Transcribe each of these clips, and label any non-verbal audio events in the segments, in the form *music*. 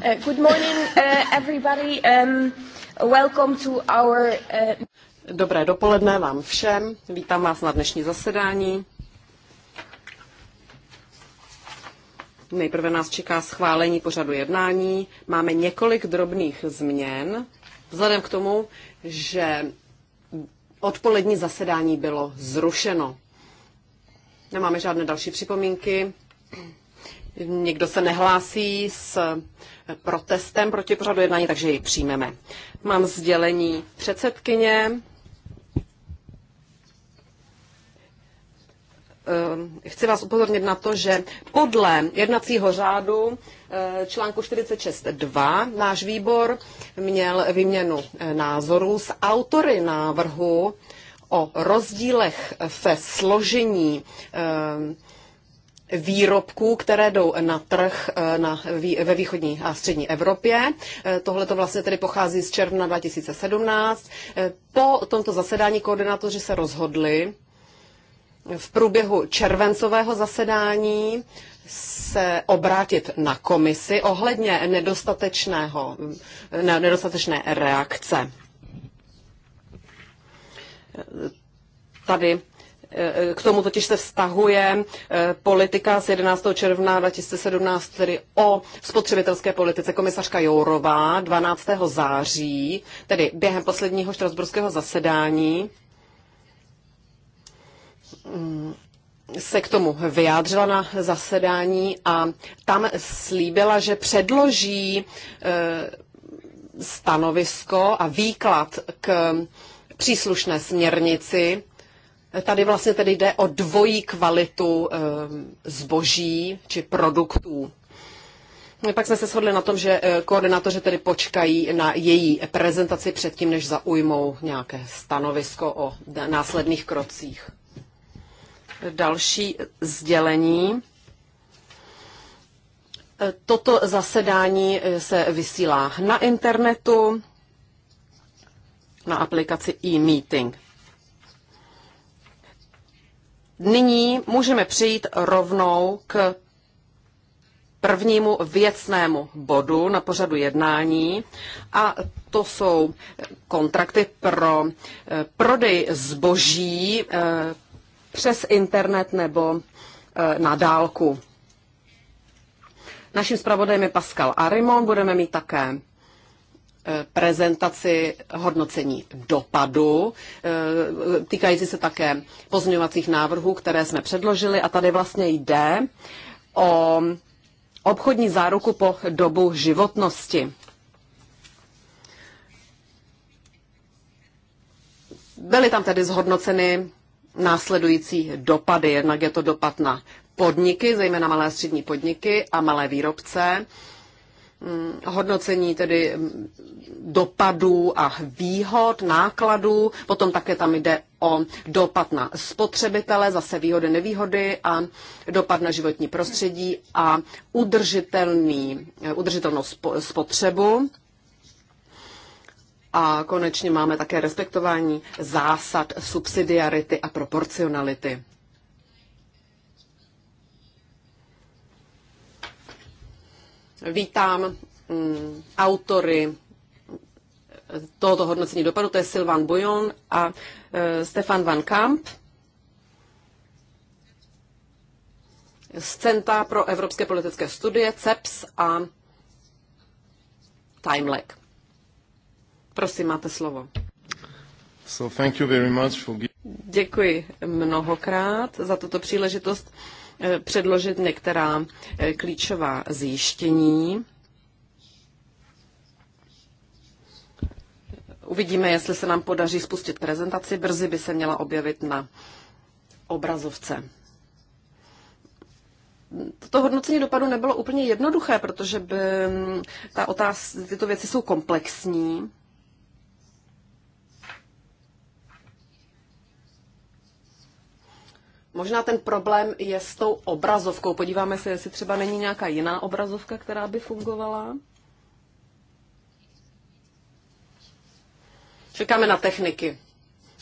Uh, good morning, uh, everybody. Um, welcome to our... Uh... Dobré dopoledne vám všem. Vítám vás na dnešní zasedání. Nejprve nás čeká schválení pořadu jednání. Máme několik drobných změn. Vzhledem k tomu, že odpolední zasedání bylo zrušeno. Nemáme žádné další připomínky někdo se nehlásí s eh, protestem proti pořadu jednání, takže ji přijmeme. Mám sdělení předsedkyně. Eh, chci vás upozornit na to, že podle jednacího řádu eh, článku 46.2 náš výbor měl vyměnu názorů s autory návrhu o rozdílech ve složení výrobků, které jdou na trh eh, na, ve východní a střední Evropě. Eh, tohle to vlastně tedy pochází z června 2017. Eh, po tomto zasedání koordinátoři se rozhodli, v průběhu červencového zasedání se obrátit na komisi ohledně nedostatečného, ne, nedostatečné reakce. Tady Eh, k tomu totiž se vztahuje eh, politika z 11. června 2017, tedy o spotřebitelské politice komisařka Jourová 12. září, tedy během posledního štrasburského zasedání mm, se k tomu vyjádřila na zasedání a tam slíbila, že předloží eh, stanovisko a výklad k příslušné směrnici Tady vlastně tedy jde o dvojí kvalitu eh, zboží či produktů. No, pak jsme se shodli na tom, že eh, koordinátoři tedy počkají na její prezentaci předtím, než zaujmou nějaké stanovisko o následných krocích. Další sdělení. Eh, toto zasedání se vysílá na internetu, na aplikaci e-meeting nyní můžeme přejít rovnou k prvnímu věcnému bodu na pořadu jednání a to jsou kontrakty pro eh, prodej zboží eh, přes internet nebo eh, na dálku. Naším zpravodajem je Pascal Arimon, budeme mít také Eh, prezentaci hodnocení dopadu, eh, týkající se také pozměňovacích návrhů, které jsme předložili a tady vlastně jde o obchodní záruku po dobu životnosti. Byly tam tedy zhodnoceny následující dopady. Jednak je to dopad na podniky, zejména malé a střední podniky a malé výrobce. Mm, hodnocení tedy mm, dopadů a výhod, nákladů, potom také tam jde o dopad na spotřebitele, zase výhody, nevýhody a dopad na životní prostředí a udržitelný, eh, udržitelnou spotřebu. A konečně máme také respektování zásad subsidiarity a proporcionality. Vítám mm, autory tohoto hodnocení dopadu, to je Sylvain Bouillon a e, Stefan Van Kamp z Centra pro evropské politické studie CEPS a Timelag. Prosím, máte slovo. So thank you very much for... Děkuji mnohokrát za tuto příležitost předložit některá eh, klíčová zjištění. Uvidíme, jestli se nám podaří spustit prezentaci. Brzy by se měla objevit na obrazovce. Toto hodnocení dopadu nebylo úplně jednoduché, protože by mm, ta otázka, tyto věci jsou komplexní. Možná ten problém je s tou obrazovkou. Podíváme se, jestli třeba není nějaká jiná obrazovka, která by fungovala. Čekáme na techniky.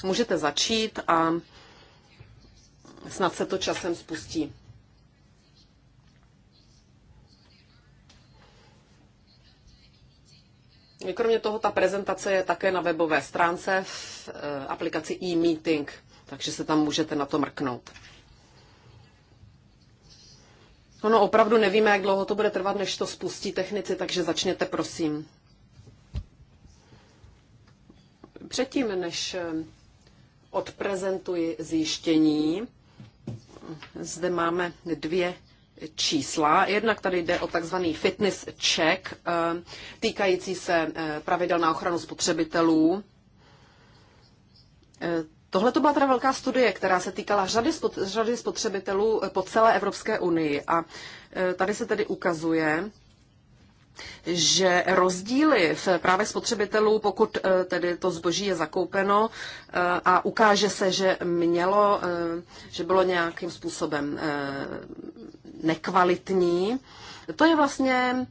Můžete začít a snad se to časem spustí. Kromě toho ta prezentace je také na webové stránce v eh, aplikaci e-meeting takže se tam můžete na to mrknout. Ono opravdu nevíme, jak dlouho to bude trvat, než to spustí technici, takže začněte, prosím. Předtím, než eh, odprezentuji zjištění, zde máme dvě čísla. Jednak tady jde o takzvaný fitness check eh, týkající se eh, pravidel na ochranu spotřebitelů. Tohle to byla teda velká studie, která se týkala řady, spot, řady spotřebitelů eh, po celé Evropské unii. A eh, tady se tedy ukazuje, že rozdíly v právě spotřebitelů, pokud eh, tedy to zboží je zakoupeno a ukáže se, že mělo, že bylo nějakým způsobem nekvalitní, to je vlastně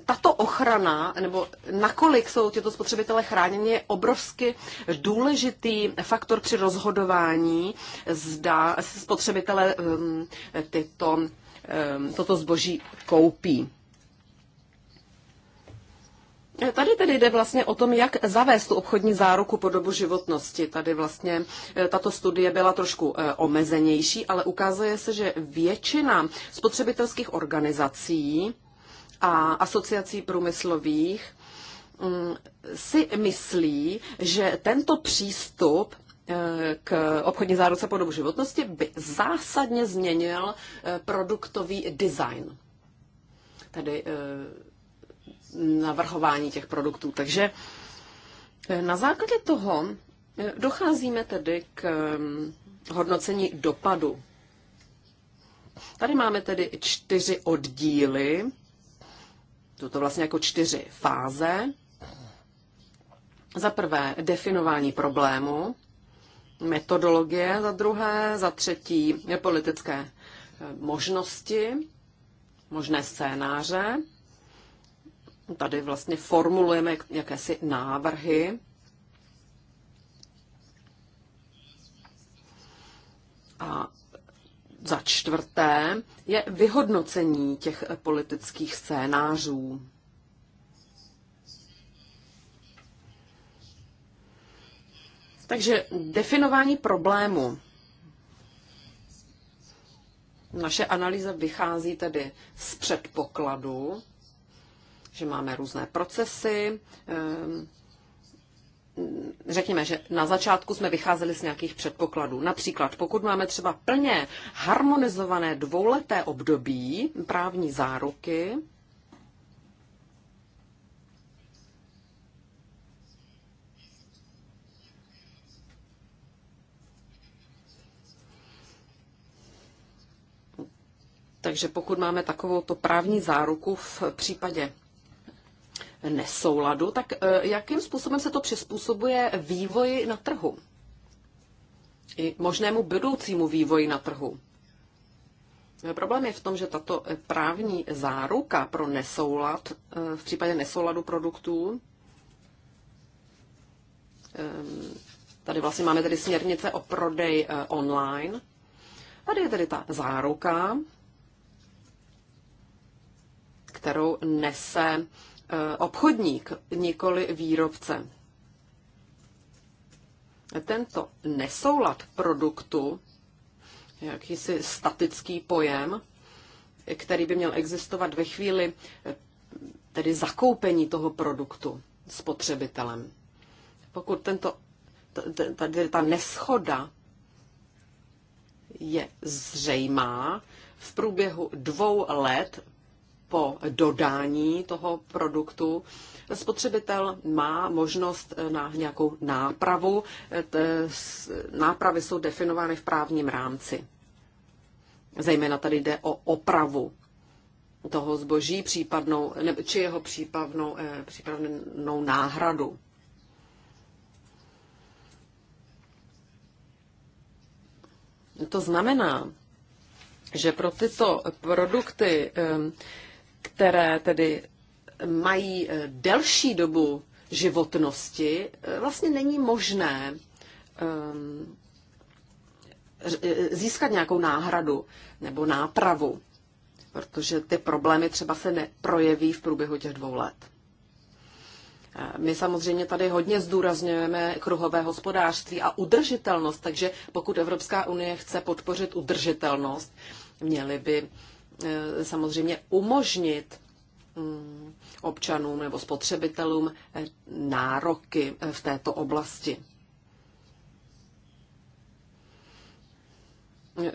tato ochrana, nebo nakolik jsou tyto spotřebitelé chráněni, je obrovsky důležitý faktor při rozhodování, zda spotřebitelé um, tyto, um, toto zboží koupí. Tady tedy jde vlastně o tom, jak zavést tu obchodní záruku po dobu životnosti. Tady vlastně eh, tato studie byla trošku eh, omezenější, ale ukazuje se, že většina spotřebitelských organizací a asociací průmyslových mm, si myslí, že tento přístup eh, k obchodní záruce po dobu životnosti by zásadně změnil eh, produktový design. Tedy eh, navrhování těch produktů. Takže na základě toho docházíme tedy k mm, hodnocení dopadu. Tady máme tedy čtyři oddíly jsou to vlastně jako čtyři fáze. Za prvé definování problému, metodologie za druhé, za třetí politické eh, možnosti, možné scénáře. Tady vlastně formulujeme jakési návrhy. A za čtvrté je vyhodnocení těch politických scénářů. Takže definování problému. Naše analýza vychází tedy z předpokladu, že máme různé procesy, řekněme, že na začátku jsme vycházeli z nějakých předpokladů. Například, pokud máme třeba plně harmonizované dvouleté období právní záruky, Takže pokud máme takovou to právní záruku v případě nesouladu, tak e, jakým způsobem se to přizpůsobuje vývoji na trhu? I možnému budoucímu vývoji na trhu. Problém je v tom, že tato e, právní záruka pro nesoulad, e, v případě nesouladu produktů, tady vlastně máme tedy směrnice o prodej online, tady je tedy ta záruka, kterou nese Eh, obchodník, nikoli výrobce. Tento nesoulad produktu, jakýsi statický pojem, který by měl existovat ve chvíli eh, tedy zakoupení toho produktu spotřebitelem. Pokud tento, tady ta neschoda je zřejmá v průběhu dvou let po dodání toho produktu spotřebitel má možnost na nějakou nápravu. Nápravy jsou definovány v právním rámci. Zejména tady jde o opravu toho zboží, případnou, ne, či jeho případnou, eh, případnou náhradu. To znamená, že pro tyto produkty eh, které tedy mají eh, delší dobu životnosti, eh, vlastně není možné ehm, získat nějakou náhradu nebo nápravu, protože ty problémy třeba se neprojeví v průběhu těch dvou let. Eh, my samozřejmě tady hodně zdůrazňujeme kruhové hospodářství a udržitelnost, takže pokud Evropská unie chce podpořit udržitelnost, měli by Eh, samozřejmě umožnit mm, občanům nebo spotřebitelům eh, nároky eh, v této oblasti.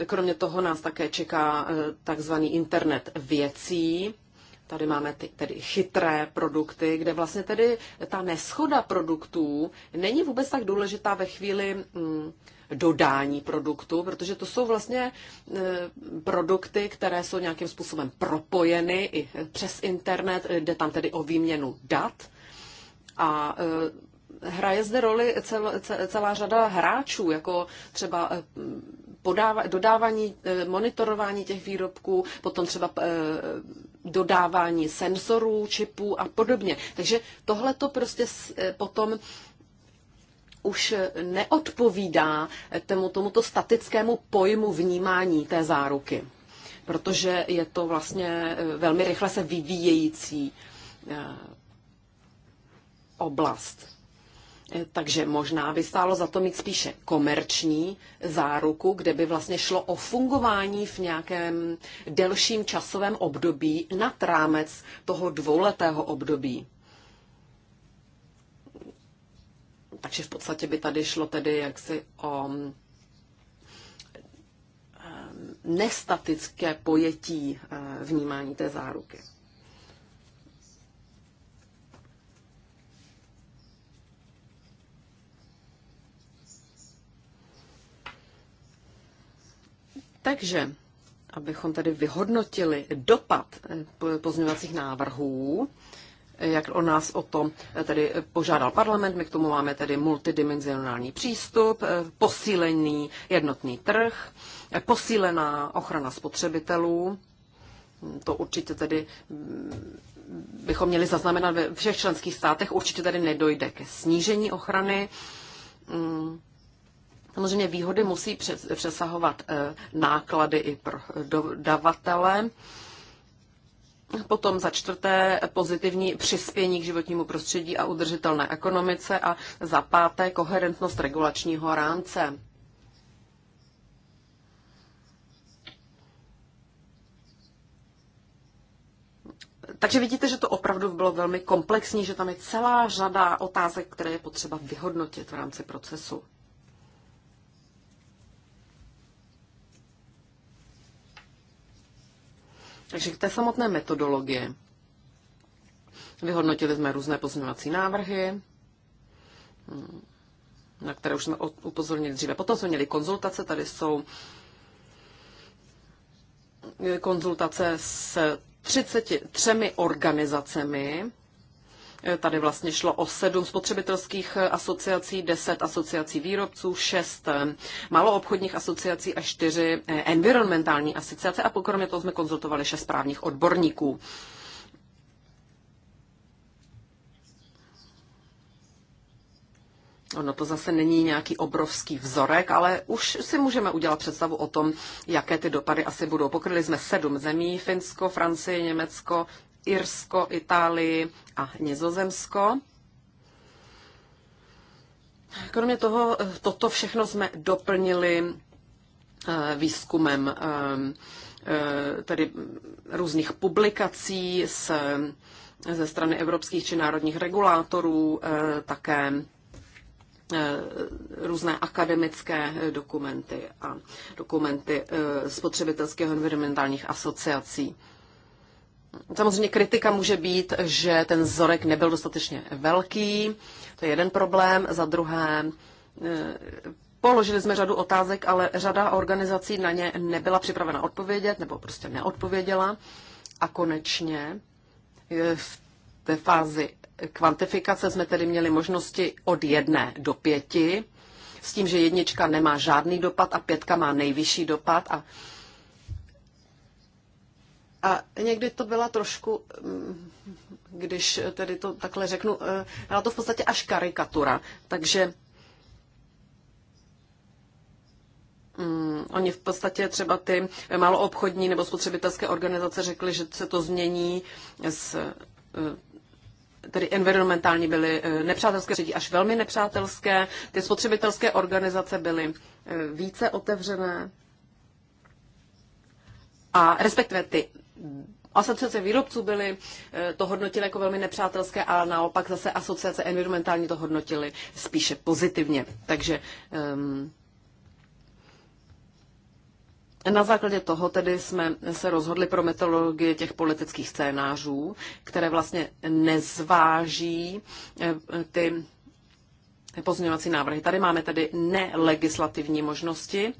Kromě toho nás také čeká takzvaný internet věcí, Tady máme ty, tedy chytré produkty, kde vlastně tedy ta neschoda produktů není vůbec tak důležitá ve chvíli mm, dodání produktu, protože to jsou vlastně e, produkty, které jsou nějakým způsobem propojeny i přes internet, jde tam tedy o výměnu dat a e, hraje zde roli cel, celá řada hráčů, jako třeba e, podáva, dodávání, e, monitorování těch výrobků, potom třeba e, dodávání senzorů, čipů a podobně. Takže tohle to prostě e, potom už neodpovídá tomu, tomuto statickému pojmu vnímání té záruky, protože je to vlastně velmi rychle se vyvíjející oblast. Eh, takže možná by stálo za to mít spíše komerční záruku, kde by vlastně šlo o fungování v nějakém delším časovém období nad rámec toho dvouletého období. Takže v podstatě by tady šlo tedy jaksi o mm, eh, nestatické pojetí eh, vnímání té záruky. Takže, abychom tady vyhodnotili dopad eh, pozměňovacích návrhů, eh, jak o nás o tom eh, tedy požádal parlament. My k tomu máme tedy multidimenzionální přístup, posílený jednotný trh, posílená ochrana spotřebitelů. Hmm, to určitě tedy mm, bychom měli zaznamenat ve všech členských státech. Určitě tady nedojde ke snížení ochrany. Hmm, Samozřejmě výhody musí přesahovat eh, náklady i pro eh, dodavatele. Potom za čtvrté pozitivní přispění k životnímu prostředí a udržitelné ekonomice a za páté koherentnost regulačního rámce. Takže vidíte, že to opravdu bylo velmi komplexní, že tam je celá řada otázek, které je potřeba vyhodnotit v rámci procesu. Takže k té samotné metodologie. Vyhodnotili jsme různé pozměňovací návrhy, na které už jsme upozornili dříve. Potom jsme měli konzultace, tady jsou konzultace s 33 organizacemi Tady vlastně šlo o sedm spotřebitelských asociací, deset asociací výrobců, šest eh, maloobchodních asociací a čtyři eh, environmentální asociace a pokromě toho jsme konzultovali šest právních odborníků. Ono to zase není nějaký obrovský vzorek, ale už si můžeme udělat představu o tom, jaké ty dopady asi budou. Pokryli jsme sedm zemí, Finsko, Francie, Německo, Irsko, Itálii a Nizozemsko. Kromě toho, eh, toto všechno jsme doplnili eh, výzkumem ehm, eh, tedy různých publikací z, ze strany evropských či národních regulátorů, také různé akademické dokumenty a dokumenty spotřebitelských environmentálních asociací. Samozřejmě kritika může být, že ten vzorek nebyl dostatečně velký, to je jeden problém. Za druhé, e, položili jsme řadu otázek, ale řada organizací na ně nebyla připravena odpovědět nebo prostě neodpověděla. A konečně e, v té fázi kvantifikace jsme tedy měli možnosti od jedné do pěti, s tím, že jednička nemá žádný dopad a pětka má nejvyšší dopad a a někdy to byla trošku, mm, když tedy to takhle řeknu, eh, byla to v podstatě až karikatura. Takže um, oni v podstatě třeba ty maloobchodní nebo spotřebitelské organizace řekly, že se to změní s eh, tedy environmentální byly eh, nepřátelské řidi až velmi nepřátelské, ty spotřebitelské organizace byly více otevřené a respektive ty asociace výrobců byly eh, to hodnotily jako velmi nepřátelské, ale naopak zase asociace environmentální to hodnotily spíše pozitivně. Takže um, na základě toho tedy jsme se rozhodli pro metodologii těch politických scénářů, které vlastně nezváží eh, ty pozměňovací návrhy. Tady máme tedy nelegislativní možnosti.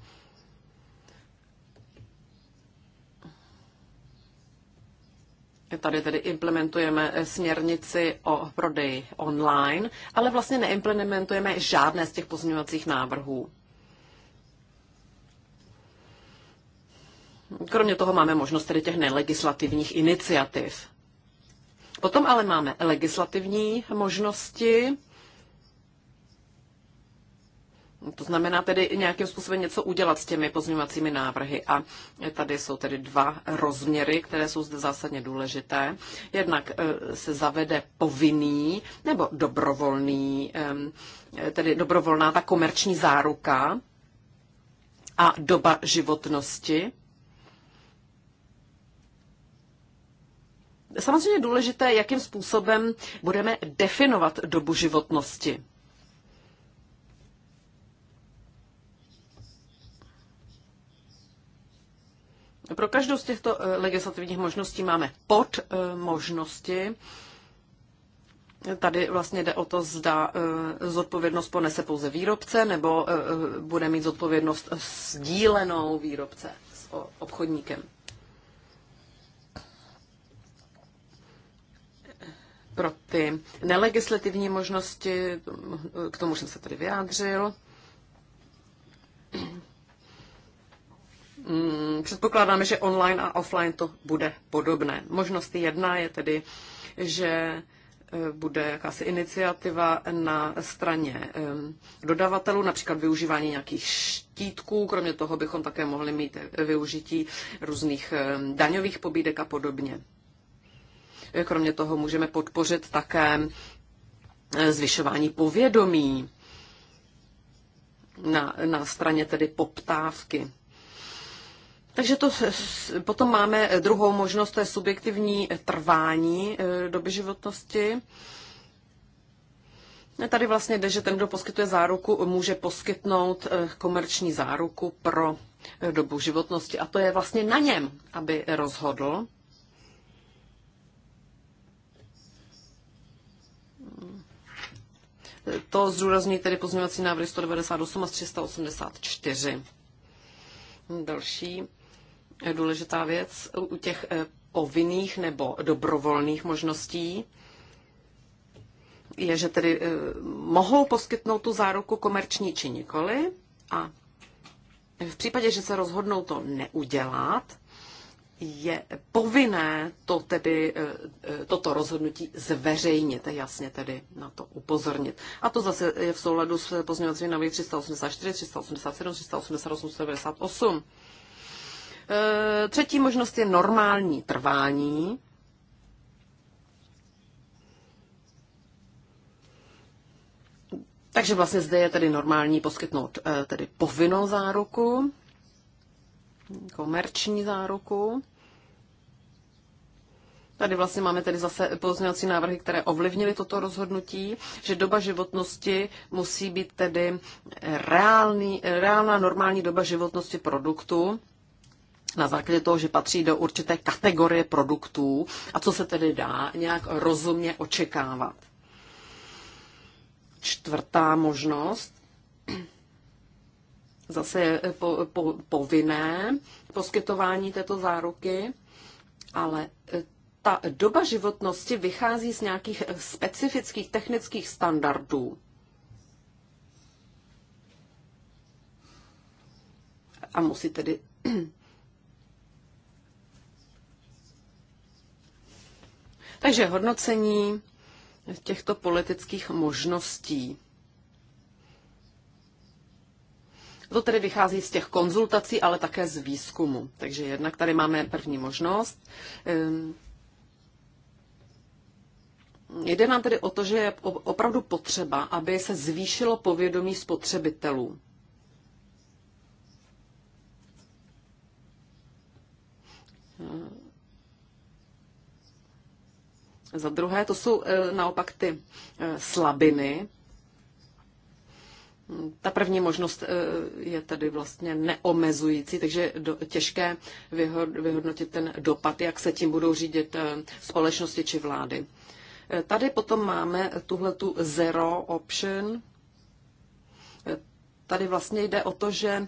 Tady tedy implementujeme směrnici o prodeji online, ale vlastně neimplementujeme žádné z těch pozměňovacích návrhů. Kromě toho máme možnost tedy těch nelegislativních iniciativ. Potom ale máme legislativní možnosti, to znamená tedy nějakým způsobem něco udělat s těmi pozměňovacími návrhy. A tady jsou tedy dva rozměry, které jsou zde zásadně důležité. Jednak eh, se zavede povinný nebo dobrovolný, eh, tedy dobrovolná ta komerční záruka a doba životnosti. Samozřejmě je důležité, jakým způsobem budeme definovat dobu životnosti Pro každou z těchto eh, legislativních možností máme pod eh, možnosti. Tady vlastně jde o to, zda eh, zodpovědnost ponese pouze výrobce nebo bude mít zodpovědnost sdílenou výrobce s obchodníkem. Pro ty nelegislativní možnosti, k tomu jsem se tady vyjádřil, Mm, předpokládáme, že online a offline to bude podobné. Možnost jedna je tedy, že e, bude jakási iniciativa na straně dodavatelů, například využívání nějakých štítků, kromě toho bychom také mohli mít e, využití různých daňových pobídek a podobně. E, kromě toho můžeme podpořit také zvyšování povědomí na, na straně tedy poptávky. Takže to potom máme druhou možnost, to je subjektivní trvání e, doby životnosti. Tady vlastně jde, že ten, kdo poskytuje záruku, může poskytnout e, komerční záruku pro e, dobu životnosti. A to je vlastně na něm, aby rozhodl. To zdůrazní tedy pozměňovací návrhy 198 a 384. Další Eh, důležitá věc u těch eh, povinných nebo dobrovolných možností je, že tedy eh, mohou poskytnout tu záruku komerční či nikoli a v případě, že se rozhodnou to neudělat, je povinné to tedy, toto rozhodnutí zveřejnit, jasně tedy na to upozornit. A to zase je v souladu s pozměňovacími návrhy 384, 387, 388, Eh, třetí možnost je normální trvání. Takže vlastně zde je tedy normální poskytnout eh, tedy povinnou záruku, komerční záruku. Tady vlastně máme tedy zase pozměňovací návrhy, které ovlivnily toto rozhodnutí, že doba životnosti musí být tedy reálný, reálná normální doba životnosti produktu na základě toho, že patří do určité kategorie produktů a co se tedy dá nějak rozumně očekávat. Čtvrtá možnost *clears throat* zase je po, po, povinné poskytování této záruky, ale eh, ta doba životnosti vychází z nějakých eh, specifických technických standardů. A musí tedy Takže hodnocení těchto politických možností. To tedy vychází z těch konzultací, ale také z výzkumu. Takže jednak tady máme první možnost. Ehm, jde nám tedy o to, že je opravdu potřeba, aby se zvýšilo povědomí spotřebitelů. Za druhé, to jsou eh, naopak ty eh, slabiny. Ta první možnost eh, je tedy vlastně neomezující, takže těžké vyhodnotit ten dopad, jak se tím budou řídit společnosti či vlády. Tady potom máme tuhle tu zero option. Tady vlastně jde o to, že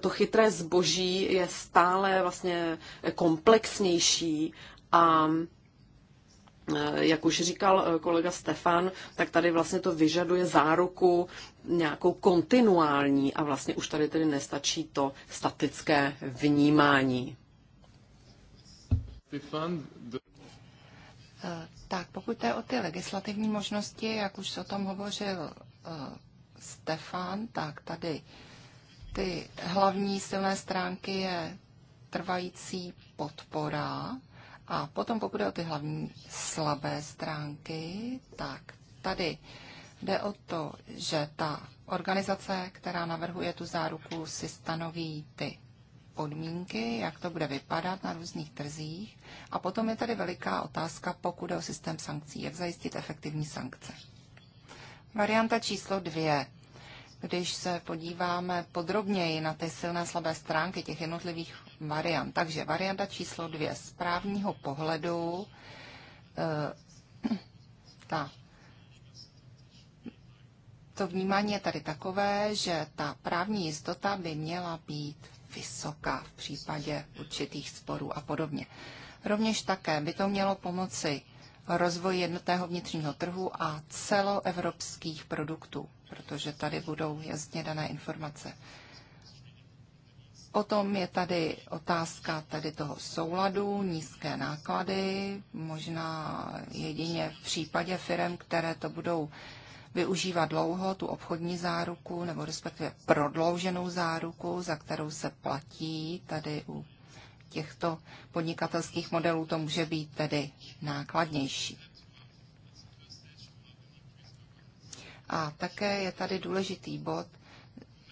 to chytré zboží je stále vlastně komplexnější a Eh, jak už říkal eh, kolega Stefan, tak tady vlastně to vyžaduje záruku nějakou kontinuální a vlastně už tady tedy nestačí to statické vnímání. Stefan, eh, Tak pokud jde o ty legislativní možnosti, jak už o tom hovořil Stefan, tak tady ty hlavní silné stránky je trvající podpora a potom, pokud jde o ty hlavní slabé stránky, tak tady jde o to, že ta organizace, která navrhuje tu záruku, si stanoví ty podmínky, jak to bude vypadat na různých trzích. A potom je tady veliká otázka, pokud jde o systém sankcí, jak zajistit efektivní sankce. Varianta číslo dvě. Když se podíváme podrobněji na ty silné slabé stránky těch jednotlivých variant. Takže varianta číslo dvě. Z právního pohledu eh, *clears throat* ta to vnímání je tady takové, že ta právní jistota by měla být vysoká v případě určitých sporů a podobně. Rovněž také by to mělo pomoci rozvoji jednotného vnitřního trhu a celoevropských produktů, protože tady budou jasně dané informace. Potom je tady otázka tady toho souladu, nízké náklady, možná jedině v případě firm, které to budou využívat dlouho, tu obchodní záruku nebo respektive prodlouženou záruku, za kterou se platí tady u těchto podnikatelských modelů to může být tedy nákladnější. A také je tady důležitý bod,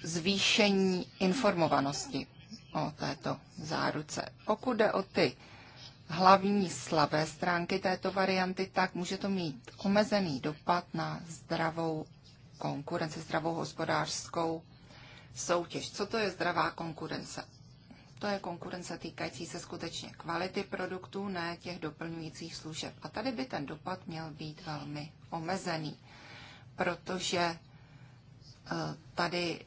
zvýšení informovanosti o této záruce. Pokud jde o ty hlavní slabé stránky této varianty, tak může to mít omezený dopad na zdravou konkurenci, zdravou hospodářskou soutěž. Co to je zdravá konkurence? To je konkurence týkající se skutečně kvality produktů, ne těch doplňujících služeb. A tady by ten dopad měl být velmi omezený, protože eh, tady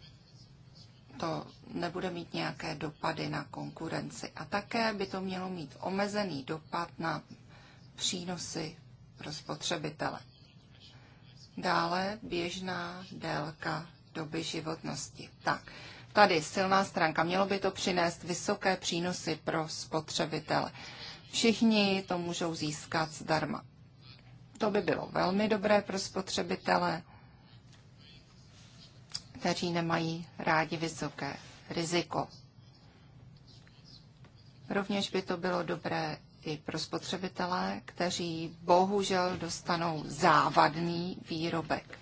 to nebude mít nějaké dopady na konkurenci. A také by to mělo mít omezený dopad na přínosy pro spotřebitele. Dále běžná délka doby životnosti. Tak, tady silná stránka. Mělo by to přinést vysoké přínosy pro spotřebitele. Všichni to můžou získat zdarma. To by bylo velmi dobré pro spotřebitele kteří nemají rádi vysoké riziko. Rovněž by to bylo dobré i pro spotřebitelé, kteří bohužel dostanou závadný výrobek.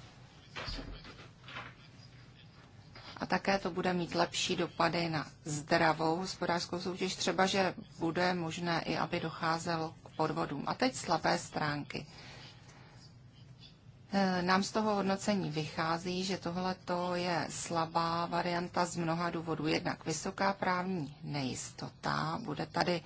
A také to bude mít lepší dopady na zdravou hospodářskou soutěž, třeba že bude možné i, aby docházelo k podvodům. A teď slabé stránky. Nám z toho hodnocení vychází, že tohle je slabá varianta z mnoha důvodů. Jednak vysoká právní nejistota, bude tady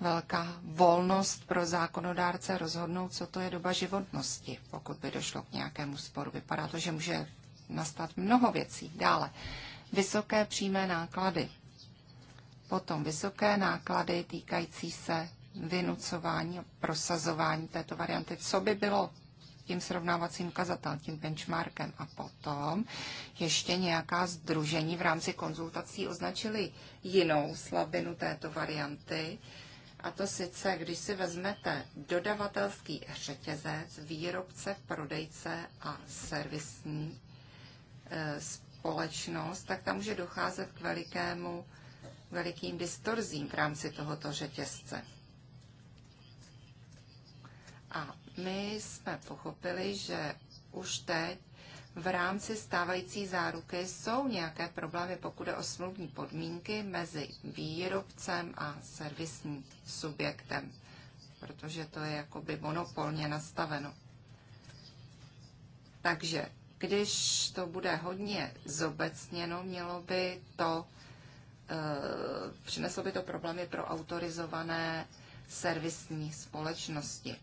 velká volnost pro zákonodárce rozhodnout, co to je doba životnosti, pokud by došlo k nějakému sporu. Vypadá to, že může nastat mnoho věcí. Dále, vysoké přímé náklady. Potom vysoké náklady týkající se vynucování a prosazování této varianty. Co by bylo tím srovnávacím kazatel, tím benchmarkem. A potom ještě nějaká združení v rámci konzultací označili jinou slabinu této varianty. A to sice, když si vezmete dodavatelský řetězec, výrobce, prodejce a servisní e, společnost, tak tam může docházet k velikému, velikým distorzím v rámci tohoto řetězce. A my jsme pochopili, že už teď v rámci stávající záruky jsou nějaké problémy, pokud je o smluvní podmínky mezi výrobcem a servisním subjektem, protože to je jakoby monopolně nastaveno. Takže když to bude hodně zobecněno, mělo by to, e, přineslo by to problémy pro autorizované servisní společnosti.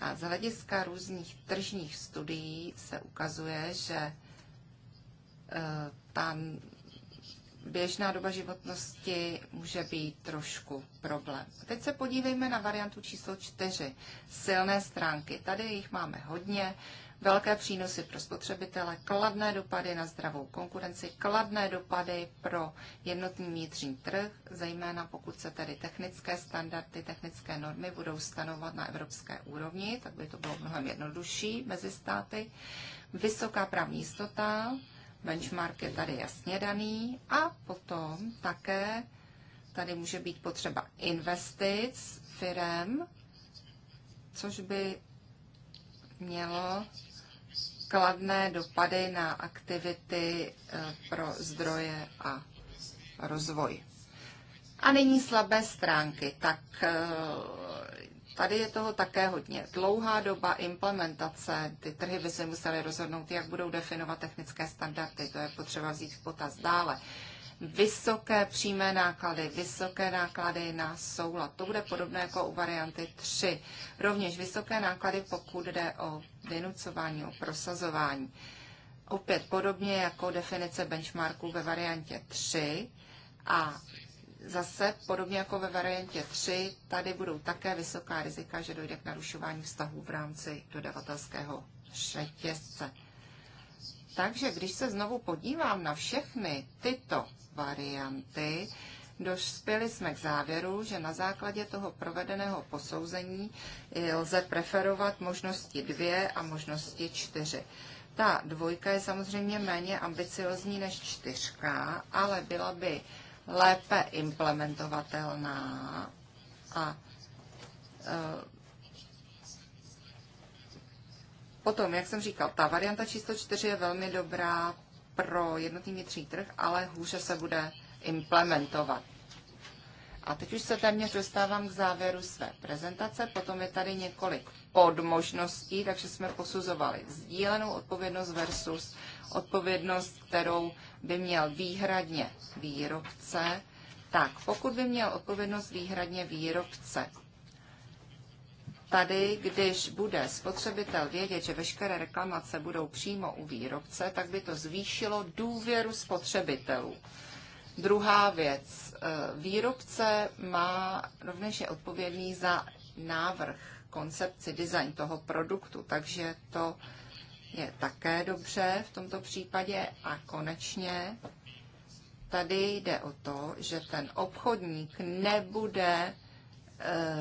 A z hlediska různých tržních studií se ukazuje, že e, ta běžná doba životnosti může být trošku problém. A teď se podívejme na variantu číslo čtyři. Silné stránky. Tady jich máme hodně velké přínosy pro spotřebitele, kladné dopady na zdravou konkurenci, kladné dopady pro jednotný vnitřní trh, zejména pokud se tedy technické standardy, technické normy budou stanovat na evropské úrovni, tak by to bylo mnohem jednodušší mezi státy. Vysoká právní jistota, benchmark je tady jasně daný a potom také tady může být potřeba investic firem, což by mělo kladné dopady na aktivity eh, pro zdroje a rozvoj. A nyní slabé stránky. Tak eh, tady je toho také hodně. Dlouhá doba implementace, ty trhy by se musely rozhodnout, jak budou definovat technické standardy, to je potřeba vzít v potaz dále vysoké přímé náklady, vysoké náklady na soulad. To bude podobné jako u varianty 3. Rovněž vysoké náklady, pokud jde o vynucování, o prosazování. Opět podobně jako definice benchmarku ve variantě 3 a zase podobně jako ve variantě 3, tady budou také vysoká rizika, že dojde k narušování vztahů v rámci dodavatelského řetězce. Takže když se znovu podívám na všechny tyto varianty, dospěli jsme k závěru, že na základě toho provedeného posouzení lze preferovat možnosti dvě a možnosti čtyři. Ta dvojka je samozřejmě méně ambiciozní než čtyřka, ale byla by lépe implementovatelná a e, Potom, jak jsem říkal, ta varianta číslo 4 je velmi dobrá pro jednotný vnitřní trh, ale hůře se bude implementovat. A teď už se téměř dostávám k závěru své prezentace. Potom je tady několik podmožností, takže jsme posuzovali sdílenou odpovědnost versus odpovědnost, kterou by měl výhradně výrobce. Tak, pokud by měl odpovědnost výhradně výrobce, tady, když bude spotřebitel vědět, že veškeré reklamace budou přímo u výrobce, tak by to zvýšilo důvěru spotřebitelů. Druhá věc. E, výrobce má rovněž je odpovědný za návrh, koncepci, design toho produktu, takže to je také dobře v tomto případě. A konečně tady jde o to, že ten obchodník nebude e,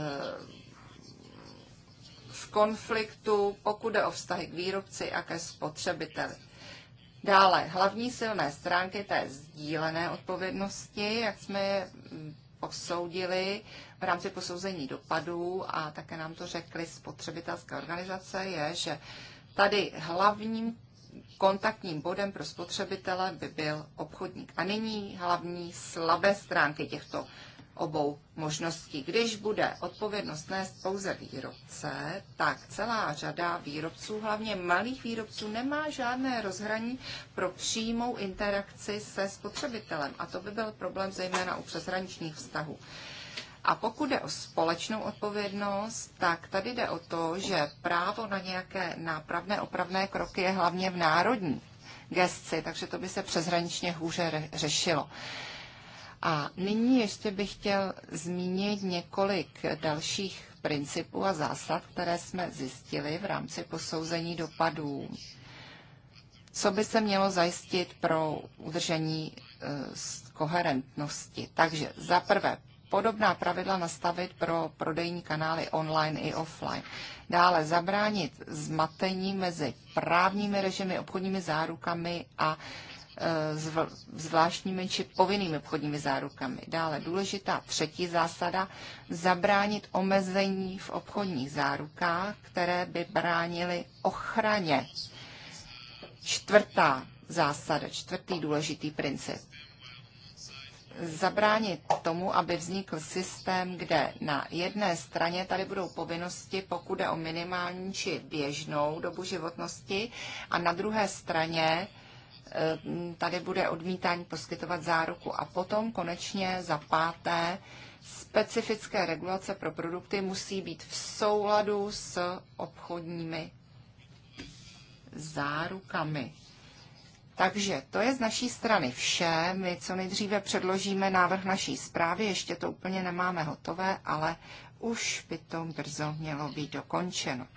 z konfliktu, pokud jde o vztahy k výrobci a ke spotřebiteli. Dále, hlavní silné stránky té sdílené odpovědnosti, jak jsme je posoudili v rámci posouzení dopadů a také nám to řekly spotřebitelské organizace, je, že tady hlavním kontaktním bodem pro spotřebitele by byl obchodník. A nyní hlavní slabé stránky těchto obou možností. Když bude odpovědnost nést pouze výrobce, tak celá řada výrobců, hlavně malých výrobců, nemá žádné rozhraní pro přímou interakci se spotřebitelem. A to by byl problém zejména u přeshraničních vztahů. A pokud jde o společnou odpovědnost, tak tady jde o to, že právo na nějaké nápravné opravné kroky je hlavně v národní gesci, takže to by se přeshraničně hůře řešilo. A nyní ještě bych chtěl zmínit několik dalších principů a zásad, které jsme zjistili v rámci posouzení dopadů. Co by se mělo zajistit pro udržení e, koherentnosti? Takže za prvé, podobná pravidla nastavit pro prodejní kanály online i offline. Dále zabránit zmatení mezi právními režimy, obchodními zárukami a Eh, zvláštními či povinnými obchodními zárukami. Dále důležitá třetí zásada zabránit omezení v obchodních zárukách, které by bránily ochraně. Čtvrtá zásada, čtvrtý důležitý princip. Zabránit tomu, aby vznikl systém, kde na jedné straně tady budou povinnosti, pokud je o minimální či běžnou dobu životnosti, a na druhé straně Eh, tady bude odmítání poskytovat záruku. A potom konečně za páté, specifické regulace pro produkty musí být v souladu s obchodními zárukami. Takže to je z naší strany vše. My co nejdříve předložíme návrh naší zprávy, ještě to úplně nemáme hotové, ale už by to brzo mělo být dokončeno.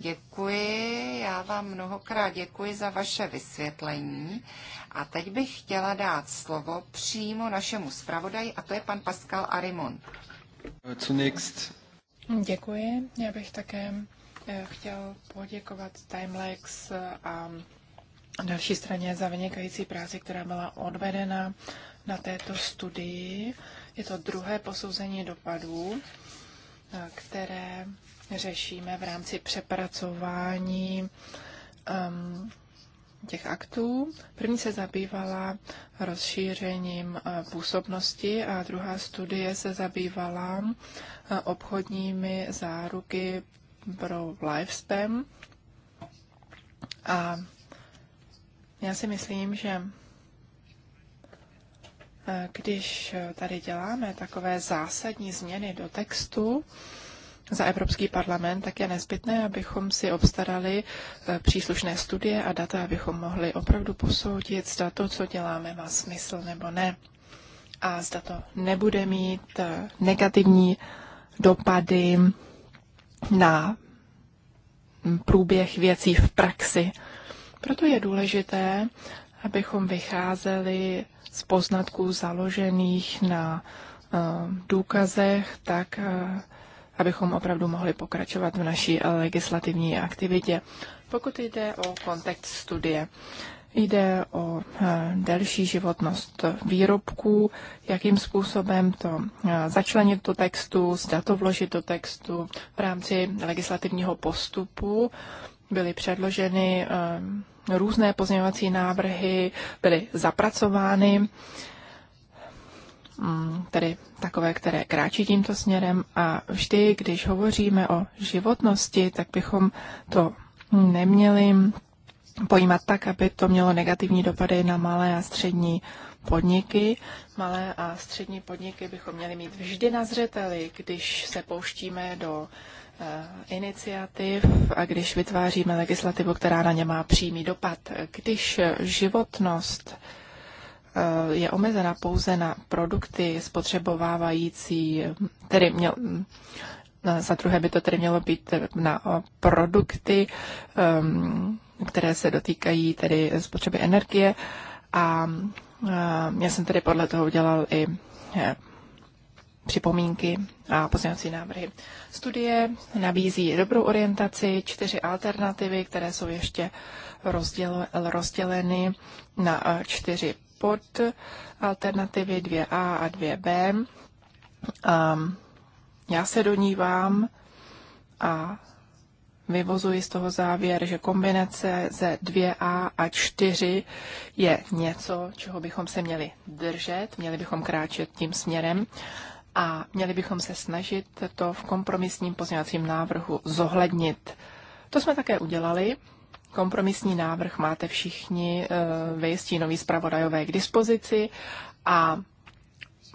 Děkuji, já vám mnohokrát děkuji za vaše vysvětlení. A teď bych chtěla dát slovo přímo našemu zpravodaji, a to je pan Pascal Arimon. Co next? Děkuji, já bych také eh, chtěl poděkovat Timelex eh, a další straně za vynikající práci, která byla odvedena na této studii. Je to druhé posouzení dopadů, eh, které řešíme v rámci přepracování um, těch aktů. První se zabývala rozšířením uh, působnosti a druhá studie se zabývala uh, obchodními záruky pro lifespan. A já si myslím, že uh, když tady děláme takové zásadní změny do textu, za Evropský parlament, tak je nezbytné, abychom si obstarali eh, příslušné studie a data, abychom mohli opravdu posoudit, zda to, co děláme, má smysl nebo ne. A zda to nebude mít eh, negativní dopady na mm, průběh věcí v praxi. Proto je důležité, abychom vycházeli z poznatků založených na eh, důkazech, tak abychom opravdu mohli pokračovat v naší eh, legislativní aktivitě. Pokud jde o kontext studie, jde o eh, delší životnost výrobků, jakým způsobem to eh, začlenit do textu, zda to vložit do textu v rámci legislativního postupu. Byly předloženy různé pozměňovací návrhy, byly zapracovány. Mm, tedy takové, které kráčí tímto směrem a vždy, když hovoříme o životnosti, tak bychom to neměli pojímat tak, aby to mělo negativní dopady na malé a střední podniky. Malé a střední podniky bychom měli mít vždy na zřeteli, když se pouštíme do eh, iniciativ a když vytváříme legislativu, která na ně má přímý dopad. Když životnost je omezena pouze na produkty spotřebovávající, tedy měl, za druhé by to tedy mělo být na produkty, ehm, které se dotýkají tedy spotřeby energie a ehm, já jsem tedy podle toho udělal i eh, připomínky a pozměňovací návrhy. Studie nabízí dobrou orientaci, čtyři alternativy, které jsou ještě rozděleny na eh, čtyři pod alternativy 2a a 2b. A já se donívám a vyvozuji z toho závěr, že kombinace ze 2a a 4 je něco, čeho bychom se měli držet, měli bychom kráčet tím směrem a měli bychom se snažit to v kompromisním pozměňovacím návrhu zohlednit. To jsme také udělali Kompromisní návrh máte všichni eh, ve nový zpravodajové, k dispozici a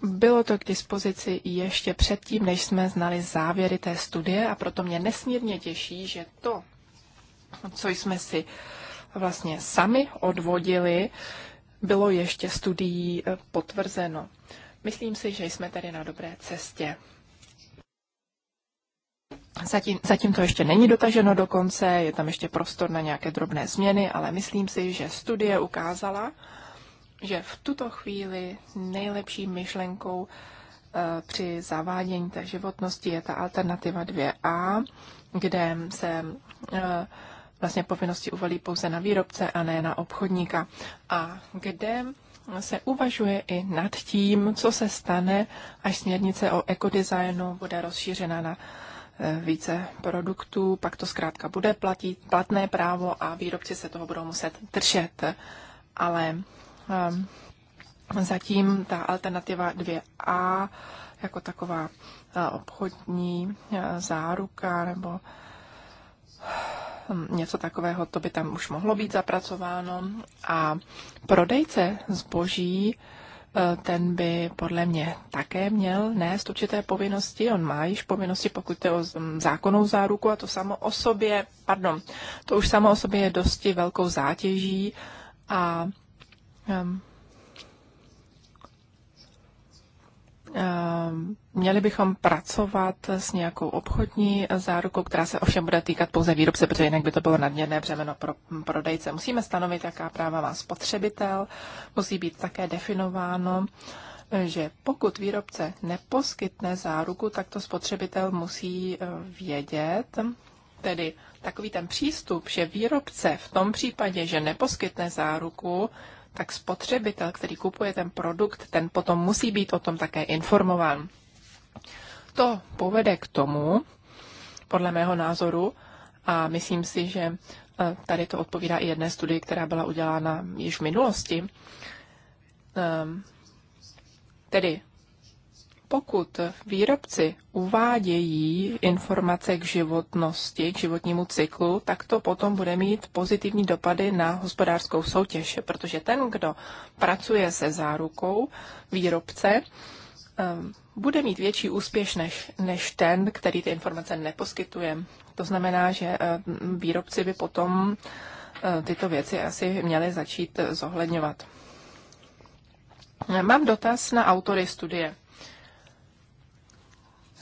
bylo to k dispozici ještě předtím, než jsme znali závěry té studie a proto mě nesmírně těší, že to, co jsme si vlastně sami odvodili, bylo ještě studií eh, potvrzeno. Myslím si, že jsme tady na dobré cestě. Zatím, zatím to ještě není dotaženo do konce, je tam ještě prostor na nějaké drobné změny, ale myslím si, že studie ukázala, že v tuto chvíli nejlepší myšlenkou eh, při zavádění té životnosti je ta alternativa 2a, kde se eh, vlastně povinnosti uvalí pouze na výrobce a ne na obchodníka. A kde se uvažuje i nad tím, co se stane, až směrnice o ekodesignu bude rozšířena na Eh, více produktů, pak to zkrátka bude platit, platné právo a výrobci se toho budou muset držet. Ale um, zatím ta alternativa 2A jako taková eh, obchodní eh, záruka nebo ehm, něco takového, to by tam už mohlo být zapracováno. A prodejce zboží Eh, ten by podle mě také měl nést určité povinnosti. On má již povinnosti, pokud je o mm, zákonnou záruku a to samo o sobě, pardon, to už samo o sobě je dosti velkou zátěží a um, Eh, měli bychom pracovat s nějakou obchodní zárukou, která se ovšem bude týkat pouze výrobce, protože jinak by to bylo nadměrné břemeno pro mm, prodejce. Musíme stanovit, jaká práva má spotřebitel. Musí být také definováno, že pokud výrobce neposkytne záruku, tak to spotřebitel musí eh, vědět, tedy takový ten přístup, že výrobce v tom případě, že neposkytne záruku, tak spotřebitel, který kupuje ten produkt, ten potom musí být o tom také informován. To povede k tomu, podle mého názoru, a myslím si, že e, tady to odpovídá i jedné studii, která byla udělána již v minulosti, e, tedy pokud výrobci uvádějí informace k životnosti, k životnímu cyklu, tak to potom bude mít pozitivní dopady na hospodářskou soutěž, protože ten, kdo pracuje se zárukou výrobce, ehm, bude mít větší úspěch než, než ten, který ty informace neposkytuje. To znamená, že ehm, výrobci by potom ehm, tyto věci asi měli začít zohledňovat. Mám dotaz na autory studie.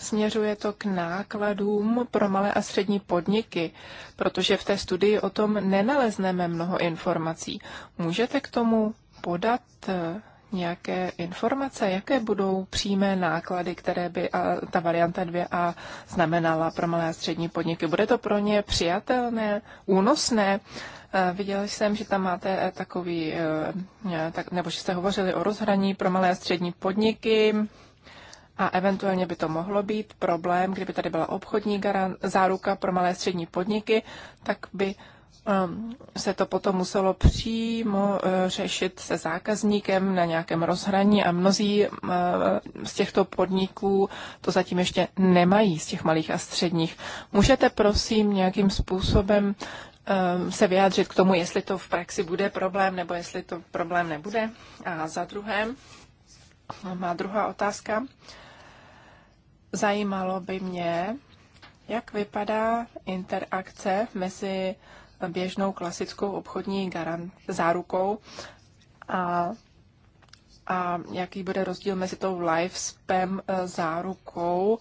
Směřuje to k nákladům pro malé a střední podniky, protože v té studii o tom nenalezneme mnoho informací. Můžete k tomu podat eh, nějaké informace, jaké budou přímé náklady, které by ta varianta 2A znamenala pro malé a střední podniky. Bude to pro ně přijatelné, únosné? Eh, Viděl jsem, že tam máte eh, takový, nebo že jste hovořili o rozhraní pro malé a střední podniky, a eventuálně by to mohlo být problém, kdyby tady byla obchodní záruka pro malé střední podniky, tak by um, se to potom muselo přímo uh, řešit se zákazníkem na nějakém rozhraní a mnozí uh, z těchto podniků to zatím ještě nemají z těch malých a středních. Můžete prosím nějakým způsobem um, se vyjádřit k tomu, jestli to v praxi bude problém nebo jestli to problém nebude? A za druhé, má druhá otázka. Zajímalo by mě, jak vypadá interakce mezi běžnou klasickou obchodní garant, zárukou a, a jaký bude rozdíl mezi tou live spam eh, zárukou.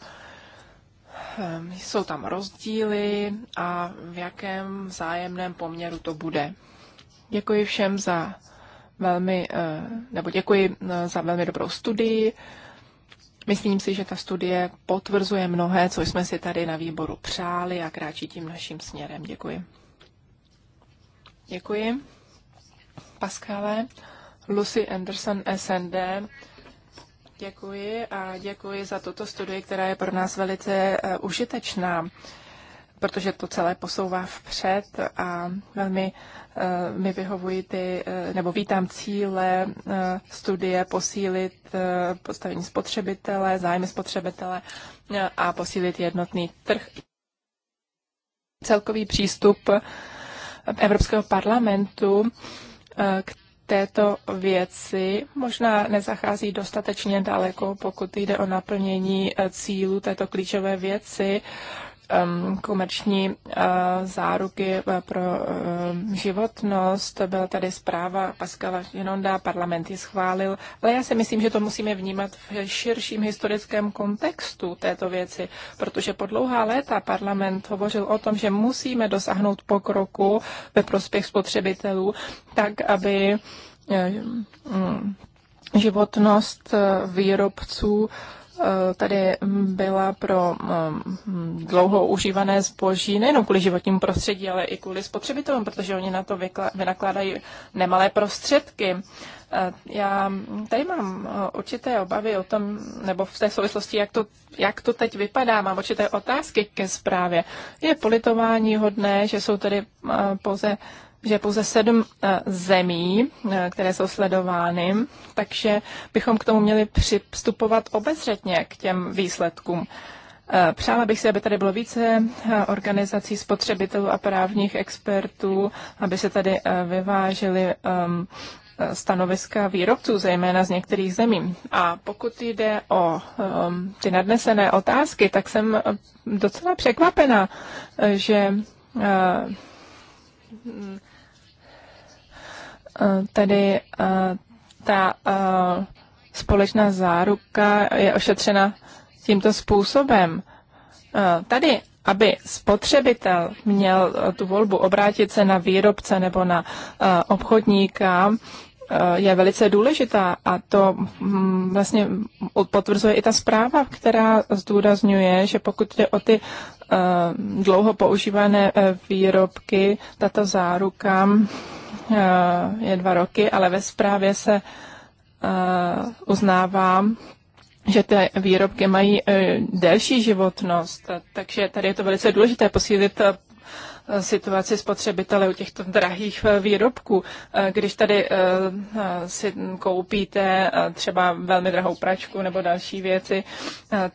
Ehm, jsou tam rozdíly a v jakém vzájemném poměru to bude. Děkuji všem za velmi, eh, nebo děkuji eh, za velmi dobrou studii. Myslím si, že ta studie potvrzuje mnohé, co jsme si tady na výboru přáli a kráčí tím naším směrem. Děkuji. Děkuji. Paskale, Lucy Anderson, SND. Děkuji a děkuji za tuto studii, která je pro nás velice eh, užitečná protože to celé posouvá vpřed a velmi eh, mi vyhovují ty, eh, nebo vítám cíle eh, studie posílit postavení spotřebitele, zájmy spotřebitele a posílit jednotný trh. Celkový přístup Evropského parlamentu k této věci možná nezachází dostatečně daleko, pokud jde o naplnění cílu této klíčové věci Um, komerční uh, záruky uh, pro uh, životnost. Byla tady zpráva Pascala Jenonda, parlament ji schválil, ale já si myslím, že to musíme vnímat v širším historickém kontextu této věci, protože po dlouhá léta parlament hovořil o tom, že musíme dosáhnout pokroku ve prospěch spotřebitelů, tak aby eh, mm, životnost eh, výrobců Eh, tady byla pro eh, dlouho užívané zboží nejen kvůli životnímu prostředí, ale i kvůli spotřebitelům, protože oni na to vynakládají nemalé prostředky. Eh, já tady mám určité obavy o tom, nebo v té souvislosti, jak to, jak to teď vypadá. Mám určité otázky ke zprávě. Je politování hodné, že jsou tady pouze že pouze sedm eh, zemí, eh, které jsou sledovány, takže bychom k tomu měli přistupovat obezřetně k těm výsledkům. Eh, přála bych si, aby tady bylo více organizací spotřebitelů a právních expertů, aby se tady vyvážely ehm, stanoviska výrobců, zejména z některých zemí. A pokud jde o ehm, ty nadnesené otázky, tak jsem docela překvapena, že tedy eh, ta eh, společná záruka je ošetřena tímto způsobem. Eh, tady, aby spotřebitel měl tu volbu obrátit se na výrobce nebo na obchodníka, je velice důležitá a to hm, vlastně potvrzuje i ta zpráva, která zdůrazňuje, že pokud jde o ty dlouho používané výrobky, tato záruka Eh, je dva roky, ale ve zprávě se eh, uznávám, že ty výrobky mají eh, delší životnost, takže tady je to velice důležité posílit situaci spotřebitele u těchto drahých výrobků. Když tady si koupíte třeba velmi drahou pračku nebo další věci,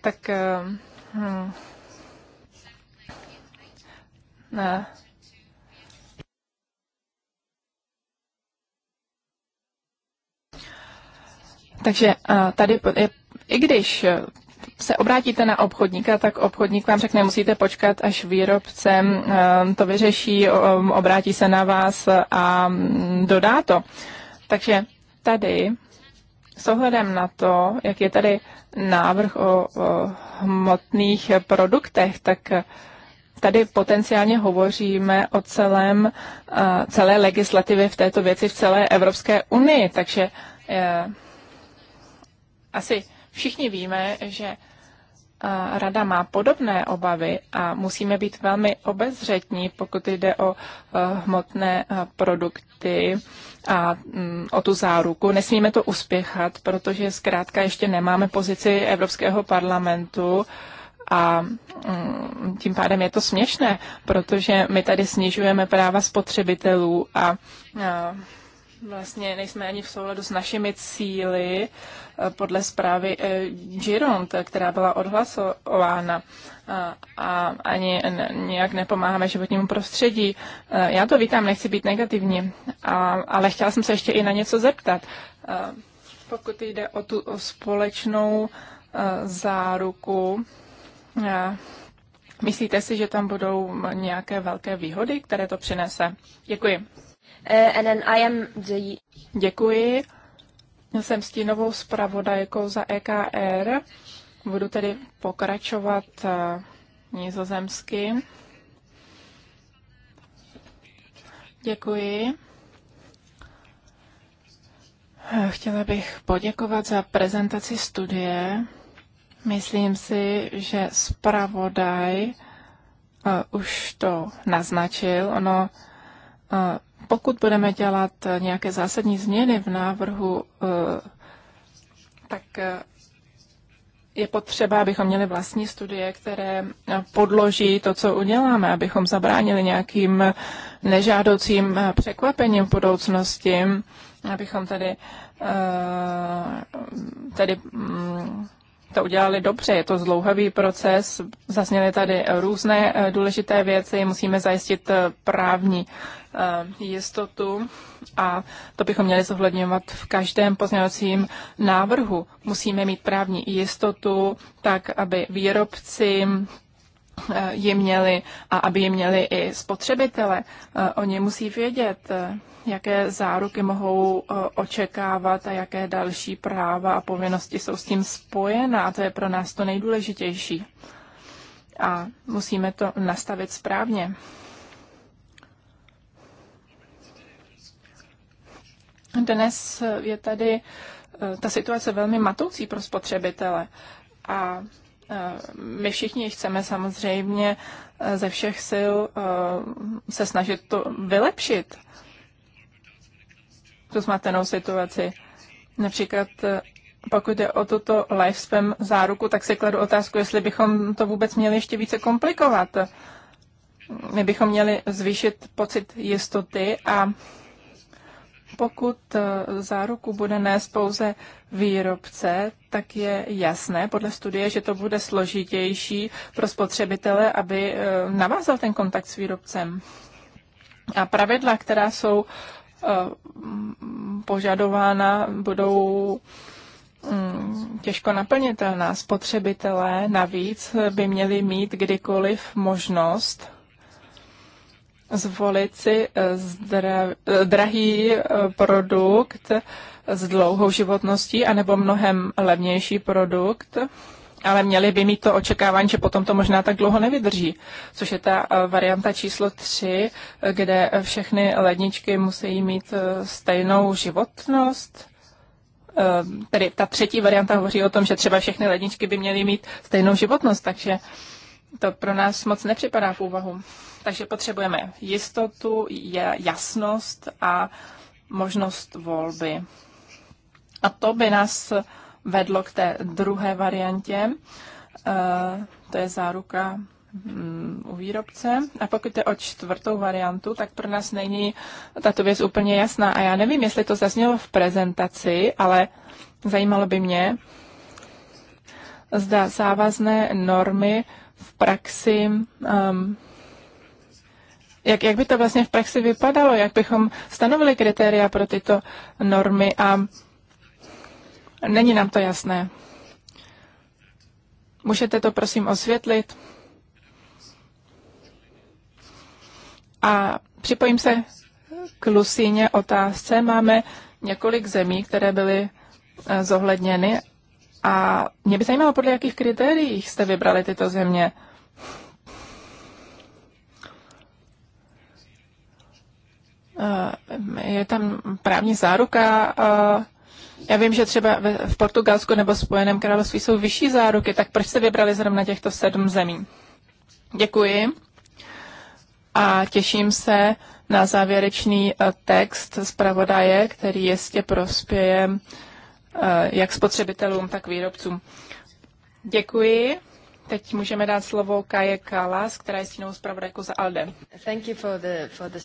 tak ne. Hm, Takže eh, tady, i když eh, se obrátíte na obchodníka, tak obchodník vám řekne, musíte počkat, až výrobce mm, eh, to vyřeší, obrátí se na vás a mm, dodá to. Takže tady s ohledem na to, jak je tady návrh o, hmotných produktech, tak tady potenciálně hovoříme o celém, celé legislativě v této věci v celé Evropské unii. Takže asi všichni víme, že Rada má podobné obavy a musíme být velmi obezřetní, pokud jde o e, hmotné e, produkty a mm, o tu záruku. Nesmíme to uspěchat, protože zkrátka ještě nemáme pozici Evropského parlamentu a mm, tím pádem je to směšné, protože my tady snižujeme práva spotřebitelů a vlastně nejsme ani v souladu s našimi cíly eh, podle zprávy eh, Girond, která byla odhlasována eh, a ani nějak nepomáháme životnímu prostředí. Já to vítám, nechci být negativní, a, ale chtěla jsem se ještě i na něco zeptat. Pokud jde o tu o společnou záruku, myslíte si, že tam budou nějaké velké výhody, které to přinese? Děkuji and e then I am the... Děkuji. Jsem stínovou zpravodajkou za EKR. Budu tedy pokračovat eh, nizozemsky. Děkuji. Chtěla bych poděkovat za prezentaci studie. Myslím si, že zpravodaj uh, už to naznačil. Ono uh, pokud budeme dělat nějaké zásadní změny v návrhu, eh, tak eh, je potřeba, abychom měli vlastní studie, které eh, podloží to, co uděláme, abychom zabránili nějakým nežádoucím překvapením v budoucnosti, abychom tady, tady mm, to udělali dobře. Je to zdlouhavý proces, zazněly tady různé důležité věci, musíme zajistit právní Eh, jistotu a to bychom měli zohledňovat v každém pozměňovacím návrhu. Musíme mít právní jistotu, tak aby výrobci eh, je měli a aby je měli i spotřebitele. Eh, oni musí vědět, jaké záruky mohou očekávat a jaké další práva a povinnosti jsou s tím spojená. A to je pro nás to nejdůležitější. A musíme to nastavit správně. Dnes je tady eh, ta situace velmi matoucí pro spotřebitele a eh, my všichni chceme samozřejmě eh, ze všech sil se snažit to vylepšit, tu zmatenou situaci. Například pokud jde o tuto lifespam záruku, tak si kladu otázku, jestli bychom to vůbec měli ještě více komplikovat. My bychom měli zvýšit pocit jistoty a pokud e, záruku bude nést pouze výrobce, tak je jasné podle studie, že to bude složitější pro spotřebitele, aby e, navázal ten kontakt s výrobcem. A pravidla, která jsou e, požadována, budou mm, těžko naplnitelná. Spotřebitelé navíc by měli mít kdykoliv možnost zvolit si eh, zdra, eh, drahý eh, produkt s dlouhou životností anebo mnohem levnější produkt, ale měli by mít to očekávání, že potom to možná tak dlouho nevydrží, což je ta varianta číslo 3, kde všechny ledničky musí mít stejnou životnost. Tedy ta třetí varianta hovoří o tom, že třeba všechny ledničky by měly mít stejnou životnost, takže to pro nás moc nepřipadá v úvahu. Takže potřebujeme jistotu, jasnost a možnost volby. A to by nás vedlo k té druhé variantě, eh, to je záruka mm, u výrobce. A pokud je o čtvrtou variantu, tak pro nás není tato věc úplně jasná. A já nevím, jestli to zaznělo v prezentaci, ale zajímalo by mě, zda závazné normy v praxi um, jak, jak by to vlastně v praxi vypadalo, jak bychom stanovili kritéria pro tyto normy a není nám to jasné. Můžete to prosím osvětlit? A připojím se k Lusíně otázce. Máme několik zemí, které byly eh, zohledněny a mě by zajímalo, podle jakých kritérií jste vybrali tyto země. Eh, je tam právní záruka. Eh, já vím, že třeba v Portugalsku nebo Spojeném království jsou vyšší záruky, tak proč se vybrali zrovna těchto sedm zemí? Děkuji a těším se na závěrečný eh, text pravodaje, který jistě prospěje jak spotřebitelům, tak výrobcům. Děkuji. Teď můžeme dát slovo Kaje Kalas, která je stínou zpravodajkou za ALDE. Thank you for the, for the...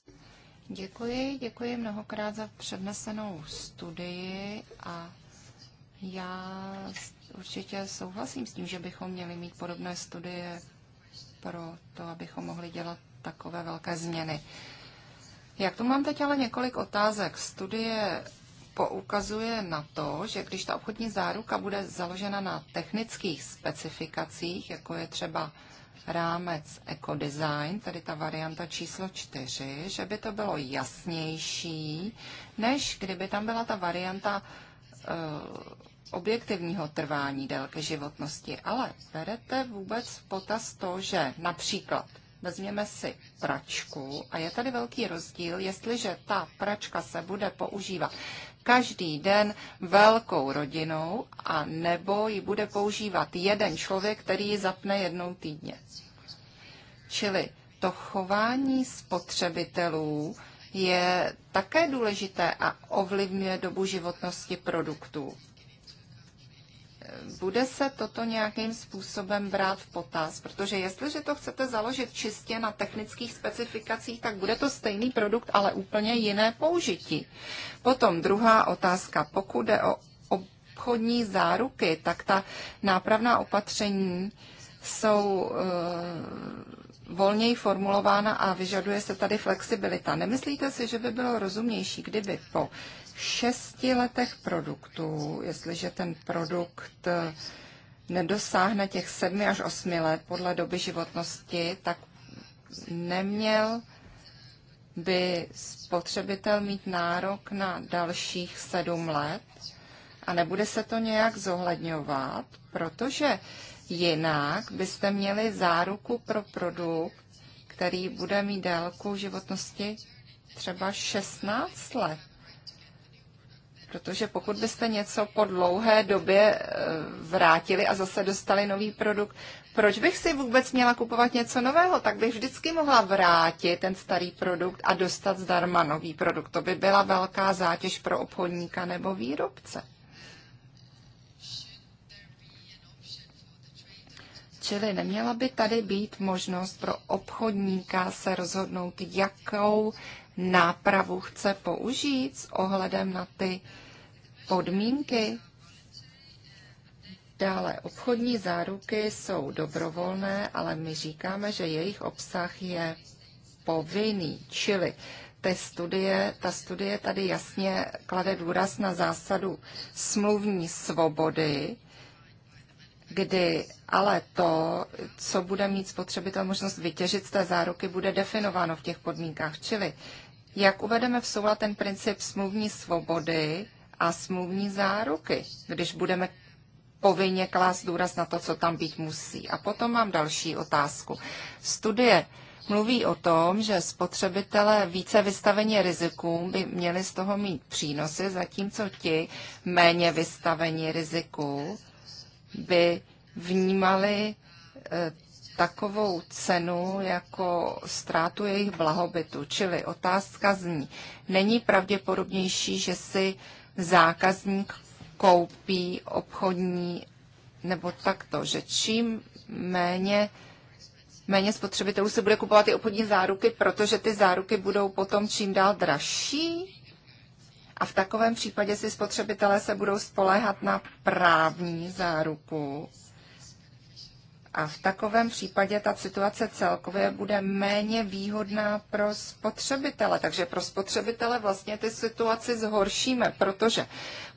Děkuji, děkuji mnohokrát za přednesenou studii a já určitě souhlasím s tím, že bychom měli mít podobné studie pro to, abychom mohli dělat takové velké změny. Jak tu mám teď ale několik otázek. Studie poukazuje na to, že když ta obchodní záruka bude založena na technických specifikacích, jako je třeba rámec ekodesign, tedy ta varianta číslo 4, že by to bylo jasnější, než kdyby tam byla ta varianta eh, objektivního trvání délky životnosti, ale berete vůbec v potaz to, že například vezměme si pračku a je tady velký rozdíl, jestliže ta pračka se bude používat každý den velkou rodinou a nebo ji bude používat jeden člověk, který ji zapne jednou týdně. Čili to chování spotřebitelů je také důležité a ovlivňuje dobu životnosti produktů bude se toto nějakým způsobem brát v potaz? Protože jestliže to chcete založit čistě na technických specifikacích, tak bude to stejný produkt, ale úplně jiné použití. Potom druhá otázka. Pokud jde o obchodní záruky, tak ta nápravná opatření jsou e, volněji formulována a vyžaduje se tady flexibilita. Nemyslíte si, že by bylo rozumnější, kdyby po šesti letech produktů, jestliže ten produkt eh, nedosáhne těch sedmi až osmi let podle doby životnosti, tak neměl by spotřebitel mít nárok na dalších sedm let a nebude se to nějak zohledňovat, protože jinak byste měli záruku pro produkt, který bude mít délku životnosti třeba 16 let. Protože pokud byste něco po dlouhé době eh, vrátili a zase dostali nový produkt, proč bych si vůbec měla kupovat něco nového? Tak bych vždycky mohla vrátit ten starý produkt a dostat zdarma nový produkt. To by byla velká zátěž pro obchodníka nebo výrobce. Čili neměla by tady být možnost pro obchodníka se rozhodnout, jakou nápravu chce použít s ohledem na ty podmínky. Dále obchodní záruky jsou dobrovolné, ale my říkáme, že jejich obsah je povinný, čili te studie, ta studie tady jasně klade důraz na zásadu smluvní svobody, kdy ale to, co bude mít spotřebitel možnost vytěžit z té záruky, bude definováno v těch podmínkách. Čili jak uvedeme v soulad ten princip smluvní svobody a smluvní záruky, když budeme povinně klást důraz na to, co tam být musí. A potom mám další otázku. Studie mluví o tom, že spotřebitelé více vystavení rizikům by měli z toho mít přínosy, zatímco ti méně vystavení riziku by vnímali eh, takovou cenu jako ztrátu jejich blahobytu. Čili otázka zní, není pravděpodobnější, že si zákazník koupí obchodní nebo takto, že čím méně méně spotřebitelů se bude kupovat i obchodní záruky, protože ty záruky budou potom čím dál dražší? A v takovém případě si spotřebitelé se budou spoléhat na právní záruku. A v takovém případě ta situace celkově bude méně výhodná pro spotřebitele. Takže pro spotřebitele vlastně ty situaci zhoršíme, protože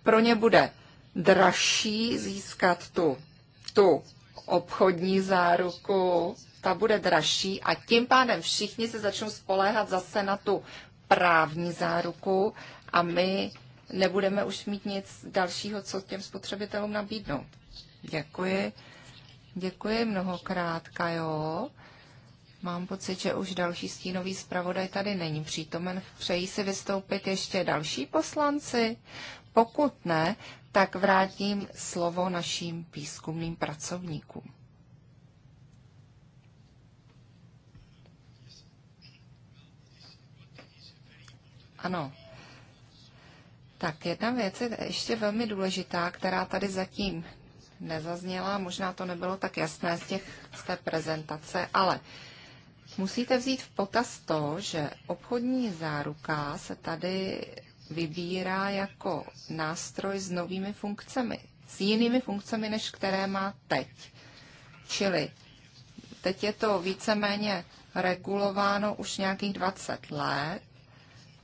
pro ně bude dražší získat tu, tu obchodní záruku, ta bude dražší a tím pádem všichni se začnou spoléhat zase na tu právní záruku a my nebudeme už mít nic dalšího, co těm spotřebitelům nabídnout. Děkuji. Děkuji mnohokrát, Kajo. Mám pocit, že už další stínový zpravodaj tady není přítomen. Přejí si vystoupit ještě další poslanci? Pokud ne, tak vrátím slovo našim výzkumným pracovníkům. Ano, tak jedna věc je ještě velmi důležitá, která tady zatím nezazněla, možná to nebylo tak jasné z, těch, z té prezentace, ale musíte vzít v potaz to, že obchodní záruka se tady vybírá jako nástroj s novými funkcemi, s jinými funkcemi, než které má teď. Čili teď je to víceméně regulováno už nějakých 20 let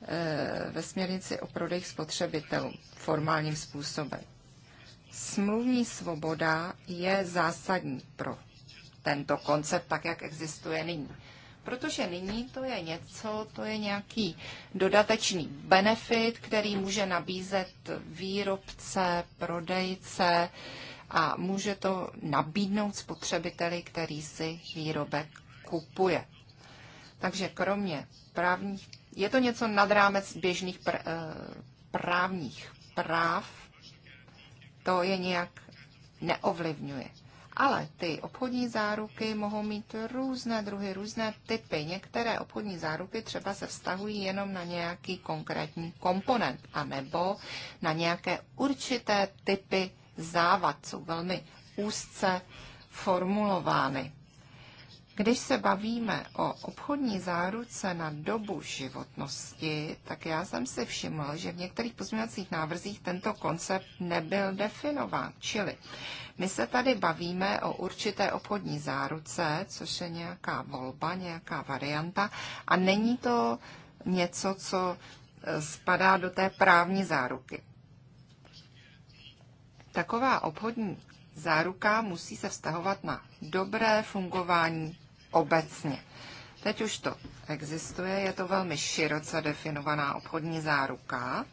Eh, ve směrnici o prodej spotřebitelů formálním způsobem. Smluvní svoboda je zásadní pro tento koncept, tak jak existuje nyní. Protože nyní to je něco, to je nějaký dodatečný benefit, který může nabízet výrobce, prodejce a může to nabídnout spotřebiteli, který si výrobek kupuje. Takže kromě právních je to něco nad rámec běžných pr- eh, právních práv, to je nějak neovlivňuje. Ale ty obchodní záruky mohou mít různé druhy, různé typy. Některé obchodní záruky třeba se vztahují jenom na nějaký konkrétní komponent, anebo na nějaké určité typy závad, jsou velmi úzce formulovány. Když se bavíme o obchodní záruce na dobu životnosti, tak já jsem si všiml, že v některých pozměňovacích návrzích tento koncept nebyl definován. Čili my se tady bavíme o určité obchodní záruce, což je nějaká volba, nějaká varianta a není to něco, co e, spadá do té právní záruky. Taková obchodní záruka musí se vztahovat na dobré fungování obecně. Teď už to existuje, je to velmi široce definovaná obchodní záruka,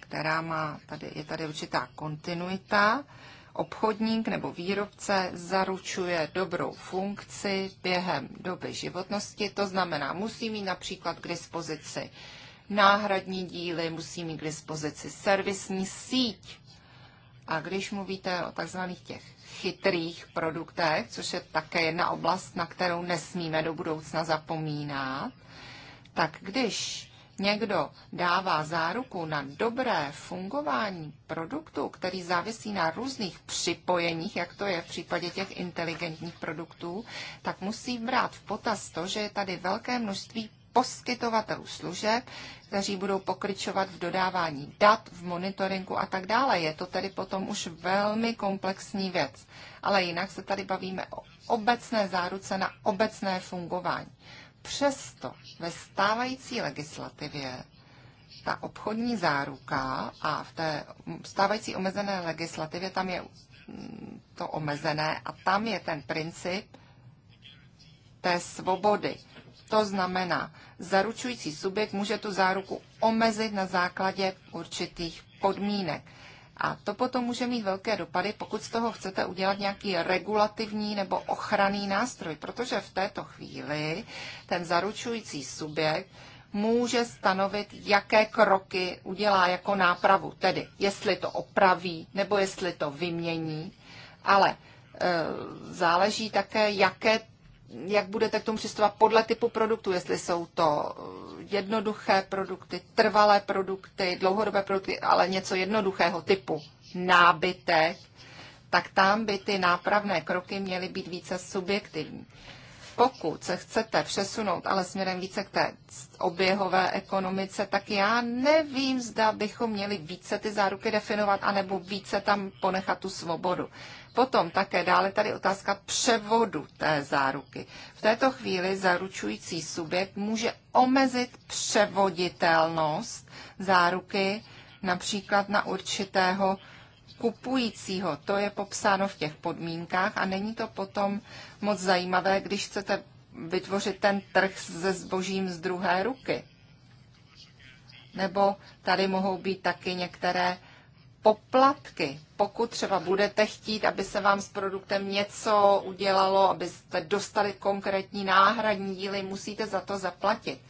která má, tady, je tady určitá kontinuita. Obchodník nebo výrobce zaručuje dobrou funkci během doby životnosti, to znamená, musí mít například k dispozici náhradní díly, musí mít k dispozici servisní síť. A když mluvíte o takzvaných těch chytrých produktech, což je také jedna oblast, na kterou nesmíme do budoucna zapomínat, tak když někdo dává záruku na dobré fungování produktu, který závisí na různých připojeních, jak to je v případě těch inteligentních produktů, tak musí brát v potaz to, že je tady velké množství poskytovatelů služeb, kteří budou pokryčovat v dodávání dat, v monitoringu a tak dále. Je to tedy potom už velmi komplexní věc. Ale jinak se tady bavíme o obecné záruce na obecné fungování. Přesto ve stávající legislativě ta obchodní záruka a v té stávající omezené legislativě tam je mm, to omezené a tam je ten princip té svobody. To znamená, zaručující subjekt může tu záruku omezit na základě určitých podmínek. A to potom může mít velké dopady, pokud z toho chcete udělat nějaký regulativní nebo ochranný nástroj, protože v této chvíli ten zaručující subjekt může stanovit, jaké kroky udělá jako nápravu, tedy jestli to opraví nebo jestli to vymění, ale e, záleží také, jaké jak budete k tomu přistupovat podle typu produktu, jestli jsou to eh, jednoduché produkty, trvalé produkty, dlouhodobé produkty, ale něco jednoduchého typu nábytek, tak tam by ty nápravné kroky měly být více subjektivní. Pokud se chcete přesunout ale směrem více k té oběhové ekonomice, tak já nevím, zda bychom měli více ty záruky definovat, anebo více tam ponechat tu svobodu. Potom také dále tady otázka převodu té záruky. V této chvíli zaručující subjekt může omezit převoditelnost záruky například na určitého kupujícího. To je popsáno v těch podmínkách a není to potom moc zajímavé, když chcete vytvořit ten trh se zbožím z druhé ruky. Nebo tady mohou být taky některé poplatky. Pokud třeba budete chtít, aby se vám s produktem něco udělalo, abyste dostali konkrétní náhradní díly, musíte za to zaplatit.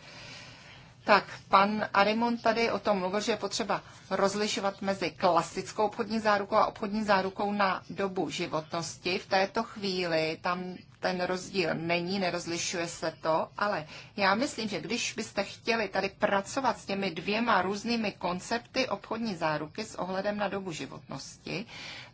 Tak, pan Arimon tady o tom mluvil, že je potřeba rozlišovat mezi klasickou obchodní zárukou a obchodní zárukou na dobu životnosti. V této chvíli tam ten rozdíl není, nerozlišuje se to, ale já myslím, že když byste chtěli tady pracovat s těmi dvěma různými koncepty obchodní záruky s ohledem na dobu životnosti,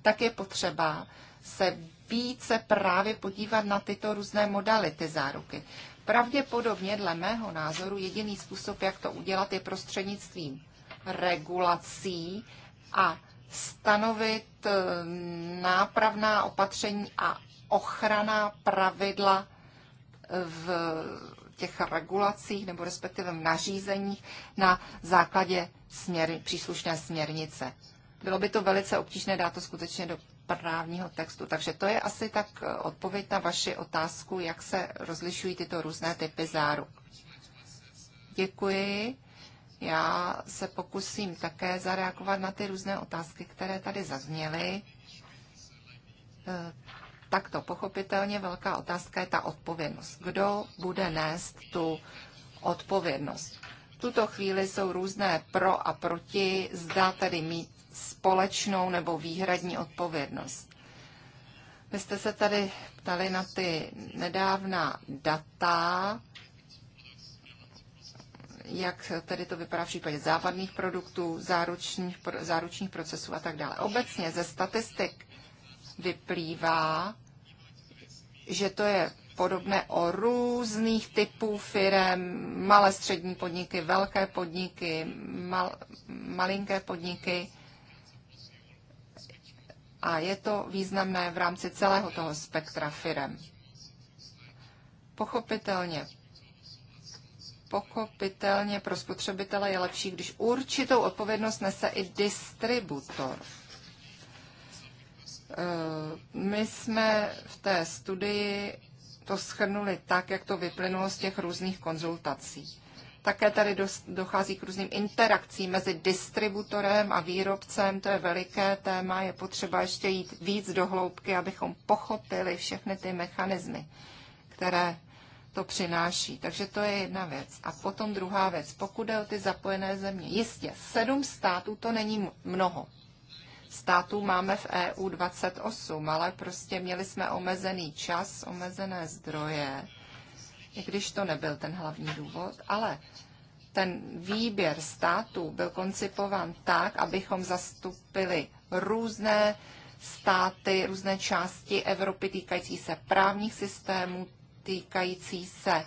tak je potřeba se více právě podívat na tyto různé modality záruky. Pravděpodobně, dle mého názoru, jediný způsob, jak to udělat, je prostřednictvím regulací a stanovit eh, nápravná opatření a ochrana pravidla v těch regulacích nebo respektive v nařízeních na základě směr, příslušné směrnice. Bylo by to velice obtížné dát to skutečně do právního textu. Takže to je asi tak eh, odpověď na vaši otázku, jak se rozlišují tyto různé typy záruk. Děkuji. Já se pokusím také zareagovat na ty různé otázky, které tady zazněly. Eh, takto. Pochopitelně velká otázka je ta odpovědnost. Kdo bude nést tu odpovědnost? V tuto chvíli jsou různé pro a proti, zdá tedy mít společnou nebo výhradní odpovědnost. Vy jste se tady ptali na ty nedávná data, jak tedy to vypadá v případě západných produktů, záručních, záručních procesů a tak dále. Obecně ze statistik vyplývá, že to je podobné o různých typů firem, malé střední podniky, velké podniky, mal, malinké podniky. A je to významné v rámci celého toho spektra firem. Pochopitelně, pochopitelně pro spotřebitele je lepší, když určitou odpovědnost nese i distributor. Eh, my jsme v té studii to schrnuli tak, jak to vyplynulo z těch různých konzultací. Také tady dochází k různým interakcím mezi distributorem a výrobcem. To je veliké téma, je potřeba ještě jít víc do hloubky, abychom pochopili všechny ty mechanismy, které to přináší. Takže to je jedna věc. A potom druhá věc. Pokud jde o ty zapojené země, jistě, sedm států to není mnoho států máme v EU 28, ale prostě měli jsme omezený čas, omezené zdroje, i když to nebyl ten hlavní důvod, ale ten výběr států byl koncipován tak, abychom zastupili různé státy, různé části Evropy týkající se právních systémů, týkající se e,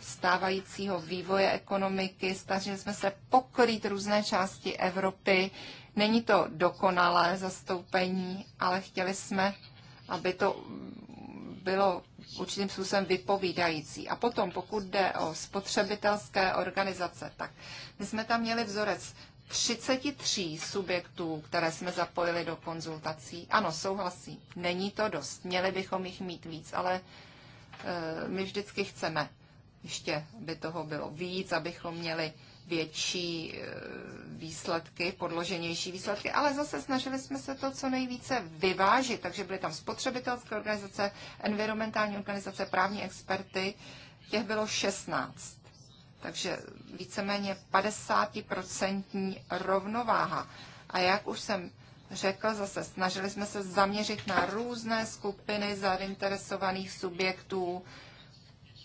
stávajícího vývoje ekonomiky. Snažili jsme se pokrýt různé části Evropy, Není to dokonalé zastoupení, ale chtěli jsme, aby to bylo určitým způsobem vypovídající. A potom, pokud jde o spotřebitelské organizace, tak my jsme tam měli vzorec 33 subjektů, které jsme zapojili do konzultací. Ano, souhlasím, není to dost, měli bychom jich mít víc, ale e, my vždycky chceme ještě, aby toho bylo víc, abychom měli větší eh, výsledky, podloženější výsledky, ale zase snažili jsme se to co nejvíce vyvážit, takže byly tam spotřebitelské organizace, environmentální organizace, právní experty, těch bylo 16. Takže víceméně 50% rovnováha. A jak už jsem řekl zase, snažili jsme se zaměřit na různé skupiny zainteresovaných subjektů,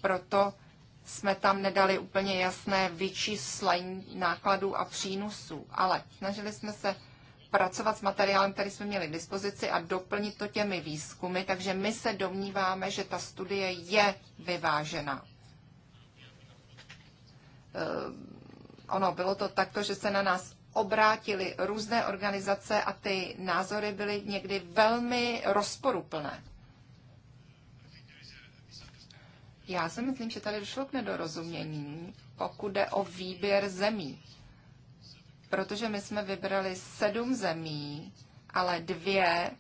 proto jsme tam nedali úplně jasné vyčíslení nákladů a přínosů, ale snažili jsme se pracovat s materiálem, který jsme měli k dispozici a doplnit to těmi výzkumy, takže my se domníváme, že ta studie je vyvážená. Eh, ono bylo to takto, že se na nás obrátili různé organizace a ty názory byly někdy velmi rozporuplné. Já si myslím, že tady došlo k nedorozumění, pokud jde o výběr zemí. Protože my jsme vybrali sedm zemí, ale dvě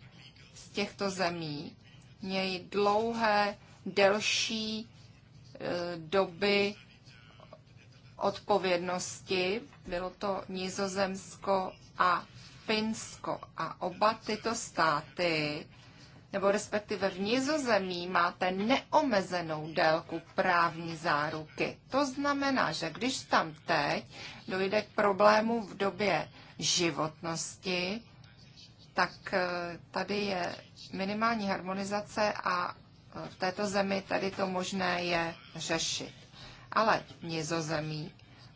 z těchto zemí mějí dlouhé, delší eh, doby odpovědnosti. Bylo to Nizozemsko a Finsko. A oba tyto státy nebo respektive v Nizozemí máte neomezenou délku právní záruky. To znamená, že když tam teď dojde k problému v době životnosti, tak eh, tady je minimální harmonizace a eh, v této zemi tady to možné je řešit. Ale Nizozemí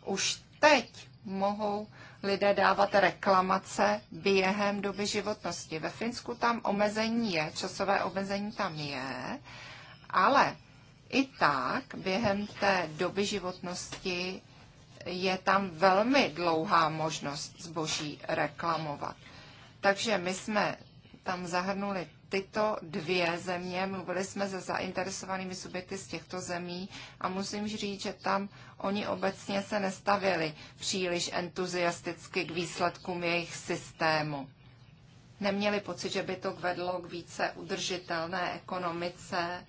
už teď mohou lidé dávat reklamace během doby životnosti. Ve Finsku tam omezení je, časové omezení tam je, ale i tak během té doby životnosti je tam velmi dlouhá možnost zboží reklamovat. Takže my jsme tam zahrnuli tyto dvě země, mluvili jsme se zainteresovanými subjekty z těchto zemí a musím říct, že tam oni obecně se nestavili příliš entuziasticky k výsledkům jejich systému. Neměli pocit, že by to vedlo k více udržitelné ekonomice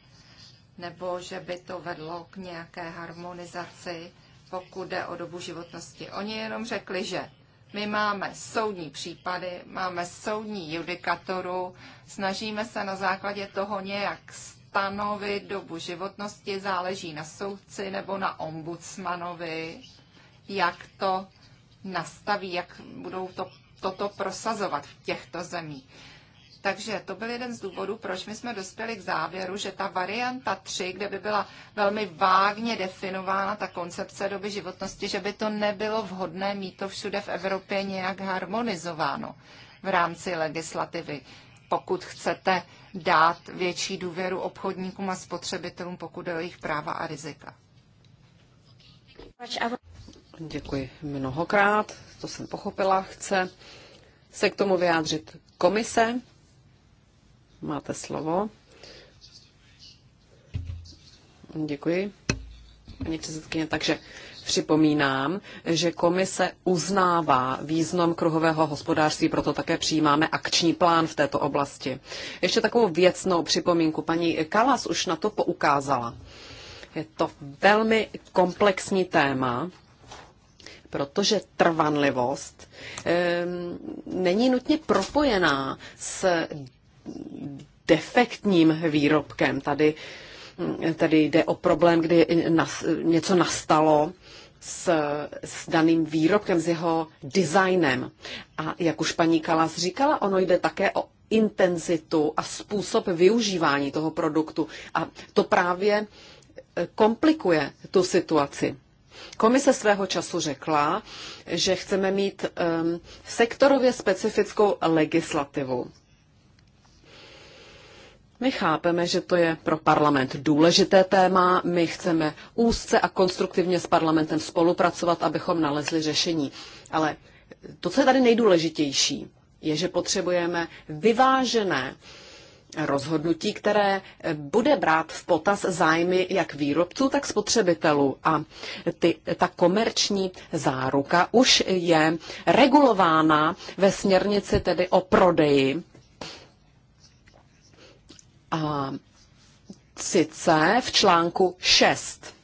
nebo že by to vedlo k nějaké harmonizaci, pokud jde o dobu životnosti. Oni jenom řekli, že my máme soudní případy, máme soudní judikaturu, snažíme se na základě toho nějak stanovit dobu životnosti, záleží na soudci nebo na ombudsmanovi, jak to nastaví, jak budou to, toto prosazovat v těchto zemích. Takže to byl jeden z důvodů, proč my jsme dospěli k závěru, že ta varianta 3, kde by byla velmi vágně definována ta koncepce doby životnosti, že by to nebylo vhodné mít to všude v Evropě nějak harmonizováno v rámci legislativy. Pokud chcete dát větší důvěru obchodníkům a spotřebitelům, pokud je o jejich práva a rizika. Děkuji mnohokrát, to jsem pochopila. Chce se k tomu vyjádřit komise. Máte slovo. Děkuji. Paní předsedkyně, takže Připomínám, že komise uznává význam kruhového hospodářství, proto také přijímáme akční plán v této oblasti. Ještě takovou věcnou připomínku. Paní Kalas už na to poukázala. Je to velmi komplexní téma, protože trvanlivost e, není nutně propojená s defektním výrobkem. Tady, tady jde o problém, kdy nas, něco nastalo s, s daným výrobkem, s jeho designem. A jak už paní Kalas říkala, ono jde také o intenzitu a způsob využívání toho produktu. A to právě eh, komplikuje tu situaci. Komise svého času řekla, že chceme mít um, sektorově specifickou legislativu. My chápeme, že to je pro parlament důležité téma. My chceme úzce a konstruktivně s parlamentem spolupracovat, abychom nalezli řešení. Ale to, co je tady nejdůležitější, je, že potřebujeme vyvážené rozhodnutí, které bude brát v potaz zájmy jak výrobců, tak spotřebitelů. A ty, ta komerční záruka už je regulována ve směrnici tedy o prodeji a sice v článku 6.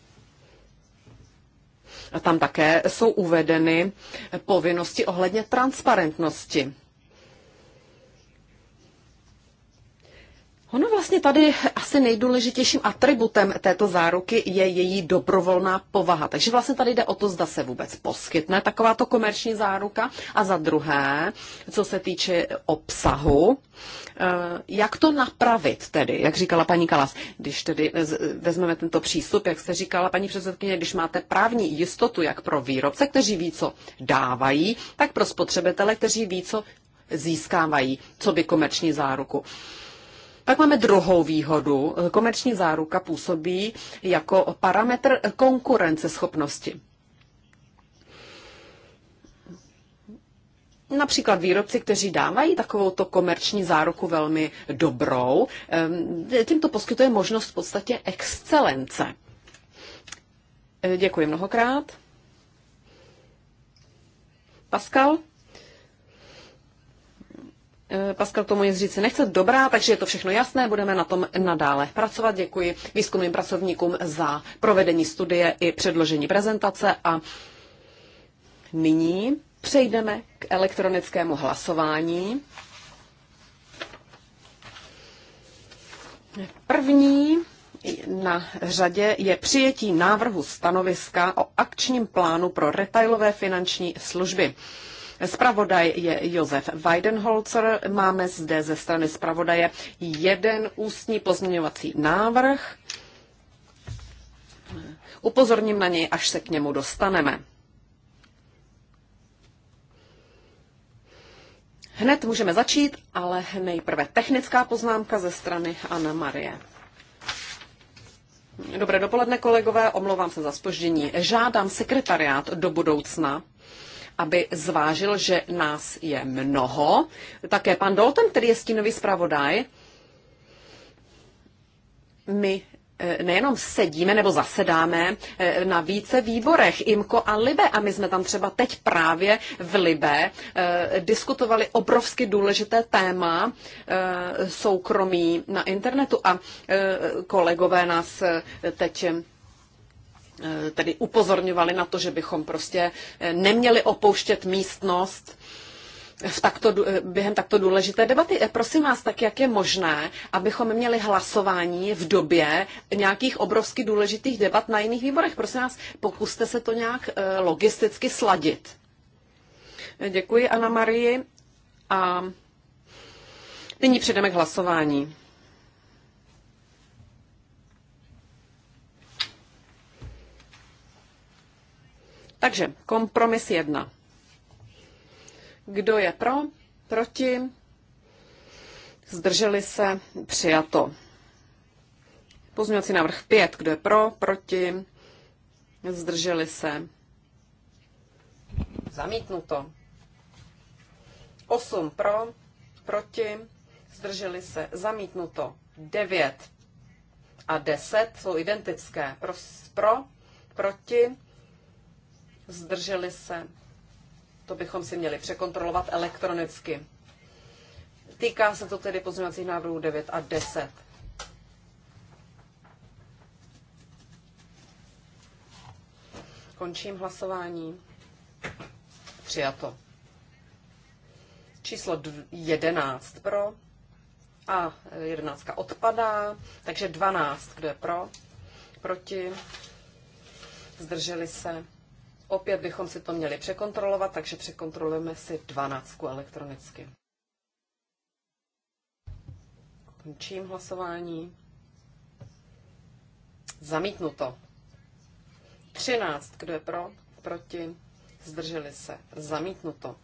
A tam také jsou uvedeny povinnosti ohledně transparentnosti. Ono vlastně tady asi nejdůležitějším atributem této záruky je její dobrovolná povaha. Takže vlastně tady jde o to, zda se vůbec poskytne takováto komerční záruka. A za druhé, co se týče obsahu, eh, jak to napravit tedy, jak říkala paní Kalas, když tedy vezmeme tento přístup, jak jste říkala paní předsedkyně, když máte právní jistotu jak pro výrobce, kteří ví, co dávají, tak pro spotřebitele, kteří ví, co získávají, co by komerční záruku. Pak máme druhou výhodu. Komerční záruka působí jako parametr konkurenceschopnosti. Například výrobci, kteří dávají takovouto komerční záruku velmi dobrou, eh, tím to poskytuje možnost v podstatě excelence. Eh, děkuji mnohokrát. Pascal? Eh, Pascal tomu je říct, nechce dobrá, takže je to všechno jasné, budeme na tom nadále pracovat. Děkuji výzkumným pracovníkům za provedení studie i předložení prezentace a nyní přejdeme k elektronickému hlasování. První na řadě je přijetí návrhu stanoviska o akčním plánu pro retailové finanční služby. Spravodaj je Josef Weidenholzer. Máme zde ze strany spravodaje jeden ústní pozměňovací návrh. Upozorním na něj, až se k němu dostaneme. Hned můžeme začít, ale nejprve technická poznámka ze strany Anna Marie. Dobré dopoledne, kolegové, omlouvám se za spoždění. Žádám sekretariát do budoucna, aby zvážil, že nás je mnoho. Také pan Dolten, který je stínový zpravodaj, my eh, nejenom sedíme nebo zasedáme eh, na více výborech IMKO a LIBE a my jsme tam třeba teď právě v LIBE eh, diskutovali obrovsky důležité téma soukromí na internetu a kolegové nás teď Eh, tedy upozorňovali na to, že bychom prostě eh, neměli opouštět místnost v takto, eh, během takto důležité debaty. Prosím vás, tak jak je možné, abychom měli hlasování v době nějakých obrovsky důležitých debat na jiných výborech? Prosím vás, pokuste se to nějak logisticky sladit. Děkuji, Ana Marii. A nyní předeme k hlasování. Takže kompromis jedna. Kdo je pro? Proti? Zdrželi se? Přijato. Pozměňovací návrh 5. Kdo je pro? Proti? Zdrželi se? Zamítnuto. 8 pro, proti, zdrželi se, zamítnuto. 9 a 10 jsou identické. Pro, pro proti, zdrželi se. To bychom si měli překontrolovat elektronicky. Týká se to tedy pozměňovacích návrhů 9 a 10. Končím hlasování. Přijato. Číslo 11 pro a 11 odpadá, takže 12, kdo je pro, proti, zdrželi se, Opět bychom si to měli překontrolovat, takže překontrolujeme si 12 elektronicky. Končím hlasování. Zamítnuto. 13. Kdo je pro? Proti? Zdrželi se. Zamítnuto.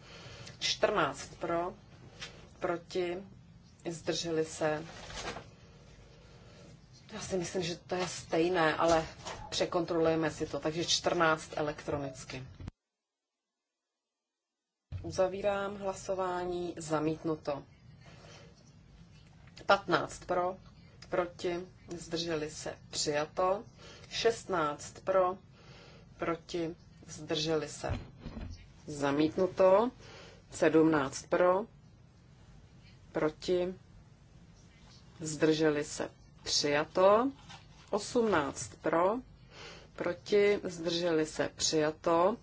14. Pro? Proti? Zdrželi se. Já si myslím, že to je stejné, ale překontrolujeme si to. Takže 14 elektronicky. Uzavírám hlasování, zamítnuto. 15 pro, proti, zdrželi se, přijato. 16 pro, proti, zdrželi se, zamítnuto. 17 pro, proti, zdrželi se, přijato, 18 pro, proti, zdrželi se, přijato,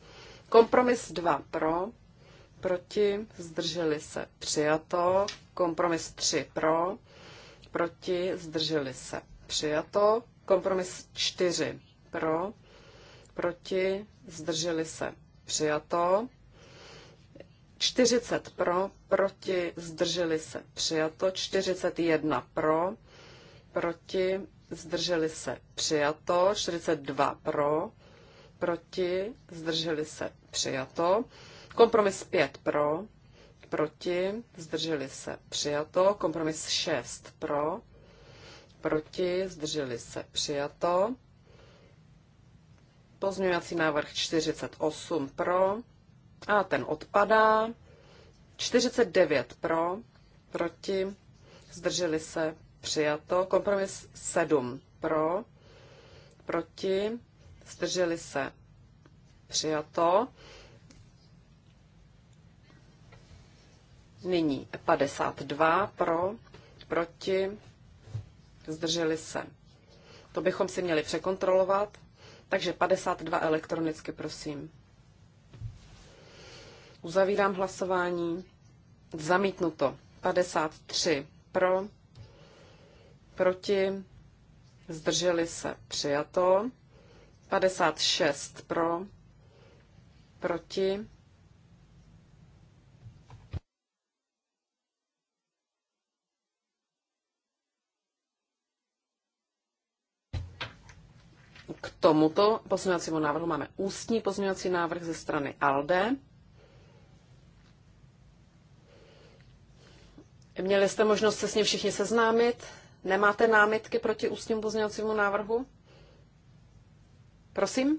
kompromis 2 pro, proti, zdrželi se, přijato, kompromis 3 pro, proti, zdrželi se, přijato, kompromis 4 pro, proti, zdrželi se, přijato, 40 pro, proti, zdrželi se, přijato, 41 pro, proti, zdrželi se přijato, 42 pro, proti, zdrželi se přijato, kompromis 5 pro, proti, zdrželi se přijato, kompromis 6 pro, proti, zdrželi se přijato, pozměňovací návrh 48 pro, a ten odpadá, 49 pro, proti, zdrželi se přijato. Kompromis 7 pro, proti, zdrželi se přijato. Nyní 52 pro, proti, zdrželi se. To bychom si měli překontrolovat, takže 52 elektronicky, prosím. Uzavírám hlasování. Zamítnuto. 53 pro, proti, zdrželi se, přijato. 56 pro, proti, K tomuto pozměňovacímu návrhu máme ústní pozměňovací návrh ze strany ALDE. Měli jste možnost se s ním všichni seznámit? Nemáte námitky proti ústnímu pozměňovacímu návrhu? Prosím?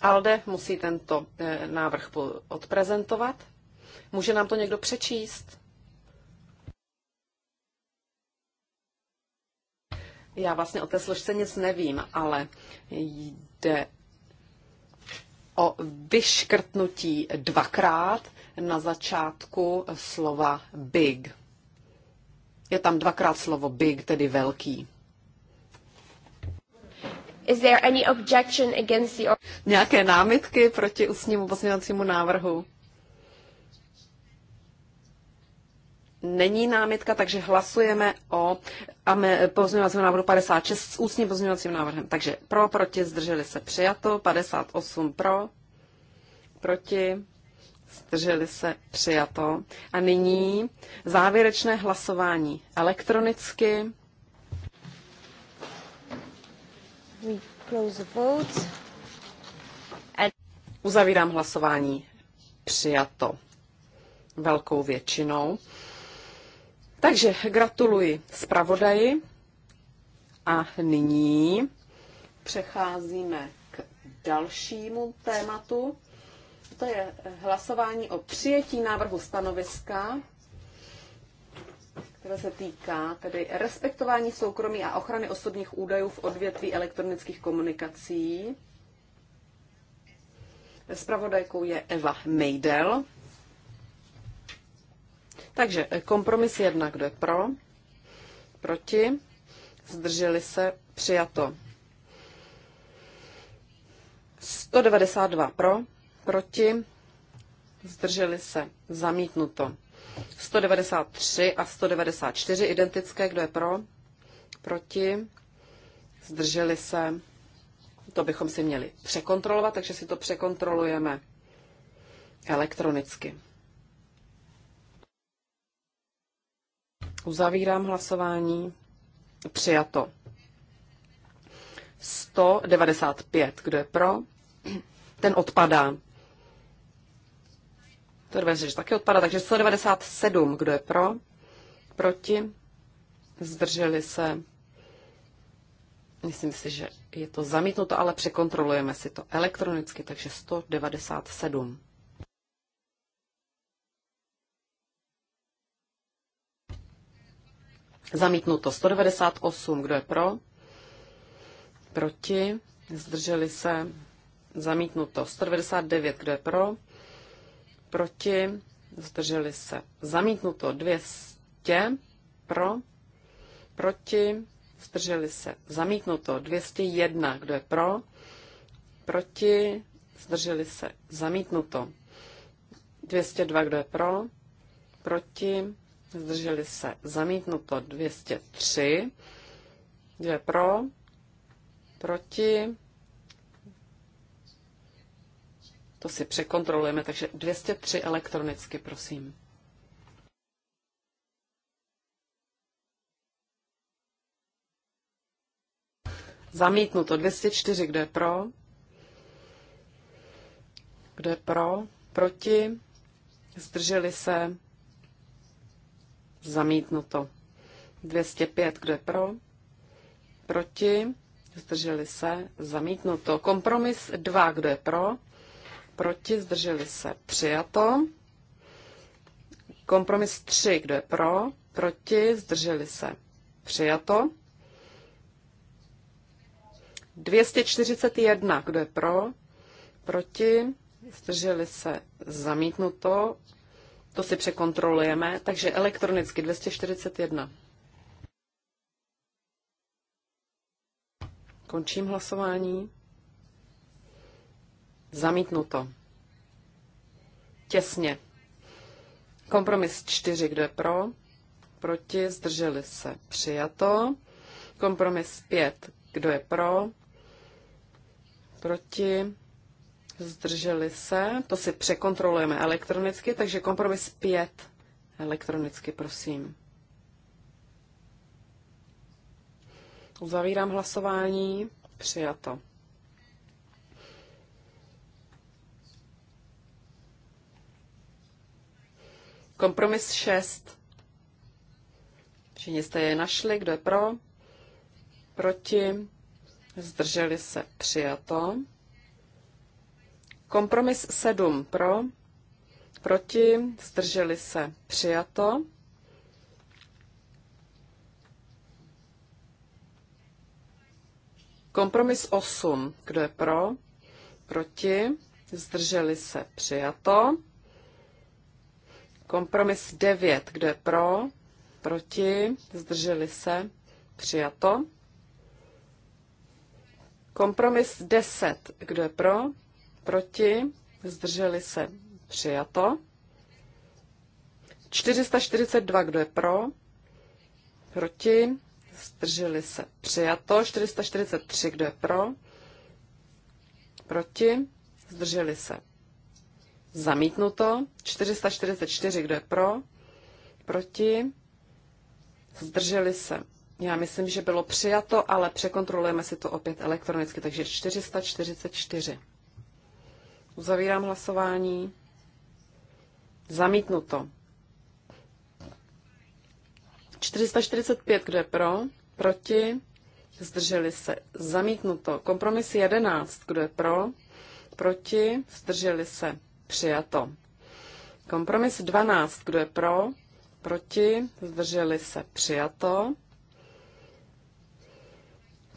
Alde musí tento eh, návrh odprezentovat. Může nám to někdo přečíst? Já vlastně o té složce nic nevím, ale jde o vyškrtnutí dvakrát na začátku slova big. Je tam dvakrát slovo big, tedy velký. Is there any objection against the... Nějaké námitky proti ústnímu pozměňovacímu návrhu? není námitka, takže hlasujeme o pozměňovacím návrhu 56 s ústním pozměňovacím návrhem. Takže pro, proti, zdrželi se přijato, 58 pro, proti, zdrželi se přijato. A nyní závěrečné hlasování elektronicky. We close the votes. And... Uzavírám hlasování přijato velkou většinou. Takže gratuluji zpravodaji a nyní přecházíme k dalšímu tématu. To je hlasování o přijetí návrhu stanoviska, které se týká tedy respektování soukromí a ochrany osobních údajů v odvětví elektronických komunikací. Spravodajkou je Eva Mejdel. Takže eh, kompromis jedna, kdo je pro, proti, zdrželi se, přijato. 192 pro, proti, zdrželi se, zamítnuto. 193 a 194 identické, kdo je pro, proti, zdrželi se. To bychom si měli překontrolovat, takže si to překontrolujeme elektronicky. Uzavírám hlasování. Přijato. 195. Kdo je pro? Ten odpadá. To že taky odpadá, takže 197. Kdo je pro? Proti? Zdrželi se. Myslím si, že je to zamítnuto, ale překontrolujeme si to elektronicky, takže 197. Zamítnuto 198. Kdo je pro? Proti? Zdrželi se? Zamítnuto 199. Kdo je pro? Proti? Zdrželi se? Zamítnuto 200. Pro? Proti? Zdrželi se? Zamítnuto 201. Kdo je pro? Proti? Zdrželi se? Zamítnuto 202. Kdo je pro? Proti? zdrželi se zamítnuto 203, kdo pro, proti, to si překontrolujeme, takže 203 elektronicky, prosím. Zamítnuto 204, kdo je pro? Kdo je pro? Proti? Zdrželi se? Zamítnuto. 205, kdo je pro? Proti? Zdrželi se? Zamítnuto. Kompromis 2, kdo je pro? Proti? Zdrželi se? Přijato. Kompromis 3, kdo je pro? Proti? Zdrželi se? Přijato. 241, kdo je pro? Proti? Zdrželi se? Zamítnuto. To si překontrolujeme, takže elektronicky 241. Končím hlasování. Zamítnuto. Těsně. Kompromis 4, kdo je pro? Proti, zdrželi se. Přijato. Kompromis 5, kdo je pro? Proti, zdrželi se, to si překontrolujeme elektronicky, takže kompromis 5 elektronicky, prosím. Uzavírám hlasování, přijato. Kompromis 6. Všichni jste je našli, kdo je pro, proti, zdrželi se, přijato. Kompromis 7 pro, proti, zdrželi se, přijato. Kompromis 8, kdo je pro, proti, zdrželi se, přijato. Kompromis 9, kdo je pro, proti, zdrželi se, přijato. Kompromis 10, kdo je pro, proti, zdrželi se, přijato. 442, kdo je pro, proti, zdrželi se, přijato. 443, kdo je pro, proti, zdrželi se, zamítnuto. 444, kdo je pro, proti, zdrželi se. Já myslím, že bylo přijato, ale překontrolujeme si to opět elektronicky, takže 444. Uzavírám hlasování. Zamítnuto. 445, kdo je pro? Proti? Zdrželi se. Zamítnuto. Kompromis 11, kdo je pro? Proti? Zdrželi se. Přijato. Kompromis 12, kdo je pro? Proti? Zdrželi se. Přijato.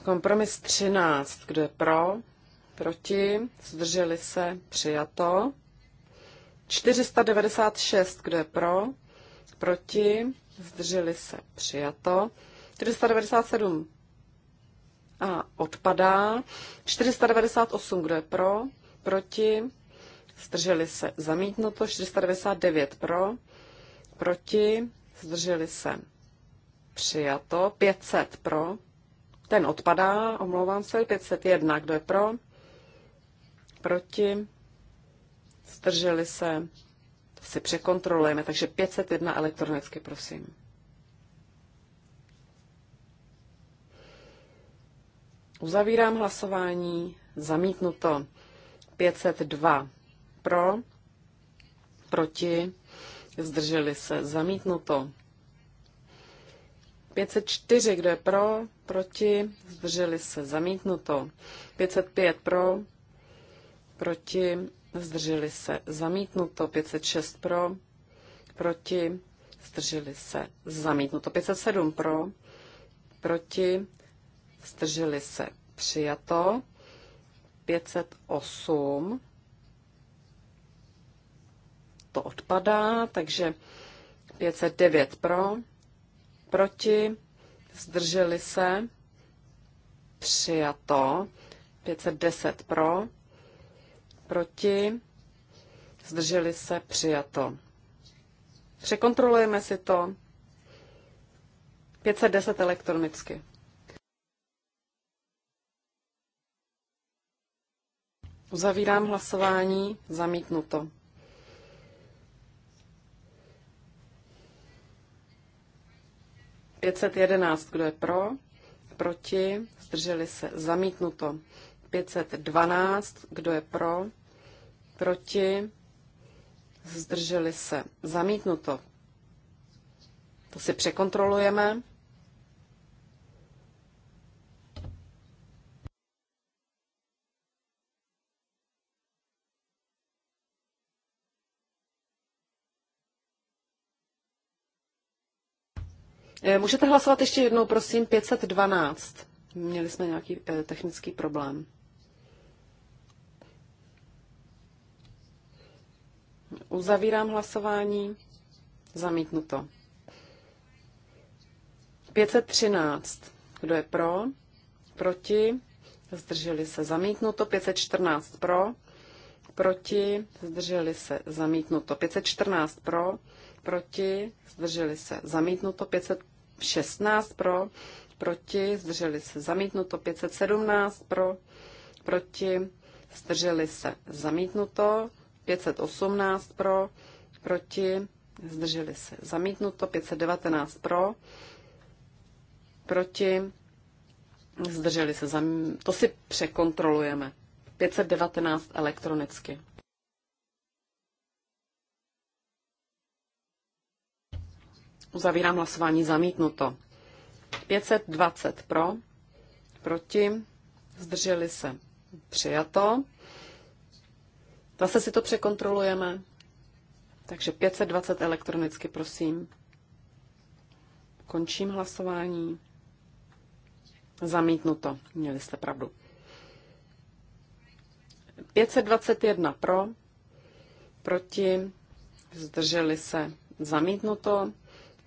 Kompromis 13, kdo je pro? proti, zdrželi se, přijato. 496, kdo je pro, proti, zdrželi se, přijato. 497 a odpadá. 498, kdo je pro, proti, zdrželi se, zamítnuto. 499 pro, proti, zdrželi se, přijato. 500 pro, ten odpadá, omlouvám se, 501, kdo je pro, proti, zdrželi se, to si překontrolujeme, takže 501 elektronicky, prosím. Uzavírám hlasování, zamítnuto 502 pro, proti, zdrželi se, zamítnuto 504, kdo je pro, proti, zdrželi se, zamítnuto. 505 pro, proti, zdrželi se zamítnuto, 506 pro, proti, zdrželi se zamítnuto, 507 pro, proti, zdrželi se přijato, 508 to odpadá, takže 509 pro, proti, zdrželi se, přijato, 510 pro, proti, zdrželi se, přijato. Překontrolujeme si to. 510 elektronicky. Uzavírám hlasování, zamítnuto. Pětset jedenáct, kdo je pro, proti, zdrželi se, zamítnuto. 512, kdo je pro, proti, zdrželi se, zamítnuto. To si překontrolujeme. Eh, můžete hlasovat ještě jednou, prosím, 512. Měli jsme nějaký eh, technický problém. Uzavírám hlasování. Zamítnuto. 513. Kdo je pro? Proti? Zdrželi se zamítnuto. 514 pro. Proti? Zdrželi se zamítnuto. 514 pro. Proti? Zdrželi se zamítnuto. 516 pro. Proti? Zdrželi se zamítnuto. 517 pro. Proti? Zdrželi se zamítnuto. 518 pro, proti, zdrželi se. Zamítnuto 519 pro, proti, zdrželi se. Zam... To si překontrolujeme. 519 elektronicky. Uzavírám hlasování zamítnuto. 520 pro, proti, zdrželi se. Přijato. Zase si to překontrolujeme. Takže 520 elektronicky, prosím. Končím hlasování. Zamítnuto. Měli jste pravdu. 521 pro, proti, zdrželi se, zamítnuto.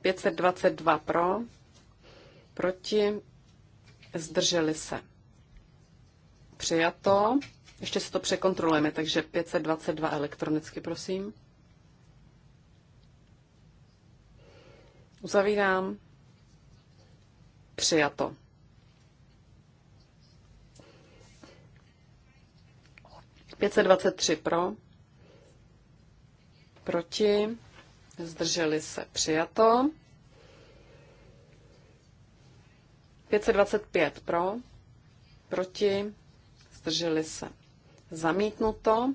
522 pro, proti, zdrželi se. Přijato. Ještě se to překontrolujeme, takže 522 elektronicky, prosím. Uzavírám. Přijato. Pětset dvacet tři pro, proti, zdrželi se přijato. 525 pro, proti, zdrželi se Zamítnuto.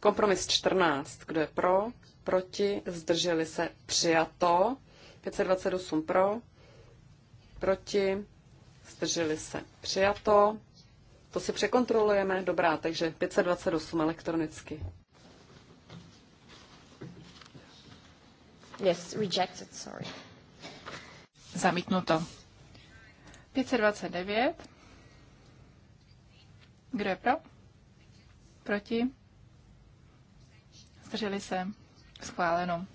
Kompromis 14. Kdo je pro? Proti? Zdrželi se? Přijato. 528 pro? Proti? Zdrželi se? Přijato. To si překontrolujeme. Dobrá, takže 528 elektronicky. Yes, rejected, sorry. Zamítnuto. 529. Kdo je pro? Proti? Zdrželi se. Schváleno.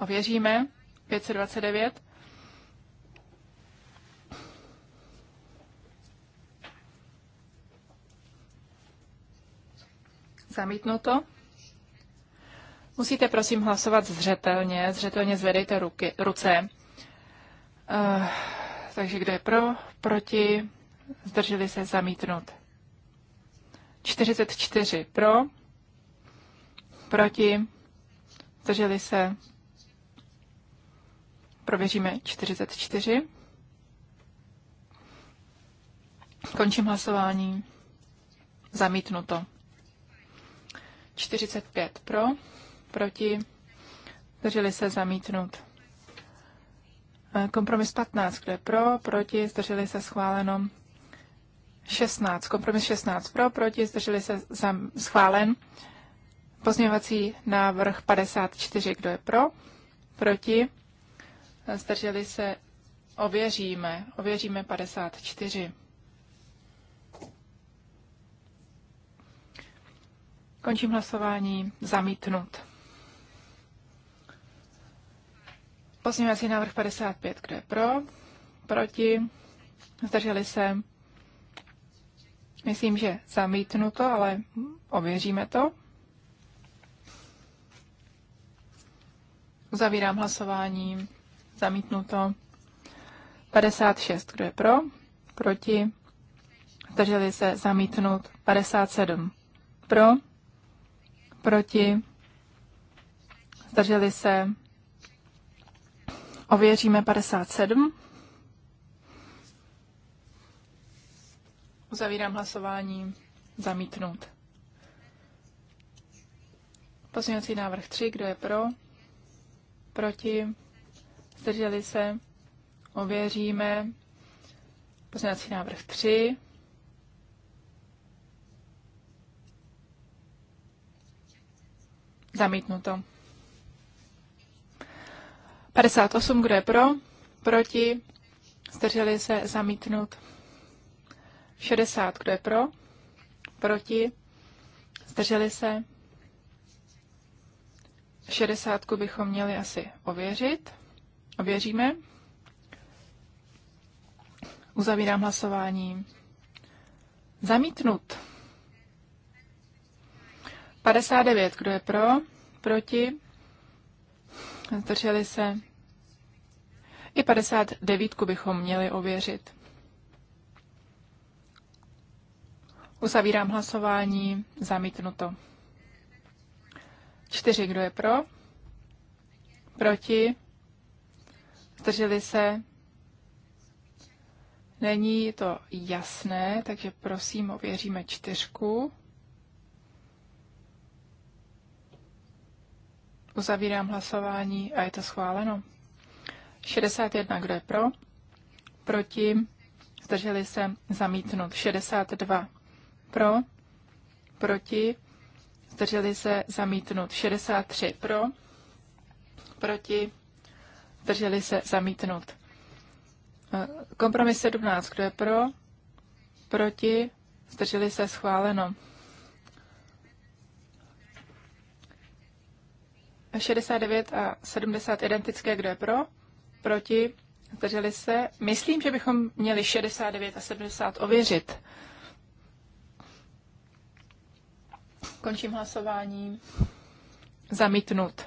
Ověříme. 529. Zamítnuto. Musíte prosím hlasovat zřetelně, zřetelně zvedejte ruky, ruce. Uh, takže kdo je pro, proti, zdrželi se zamítnout. 44 pro, proti, zdrželi se, prověříme 44. Končím hlasování. Zamítnuto. 45 pro, proti, zdrželi se zamítnut. E, kompromis 15, kde pro, proti, zdrželi se schváleno. 16, kompromis 16 pro, proti, zdrželi se za, schválen. Pozměňovací návrh 54, kdo je pro, proti, zdrželi se, ověříme, ověříme 54. Končím hlasování, zamítnut. Pozměňovací návrh 55, kdo je pro, proti, zdrželi se, Myslím, že zamítnu to, ale ověříme to. Uzavírám hlasování. Zamítnuto. 56. Kdo je pro? Proti? Zdrželi se zamítnout. 57. Pro? Proti? Zdrželi se. Ověříme 57. Uzavírám hlasování. Zamítnout. Pozměňovací návrh 3. Kdo je pro? Proti? Zdrželi se? Ověříme. Pozměňovací návrh 3. Zamítnuto. 58, kdo je pro? Proti? Zdrželi se zamítnut. 60, kdo je pro? Proti? Zdrželi se? 60 bychom měli asi ověřit. Ověříme. Uzavírám hlasování. Zamítnut. 59, kdo je pro? Proti? Zdrželi se? I 59 bychom měli ověřit. Uzavírám hlasování. Zamítnuto. Čtyři, kdo je pro? Proti? Zdrželi se? Není to jasné, takže prosím, ověříme čtyřku. Uzavírám hlasování a je to schváleno. 61, kdo je pro? Proti? Zdrželi se? Zamítnut. 62, pro, proti, zdrželi se zamítnut 63 pro, proti, zdrželi se zamítnut. Eh, kompromis 17, kdo je pro, proti, zdrželi se schváleno. 69 a 70 identické, kdo je pro, proti, zdrželi se. Myslím, že bychom měli 69 a 70 ověřit. Končím hlasování. Zamítnut.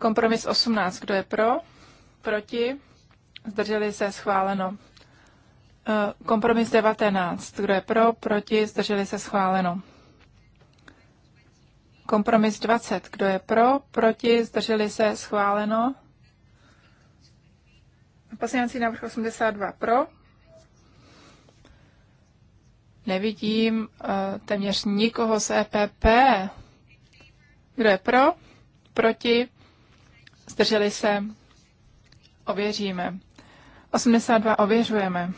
Kompromis 18. Eh, Kdo je pro? Proti? Zdrželi se schváleno. Kompromis 19. Kdo je pro? Proti? Zdrželi se schváleno. Kompromis 20. Kdo je pro? Proti? Zdrželi se schváleno. Poslanecí návrh 82 pro, Nevidím eh, téměř nikoho z EPP. Kdo je pro? Proti? Zdrželi se? Ověříme. 82 ověřujeme.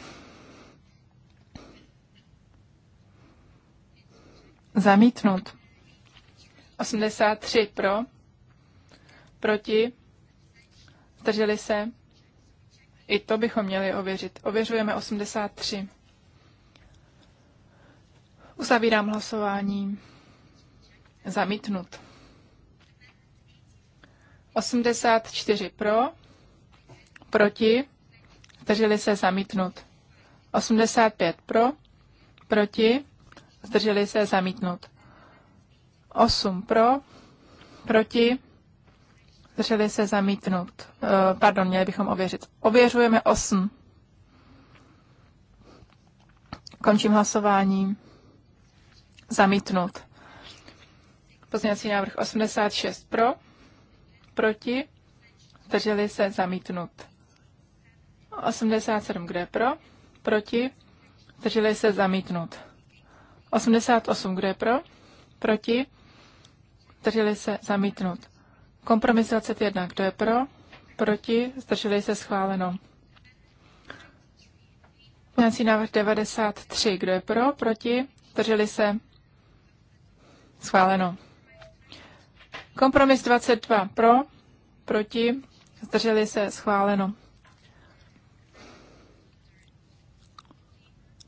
Zamítnut. 83 pro. Proti. Zdrželi se. I to bychom měli ověřit. Ověřujeme 83. Uzavírám hlasování. Zamítnut. 84 pro, proti, zdrželi se zamítnut. 85 pro, proti, zdrželi se zamítnut. 8 pro, proti, zdrželi se zamítnut. Eh, pardon, měli bychom ověřit. Ověřujeme 8. Končím hlasování zamítnut. Pozměňovací návrh 86 pro, proti, zdrželi se zamítnut. 87 kde pro, proti, zdrželi se zamítnut. 88 kde pro, proti, zdrželi se zamítnut. Kompromis 21 kdo je pro, proti, zdrželi se schváleno. Pozměňovací návrh 93 kdo je pro, proti, zdrželi se Schváleno. Kompromis 22 pro, proti, zdrželi se, schváleno.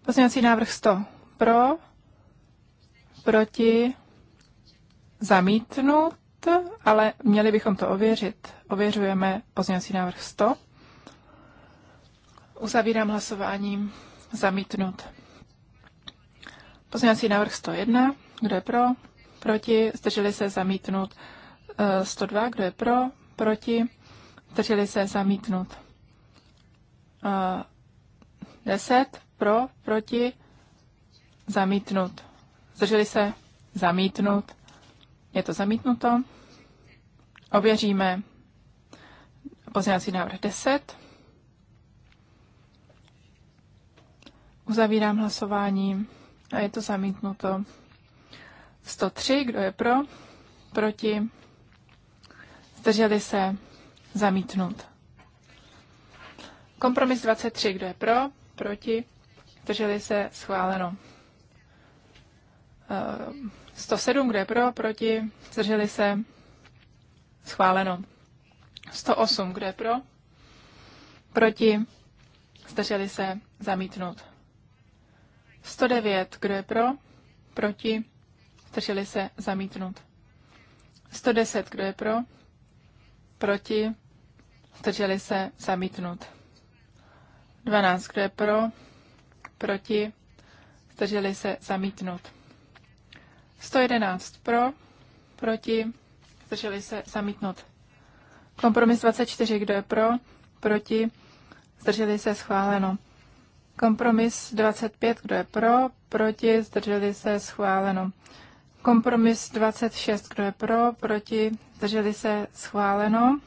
Pozměňovací návrh 100 pro, proti, zamítnut, ale měli bychom to ověřit. Ověřujeme pozměňovací návrh 100. Uzavírám hlasováním zamítnut. Pozměňovací návrh 101. Kdo je pro? proti, zdrželi se zamítnut. 102, e, kdo je pro, proti, zdrželi se zamítnut. 10, e, pro, proti, zamítnut. Zdrželi se zamítnut. Je to zamítnuto. Ověříme pozměňovací návrh 10. Uzavírám hlasování a je to zamítnuto. 103, kdo je pro, proti, zdrželi se, zamítnut. Kompromis 23, kdo je pro, proti, zdrželi se, schváleno. 107, eh, kdo je pro, proti, zdrželi se, schváleno. 108, kdo je pro, proti, zdrželi se, zamítnut. 109, kdo je pro, proti, Zdrželi se zamítnut. 110, kdo je pro? Proti? Zdrželi se zamítnut. 12, kdo je pro? Proti? Zdrželi se zamítnout. 111 pro, proti, zdrželi se zamítnout. Kompromis 24, kdo je pro, proti, zdrželi se schváleno. Kompromis 25, kdo je pro, proti, zdrželi se schváleno. Kompromis 26, kdo je pro, proti, drželi se, schváleno.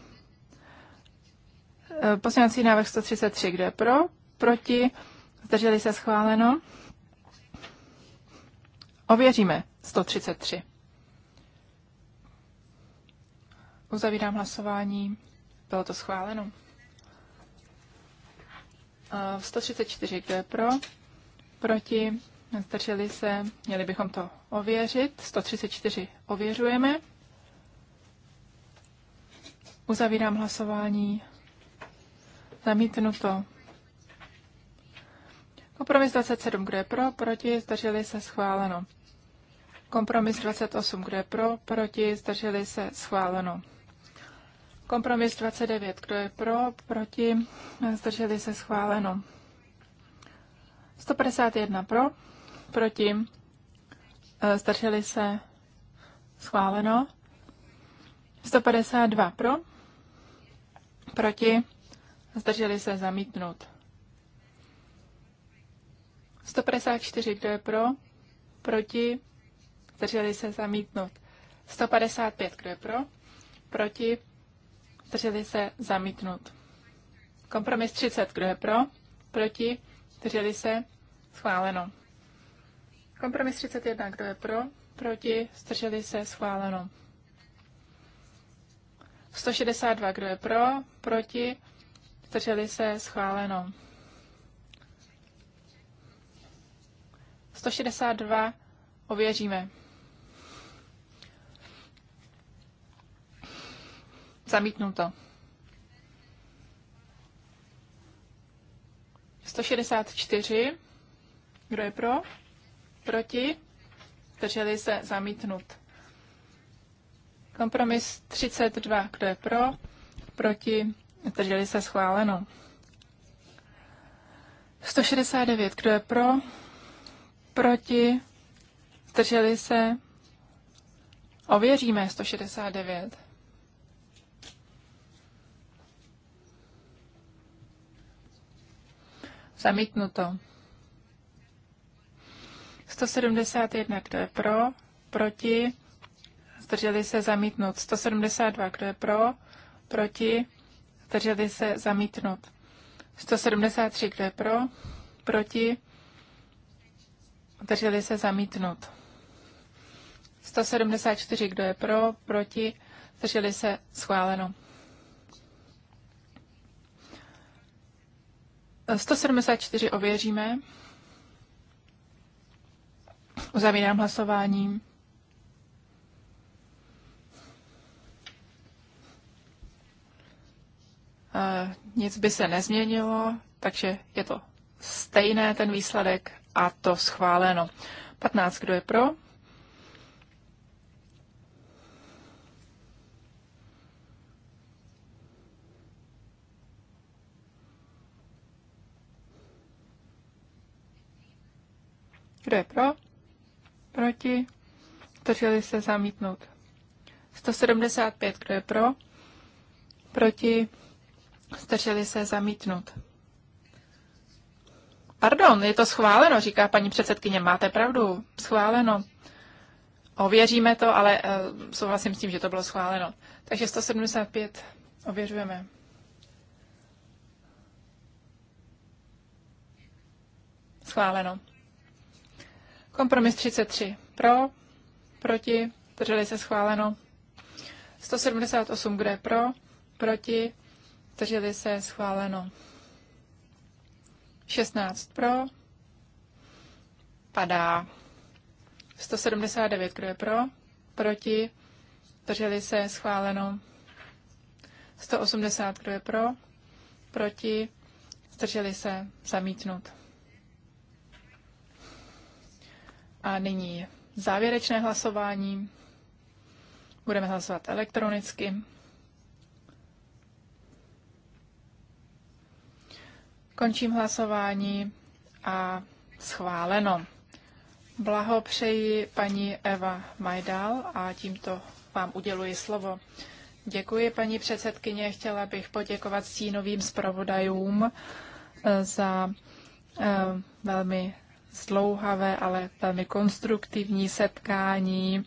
E, Poslanecký návrh 133, kdo je pro, proti, zdrželi se, schváleno. Ověříme 133. Uzavírám hlasování. Bylo to schváleno. 134, e, kdo je pro, proti, Zdrželi se, měli bychom to ověřit. 134 ověřujeme. Uzavírám hlasování. Zamítnuto. Kompromis 27, kdo je pro, proti, zdrželi se, schváleno. Kompromis 28, kdo je pro, proti, zdrželi se, schváleno. Kompromis 29, kdo je pro, proti, zdrželi se, schváleno. 151 pro, proti, e, zdrželi se, schváleno. 152 pro, proti, zdrželi se, zamítnut. 154, kdo je pro, proti, zdrželi se, zamítnout 155, kdo je pro, proti, zdrželi se, zamítnout Kompromis 30, kdo je pro, proti, zdrželi se, schváleno. Kompromis 31, kdo je pro? Proti? Zdrželi se? Schváleno. 162, kdo je pro? Proti? Zdrželi se? Schváleno. 162 ověříme. Zamítnuto. 164. Kdo je pro? proti, drželi se, zamítnut. Kompromis 32, kdo je pro, proti, drželi se, schváleno. 169, kdo je pro, proti, drželi se, ověříme 169. Zamítnuto. 171, kdo je pro, proti, zdrželi se zamítnout. 172, kdo je pro, proti, zdrželi se zamítnout. 173, kdo je pro, proti, zdrželi se zamítnout. 174, kdo je pro, proti, zdrželi se schváleno. 174 ověříme. Uzavírám hlasování. Eh, nic by se nezměnilo, takže je to stejné ten výsledek a to schváleno. 15, kdo je pro? Kdo je pro? Proti? Zdrželi se zamítnout. 175. Kdo je pro? Proti? Zdrželi se zamítnout. Pardon, je to schváleno, říká paní předsedkyně. Máte pravdu, schváleno. Ověříme to, ale uh, souhlasím s tím, že to bylo schváleno. Takže 175 ověřujeme. Schváleno. Kompromis 33 pro, proti, drželi se schváleno. 178, kdo je pro, proti, drželi se schváleno. 16 pro, padá. 179, kdo je pro, proti, drželi se schváleno. 180, kdo je pro, proti, drželi se zamítnut. A nyní závěrečné hlasování. Budeme hlasovat elektronicky. Končím hlasování a schváleno. Blahopřeji paní Eva Majdal a tímto vám uděluji slovo. Děkuji, paní předsedkyně. Chtěla bych poděkovat stínovým zpravodajům eh, za eh, velmi zdlouhavé, ale velmi konstruktivní setkání.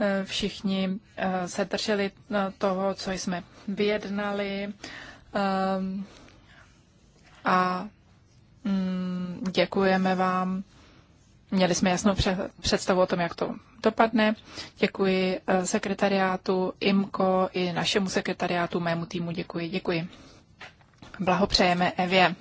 Eh, všichni eh, se drželi eh, toho, co jsme vyjednali a mm, děkujeme vám. Měli jsme jasnou představu o tom, jak to dopadne. Děkuji sekretariátu IMKO i našemu sekretariátu, mému týmu děkuji. Děkuji. Blahopřejeme Evě.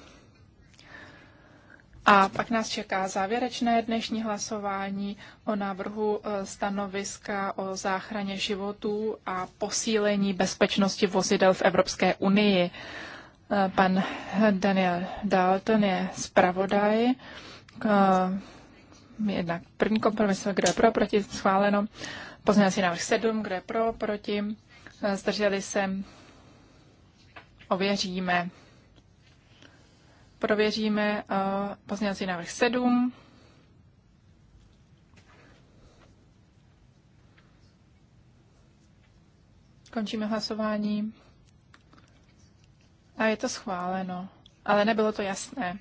A pak nás čeká závěrečné dnešní hlasování o návrhu e, stanoviska o záchraně životů a posílení bezpečnosti vozidel v Evropské unii. E, pan Daniel Dalton je zpravodaj. E, jednak první kompromis, kdo je pro, proti, schváleno. Pozměňovací návrh 7, kdo je pro, proti, zdrželi se, ověříme. Prověříme uh, pozměňovací návrh 7. Končíme hlasování. A je to schváleno, ale nebylo to jasné.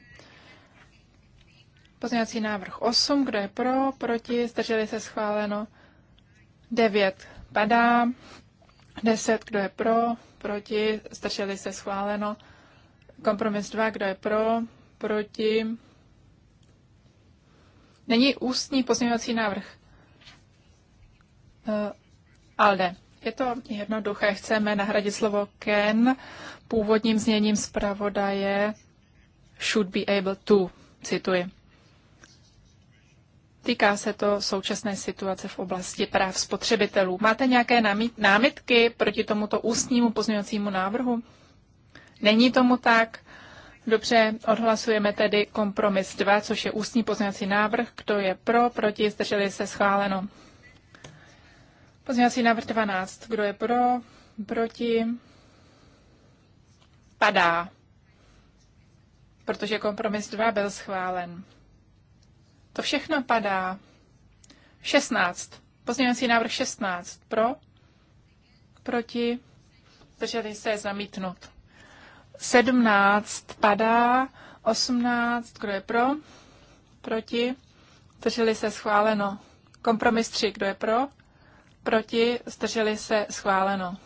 Pozměňovací návrh 8, kdo je pro, proti, zdrželi se schváleno. 9 padá, 10, kdo je pro, proti, zdrželi se schváleno. Kompromis 2, kdo je pro, proti. Není ústní pozměňovací návrh. Eh, Alde. Je to jednoduché. Chceme nahradit slovo can původním zněním zpravodaje should be able to, cituji. Týká se to současné situace v oblasti práv spotřebitelů. Máte nějaké námitky proti tomuto ústnímu pozměňovacímu návrhu? Není tomu tak. Dobře, odhlasujeme tedy kompromis 2, což je ústní pozměňovací návrh. Kdo je pro, proti, zdrželi se schváleno. Pozměňovací návrh 12. Kdo je pro, proti, padá, protože kompromis 2 byl schválen. To všechno padá. 16. Pozměňovací návrh 16. Pro, proti, zdrželi se zamítnut. 17 padá, 18, kdo je pro, proti, zdrželi se schváleno. Kompromis 3, kdo je pro, proti, zdrželi se schváleno.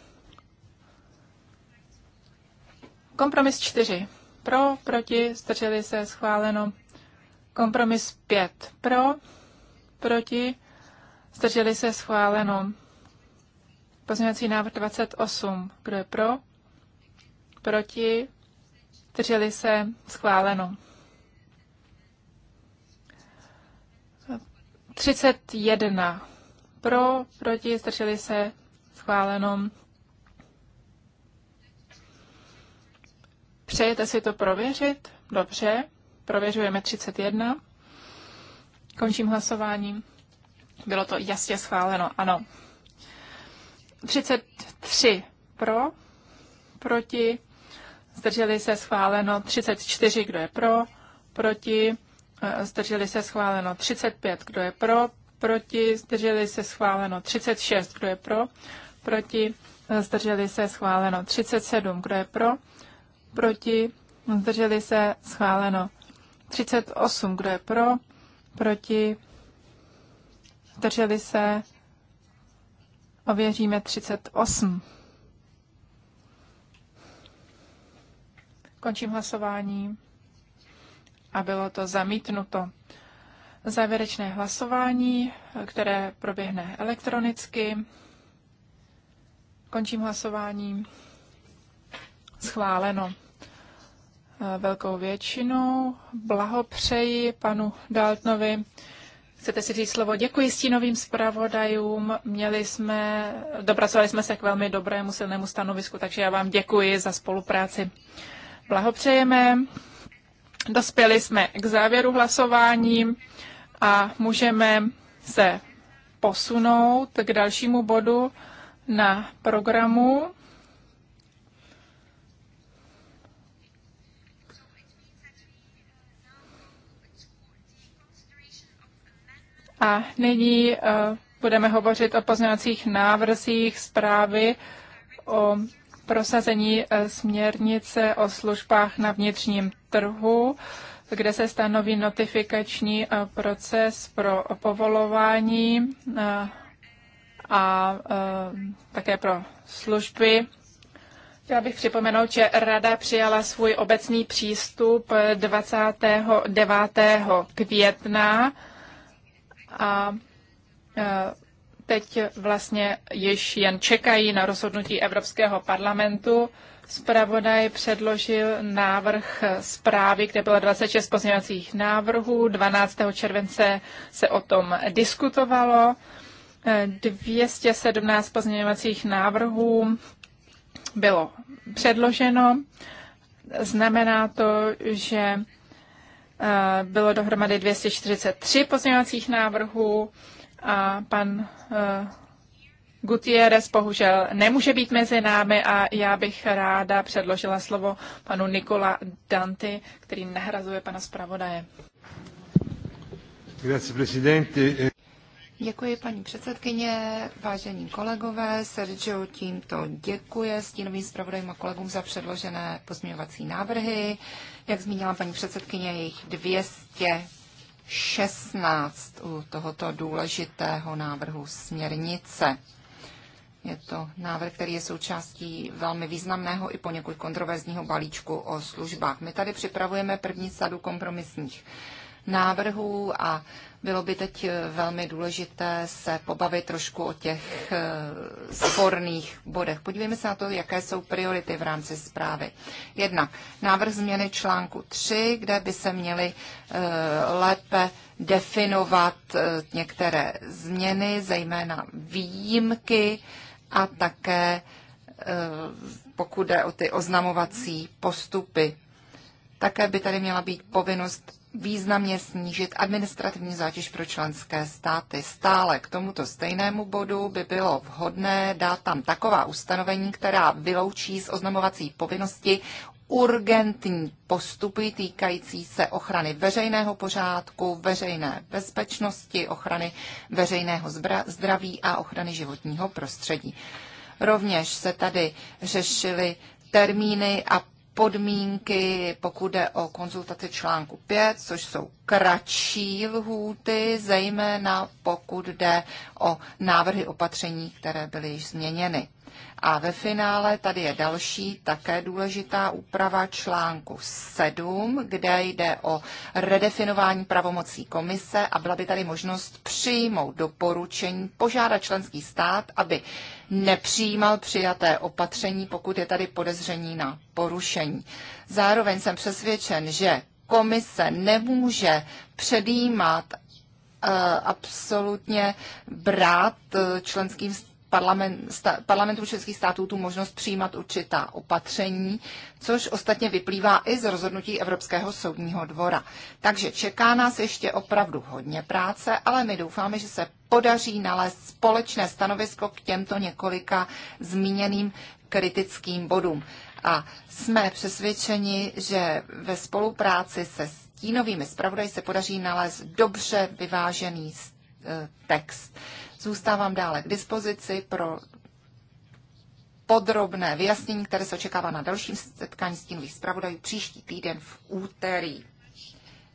Kompromis 4, pro, proti, zdrželi se schváleno. Kompromis 5, pro, proti, zdrželi se schváleno. Pozměňovací návrh 28, kdo je pro, proti, drželi se, schváleno. 31 pro, proti, zdrželi se, schváleno. Přejete si to prověřit? Dobře, prověřujeme 31. Končím hlasování. Bylo to jasně schváleno, ano. 33 pro, proti, zdrželi se schváleno 34, e, kdo je pro, proti, zdrželi se schváleno 35, e, kdo je pro, proti, zdrželi se schváleno 36, kdo je pro, proti, zdrželi se schváleno 37, kdo je pro, proti, zdrželi se schváleno 38, kdo je pro, proti, zdrželi se, ověříme 38. Končím hlasování. A bylo to zamítnuto. Závěrečné hlasování, které proběhne elektronicky. Končím hlasování. Schváleno velkou většinou. Blahopřeji panu Daltnovi. Chcete si říct slovo děkuji stínovým zpravodajům. Měli jsme, dopracovali jsme se k velmi dobrému silnému stanovisku, takže já vám děkuji za spolupráci blahopřejeme. Dospěli jsme k závěru hlasování a můžeme se posunout k dalšímu bodu na programu. A nyní uh, budeme hovořit o pozměňovacích návrzích zprávy o prosazení e, směrnice o službách na vnitřním trhu, kde se stanoví notifikační e, proces pro povolování e, a také pro služby. Chtěla bych připomenout, že Rada přijala svůj obecný přístup 29. května a Teď vlastně již jen čekají na rozhodnutí Evropského parlamentu. Spravodaj předložil návrh zprávy, kde bylo 26 pozměňovacích návrhů. 12. července se o tom diskutovalo. 217 pozměňovacích návrhů bylo předloženo. Znamená to, že eh, bylo dohromady 243 pozměňovacích návrhů a pan eh, Gutierrez bohužel nemůže být mezi námi a já bych ráda předložila slovo panu Nikola Danti, který nahrazuje pana zpravodaje. Děkuji paní předsedkyně, vážení kolegové, Sergio tímto děkuje stínovým zpravodajům a kolegům za předložené pozměňovací návrhy. Jak zmínila paní předsedkyně, jejich 200 16 u tohoto důležitého návrhu směrnice. Je to návrh, který je součástí velmi významného i poněkud kontroverzního balíčku o službách. My tady připravujeme první sadu kompromisních návrhů a bylo by teď eh, velmi důležité se pobavit trošku o těch eh, sporných bodech. Podívejme se na to, jaké jsou priority v rámci zprávy. Jedna návrh změny článku 3, kde by se měly eh, lépe definovat některé změny, zejména výjimky a také pokud jde o ty oznamovací postupy. Také by tady měla být povinnost významně snížit administrativní zátěž pro členské státy. Stále k tomuto stejnému bodu by bylo vhodné dát tam taková ustanovení, která vyloučí z oznamovací povinnosti urgentní postupy týkající se ochrany veřejného pořádku, veřejné bezpečnosti, ochrany veřejného zdraví a ochrany životního prostředí. Rovněž se tady řešily termíny a podmínky, pokud jde o konzultaci článku 5, což jsou kratší lhůty, zejména pokud jde o návrhy opatření, které byly již změněny. A ve finále tady je další také důležitá úprava článku 7, kde jde o redefinování pravomocí komise a byla by tady možnost přijmout doporučení, požádat členský stát, aby nepřijímal přijaté opatření, pokud je tady podezření na porušení. Zároveň jsem přesvědčen, že komise nemůže předjímat eh, absolutně brát eh, členským parlament, sta, parlamentů českých států tu možnost přijímat určitá opatření, což ostatně vyplývá i z rozhodnutí Evropského soudního dvora. Takže čeká nás ještě opravdu hodně práce, ale my doufáme, že se podaří nalézt společné stanovisko k těmto několika zmíněným kritickým bodům. A jsme přesvědčeni, že ve spolupráci se stínovými zpravodaji se podaří nalézt dobře vyvážený e, text. Zůstávám dále k dispozici pro podrobné vyjasnění, které se očekává na dalším setkání stínových zpravodajů příští týden v úterý.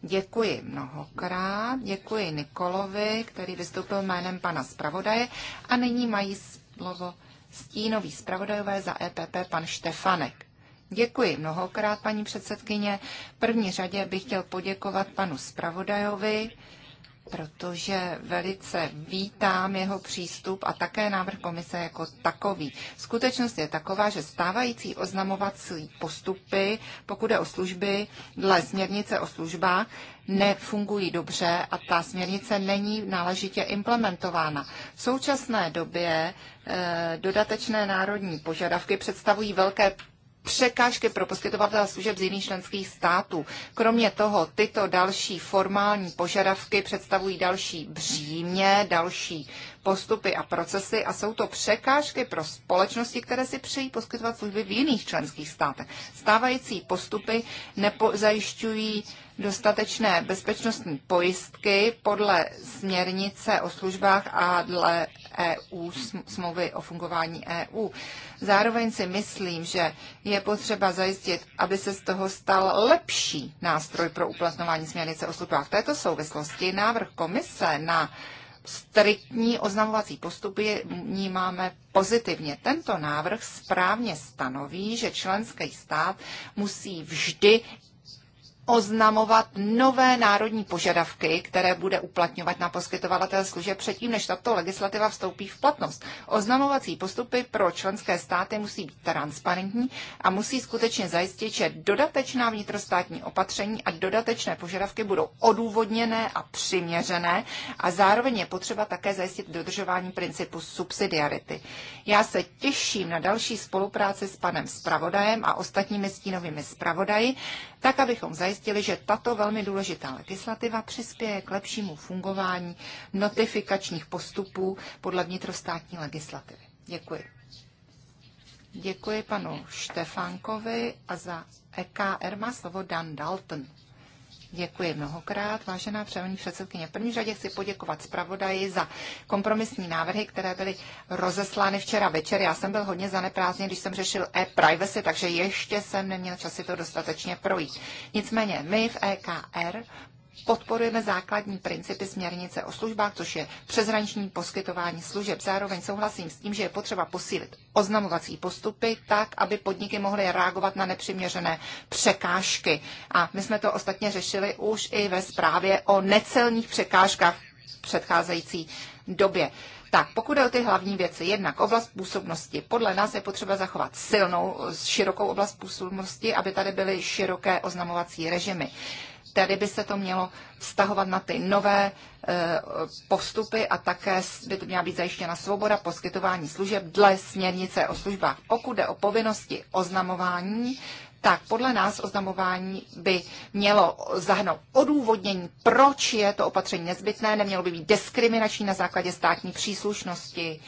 Děkuji mnohokrát, děkuji Nikolovi, který vystoupil jménem pana zpravodaje a nyní mají slovo stínový zpravodajové za EPP pan Štefanek. Děkuji mnohokrát, paní předsedkyně. V první řadě bych chtěl poděkovat panu zpravodajovi protože velice vítám jeho přístup a také návrh komise jako takový. Skutečnost je taková, že stávající oznamovací postupy, pokud je o služby, dle směrnice o službách, nefungují dobře a ta směrnice není náležitě implementována. V současné době e, dodatečné národní požadavky představují velké překážky pro poskytovatele služeb z jiných členských států. Kromě toho tyto další formální požadavky představují další břímě, další postupy a procesy a jsou to překážky pro společnosti, které si přejí poskytovat služby v jiných členských státech. Stávající postupy nepo- zajišťují dostatečné bezpečnostní pojistky podle směrnice o službách a dle EU, smlouvy o fungování EU. Zároveň si myslím, že je potřeba zajistit, aby se z toho stal lepší nástroj pro uplatňování směrnice o službách. V této souvislosti návrh komise na striktní oznamovací postupy vnímáme pozitivně. Tento návrh správně stanoví, že členský stát musí vždy oznamovat nové národní požadavky, které bude uplatňovat na poskytovatele služeb předtím, než tato legislativa vstoupí v platnost. Oznamovací postupy pro členské státy musí být transparentní a musí skutečně zajistit, že dodatečná vnitrostátní opatření a dodatečné požadavky budou odůvodněné a přiměřené a zároveň je potřeba také zajistit dodržování principu subsidiarity. Já se těším na další spolupráci s panem zpravodajem a ostatními stínovými zpravodaji tak abychom zajistili, že tato velmi důležitá legislativa přispěje k lepšímu fungování notifikačních postupů podle vnitrostátní legislativy. Děkuji. Děkuji panu Štefánkovi a za EKR má slovo Dan Dalton. Děkuji mnohokrát, vážená přemění předsedkyně. V první řadě chci poděkovat zpravodaji za kompromisní návrhy, které byly rozeslány včera večer. Já jsem byl hodně zaneprázdněn, když jsem řešil e-privacy, takže ještě jsem neměl čas si to dostatečně projít. Nicméně my v EKR podporujeme základní principy směrnice o službách, což je přezraniční poskytování služeb. Zároveň souhlasím s tím, že je potřeba posílit oznamovací postupy tak, aby podniky mohly reagovat na nepřiměřené překážky. A my jsme to ostatně řešili už i ve zprávě o necelních překážkách v předcházející době. Tak, pokud je o ty hlavní věci, jednak oblast působnosti. Podle nás je potřeba zachovat silnou, širokou oblast působnosti, aby tady byly široké oznamovací režimy. Tady by se to mělo vztahovat na ty nové eh, postupy a také by to měla být zajištěna svoboda poskytování služeb dle směrnice o službách. Pokud jde o povinnosti oznamování, tak podle nás oznamování by mělo zahrnout odůvodnění, proč je to opatření nezbytné, nemělo by být diskriminační na základě státní příslušnosti,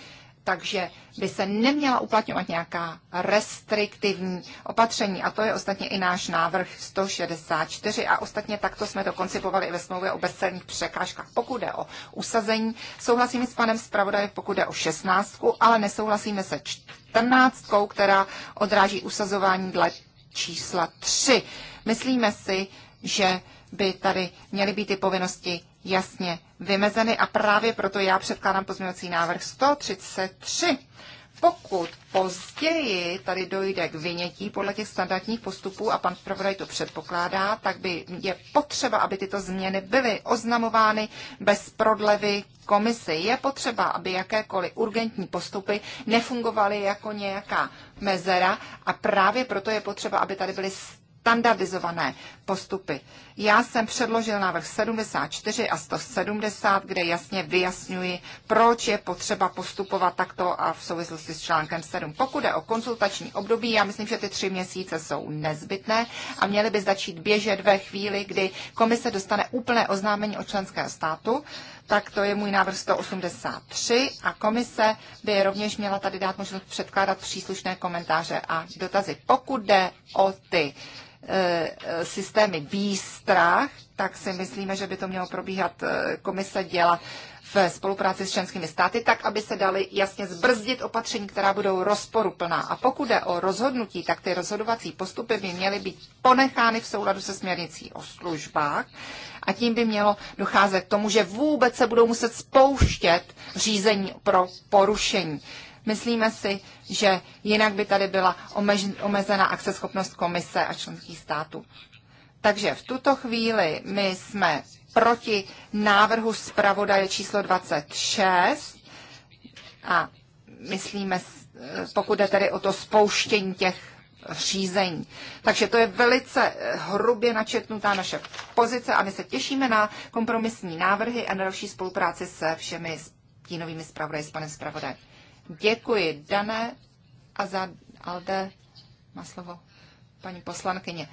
takže by se neměla uplatňovat nějaká restriktivní opatření. A to je ostatně i náš návrh 164 a ostatně takto jsme to koncipovali i ve smlouvě o bezcelních překážkách. Pokud jde o usazení, souhlasíme s panem zpravodajem, pokud jde o 16, ale nesouhlasíme se 14, která odráží usazování dle čísla 3. Myslíme si, že by tady měly být ty povinnosti jasně vymezeny a právě proto já předkládám pozměňovací návrh 133. Pokud později tady dojde k vynětí podle těch standardních postupů a pan zpravodaj to předpokládá, tak by je potřeba, aby tyto změny byly oznamovány bez prodlevy komisi. Je potřeba, aby jakékoliv urgentní postupy nefungovaly jako nějaká mezera a právě proto je potřeba, aby tady byly standardizované postupy. Já jsem předložil návrh 74 a 170, kde jasně vyjasňuji, proč je potřeba postupovat takto a v souvislosti s článkem 7. Pokud je o konzultační období, já myslím, že ty tři měsíce jsou nezbytné a měly by začít běžet ve chvíli, kdy komise dostane úplné oznámení od členského státu tak to je můj návrh 183 a komise by rovněž měla tady dát možnost předkládat příslušné komentáře a dotazy. Pokud jde o ty e, systémy výstrach, tak si myslíme, že by to mělo probíhat e, komise dělat ve spolupráci s členskými státy, tak aby se dali jasně zbrzdit opatření, která budou rozporuplná. A pokud jde o rozhodnutí, tak ty rozhodovací postupy by měly být ponechány v souladu se směrnicí o službách a tím by mělo docházet k tomu, že vůbec se budou muset spouštět řízení pro porušení. Myslíme si, že jinak by tady byla omezena akceschopnost komise a členských států. Takže v tuto chvíli my jsme proti návrhu zpravodaje číslo 26 a myslíme, pokud jde tedy o to spouštění těch řízení. Takže to je velice hrubě načetnutá naše pozice a my se těšíme na kompromisní návrhy a na další spolupráci se všemi stínovými zpravodaji s panem zpravodajem. Děkuji, Dané, a za Alde má slovo paní poslankyně.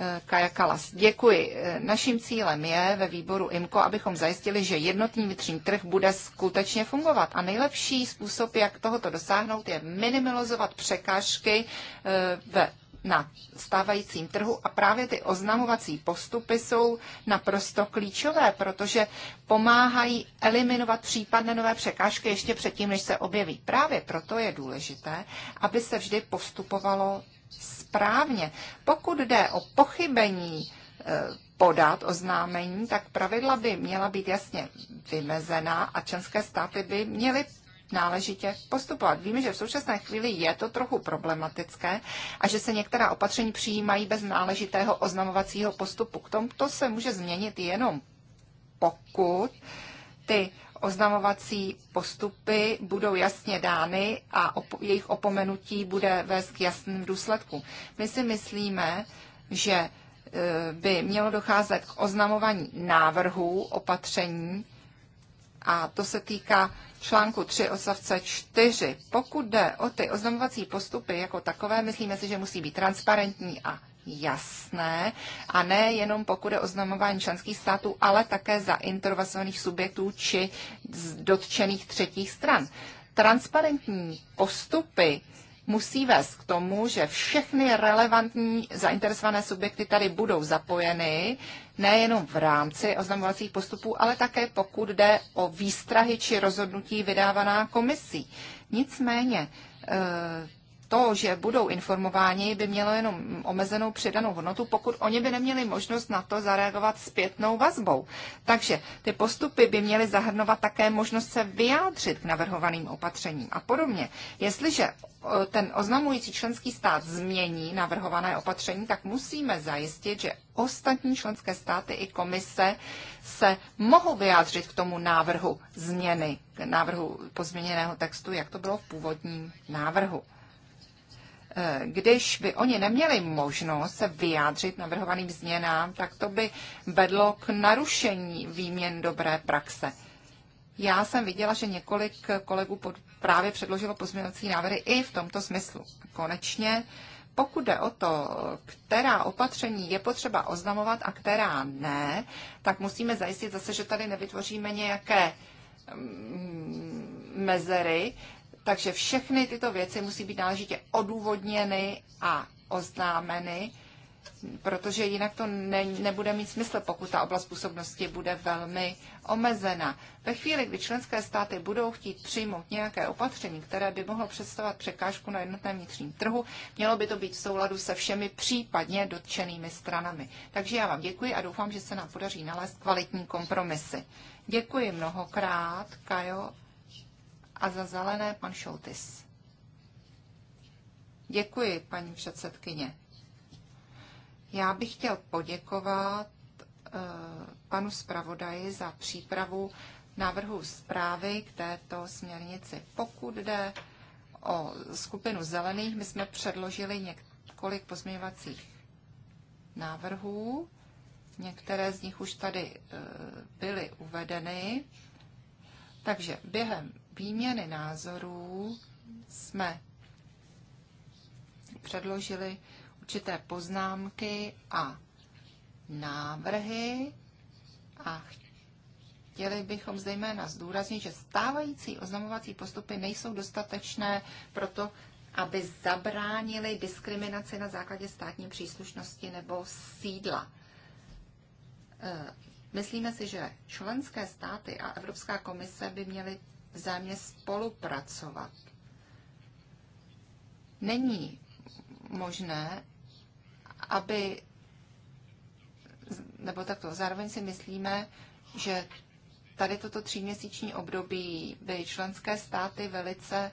Eh, Kajakalas. Děkuji. Eh, naším cílem je ve výboru IMCO, abychom zajistili, že jednotný vnitřní trh bude skutečně fungovat. A nejlepší způsob, jak tohoto dosáhnout, je minimalizovat překážky eh, ve na stávajícím trhu a právě ty oznamovací postupy jsou naprosto klíčové, protože pomáhají eliminovat případné nové překážky ještě předtím, než se objeví. Právě proto je důležité, aby se vždy postupovalo správně. Pokud jde o pochybení e, podat oznámení, tak pravidla by měla být jasně vymezená a členské státy by měly náležitě postupovat. Víme, že v současné chvíli je to trochu problematické a že se některá opatření přijímají bez náležitého oznamovacího postupu. K tomuto se může změnit jenom pokud ty oznamovací postupy budou jasně dány a op- jejich opomenutí bude vést k jasným důsledkům. My si myslíme, že e, by mělo docházet k oznamování návrhů opatření a to se týká článku 3 odstavce 4. Pokud jde o ty oznamovací postupy jako takové, myslíme si, že musí být transparentní a jasné a ne jenom pokud je oznamování členských států, ale také zainteresovaných subjektů či dotčených třetích stran. Transparentní postupy musí vést k tomu, že všechny relevantní zainteresované subjekty tady budou zapojeny, nejenom v rámci oznamovacích postupů, ale také pokud jde o výstrahy či rozhodnutí vydávaná komisí. Nicméně, eh, to, že budou informováni, by mělo jenom omezenou přidanou hodnotu, pokud oni by neměli možnost na to zareagovat zpětnou vazbou. Takže ty postupy by měly zahrnovat také možnost se vyjádřit k navrhovaným opatřením a podobně. Jestliže ten oznamující členský stát změní navrhované opatření, tak musíme zajistit, že ostatní členské státy i komise se mohou vyjádřit k tomu návrhu změny, k návrhu pozměněného textu, jak to bylo v původním návrhu. Když by oni neměli možnost se vyjádřit navrhovaným změnám, tak to by vedlo k narušení výměn dobré praxe. Já jsem viděla, že několik kolegů pod, právě předložilo pozměňovací návrhy i v tomto smyslu. Konečně, pokud jde o to, která opatření je potřeba oznamovat a která ne, tak musíme zajistit zase, že tady nevytvoříme nějaké mm, mezery, takže všechny tyto věci musí být náležitě odůvodněny a oznámeny, protože jinak to ne, nebude mít smysl, pokud ta oblast působnosti bude velmi omezena. Ve chvíli, kdy členské státy budou chtít přijmout nějaké opatření, které by mohlo představovat překážku na jednotném vnitřním trhu, mělo by to být v souladu se všemi případně dotčenými stranami. Takže já vám děkuji a doufám, že se nám podaří nalézt kvalitní kompromisy. Děkuji mnohokrát, Kajo, a za zelené pan Šoltis. Děkuji, paní předsedkyně. Já bych chtěl poděkovat eh, panu zpravodaji za přípravu návrhu zprávy k této směrnici. Pokud jde o skupinu zelených, my jsme předložili několik pozměňovacích návrhů. Některé z nich už tady eh, byly uvedeny. Takže během výměny názorů jsme předložili určité poznámky a návrhy a chtěli bychom zejména zdůraznit, že stávající oznamovací postupy nejsou dostatečné pro to, aby zabránili diskriminaci na základě státní příslušnosti nebo sídla. E, myslíme si, že členské státy a Evropská komise by měly vzájemně spolupracovat. Není možné, aby, nebo takto, zároveň si myslíme, že tady toto tříměsíční období by členské státy velice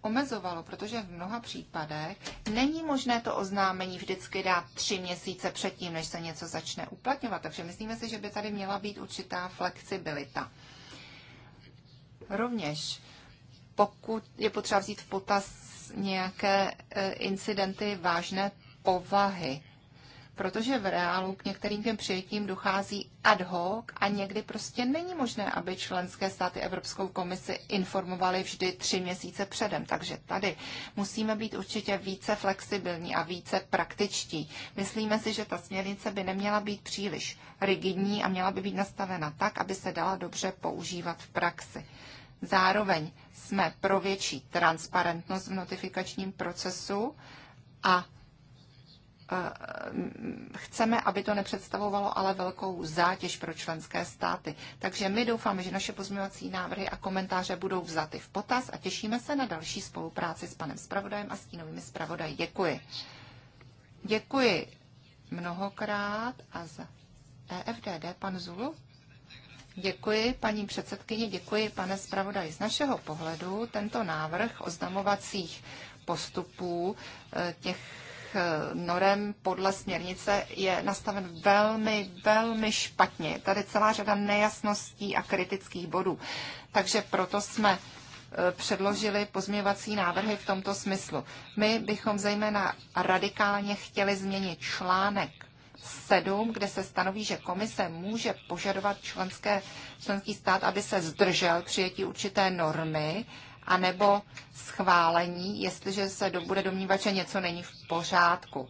omezovalo, protože v mnoha případech není možné to oznámení vždycky dát tři měsíce předtím, než se něco začne uplatňovat. Takže myslíme si, že by tady měla být určitá flexibilita. Rovněž, pokud je potřeba vzít v potaz nějaké e, incidenty vážné povahy, protože v reálu k některým těm přijetím dochází ad hoc a někdy prostě není možné, aby členské státy Evropskou komisi informovaly vždy tři měsíce předem. Takže tady musíme být určitě více flexibilní a více praktičtí. Myslíme si, že ta směrnice by neměla být příliš rigidní a měla by být nastavena tak, aby se dala dobře používat v praxi. Zároveň jsme pro větší transparentnost v notifikačním procesu a e, chceme, aby to nepředstavovalo ale velkou zátěž pro členské státy. Takže my doufáme, že naše pozměňovací návrhy a komentáře budou vzaty v potaz a těšíme se na další spolupráci s panem zpravodajem a stínovými zpravodaji. Děkuji. Děkuji mnohokrát a za EFDD pan Zulu. Děkuji, paní předsedkyně, děkuji, pane zpravodaj. Z našeho pohledu tento návrh oznamovacích postupů eh, těch eh, norem podle směrnice je nastaven velmi, velmi špatně. Tady celá řada nejasností a kritických bodů. Takže proto jsme eh, předložili pozměňovací návrhy v tomto smyslu. My bychom zejména radikálně chtěli změnit článek 7, kde se stanoví, že komise může požadovat členské, členský stát, aby se zdržel přijetí určité normy, anebo schválení, jestliže se do, bude domnívat, že něco není v pořádku.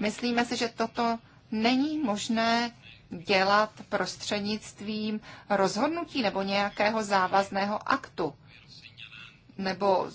Myslíme si, že toto není možné dělat prostřednictvím rozhodnutí nebo nějakého závazného aktu, nebo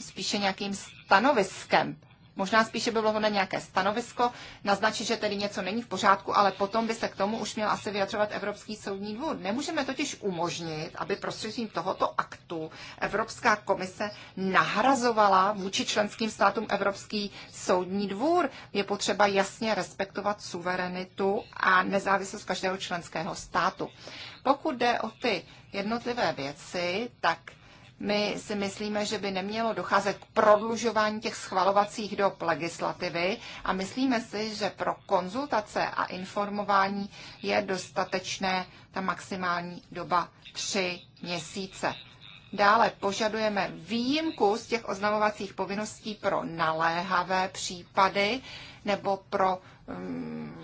spíše nějakým stanoviskem. Možná spíše by bylo hodné nějaké stanovisko, naznačit, že tedy něco není v pořádku, ale potom by se k tomu už měl asi vyjadřovat Evropský soudní dvůr. Nemůžeme totiž umožnit, aby prostřednictvím tohoto aktu Evropská komise nahrazovala vůči členským státům Evropský soudní dvůr. Je potřeba jasně respektovat suverenitu a nezávislost každého členského státu. Pokud jde o ty jednotlivé věci, tak my si myslíme, že by nemělo docházet k prodlužování těch schvalovacích dob legislativy a myslíme si, že pro konzultace a informování je dostatečné ta maximální doba tři měsíce. Dále požadujeme výjimku z těch oznamovacích povinností pro naléhavé případy nebo pro um,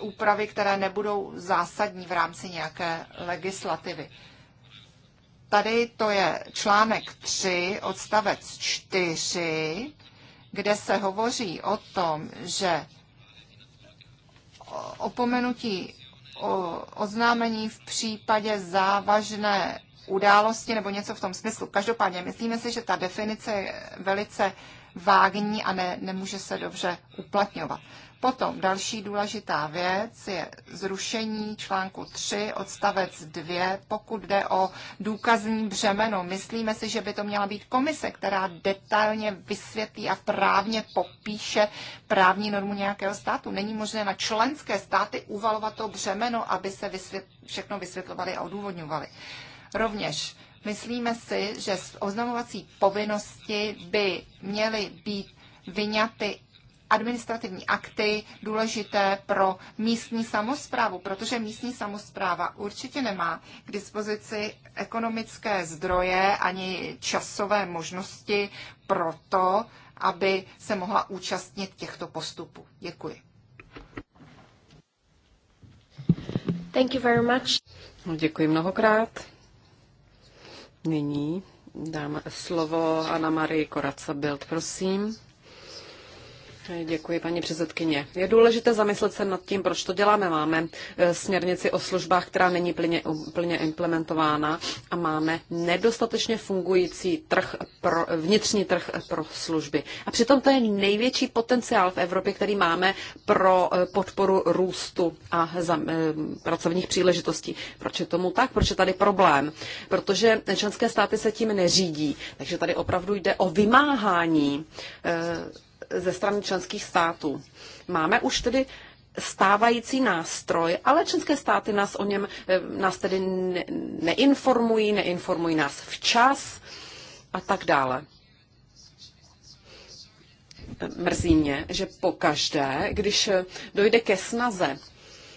úpravy, které nebudou zásadní v rámci nějaké legislativy. Tady to je článek 3, odstavec 4, kde se hovoří o tom, že opomenutí o oznámení v případě závažné události nebo něco v tom smyslu. Každopádně myslíme si, že ta definice je velice vágní a ne, nemůže se dobře uplatňovat. Potom další důležitá věc je zrušení článku 3 odstavec 2, pokud jde o důkazní břemeno. Myslíme si, že by to měla být komise, která detailně vysvětlí a právně popíše právní normu nějakého státu. Není možné na členské státy uvalovat to břemeno, aby se vysvět, všechno vysvětlovali a odůvodňovali. Rovněž myslíme si, že z oznamovací povinnosti by měly být vyňaty administrativní akty důležité pro místní samozprávu, protože místní samozpráva určitě nemá k dispozici ekonomické zdroje ani časové možnosti pro to, aby se mohla účastnit těchto postupů. Děkuji. Thank you very much. Děkuji mnohokrát. Nyní dám slovo Anna Marie Koraca Bild, prosím. Děkuji, paní předsedkyně. Je důležité zamyslet se nad tím, proč to děláme. Máme eh, směrnici o službách, která není plně, plně implementována a máme nedostatečně fungující trh pro, vnitřní trh pro služby. A přitom to je největší potenciál v Evropě, který máme pro eh, podporu růstu a za, eh, pracovních příležitostí. Proč je tomu tak? Proč je tady problém? Protože členské státy se tím neřídí. Takže tady opravdu jde o vymáhání ze strany členských států. Máme už tedy stávající nástroj, ale členské státy nás o něm, eh, nás tedy neinformují, neinformují nás včas a tak dále. Mrzí mě, že po každé, když dojde ke snaze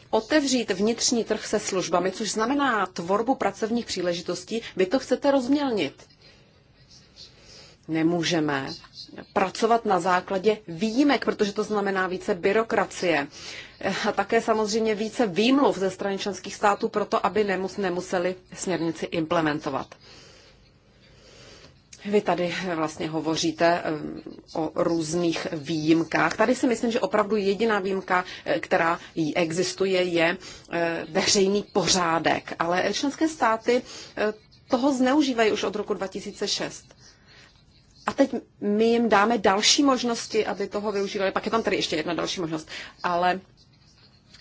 otevřít vnitřní trh se službami, což znamená tvorbu pracovních příležitostí, vy to chcete rozmělnit. Nemůžeme pracovat na základě výjimek, protože to znamená více byrokracie. A také samozřejmě více výmluv ze strany členských států pro to, aby nemus, nemuseli směrnici implementovat. Vy tady vlastně hovoříte eh, o různých výjimkách. Tady si myslím, že opravdu jediná výjimka, eh, která existuje, je eh, veřejný pořádek. Ale členské státy toho zneužívají už od roku 2006 a teď my jim dáme další možnosti, aby toho využívali. Pak je tam tady ještě jedna další možnost. Ale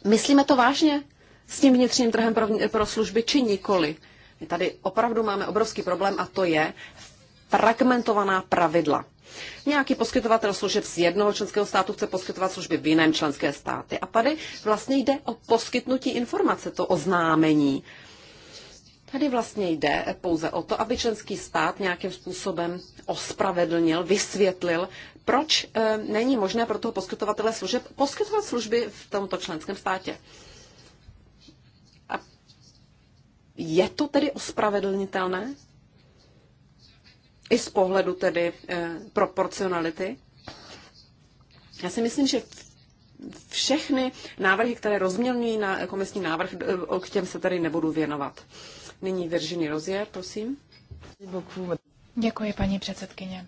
myslíme to vážně s tím vnitřním trhem pro, pro služby, či nikoli? My tady opravdu máme obrovský problém a to je fragmentovaná pravidla. Nějaký poskytovatel služeb z jednoho členského státu chce poskytovat služby v jiném členské státy. A tady vlastně jde o poskytnutí informace, to oznámení. Tady vlastně jde pouze o to, aby členský stát nějakým způsobem ospravedlnil, vysvětlil, proč eh, není možné pro toho poskytovatele služeb poskytovat služby v tomto členském státě. A je to tedy ospravedlnitelné? I z pohledu tedy eh, proporcionality? Já si myslím, že všechny návrhy, které rozmělňují na komisní návrh, eh, k těm se tady nebudu věnovat. Nyní Virginie Rozier, prosím. Děkuji, paní předsedkyně.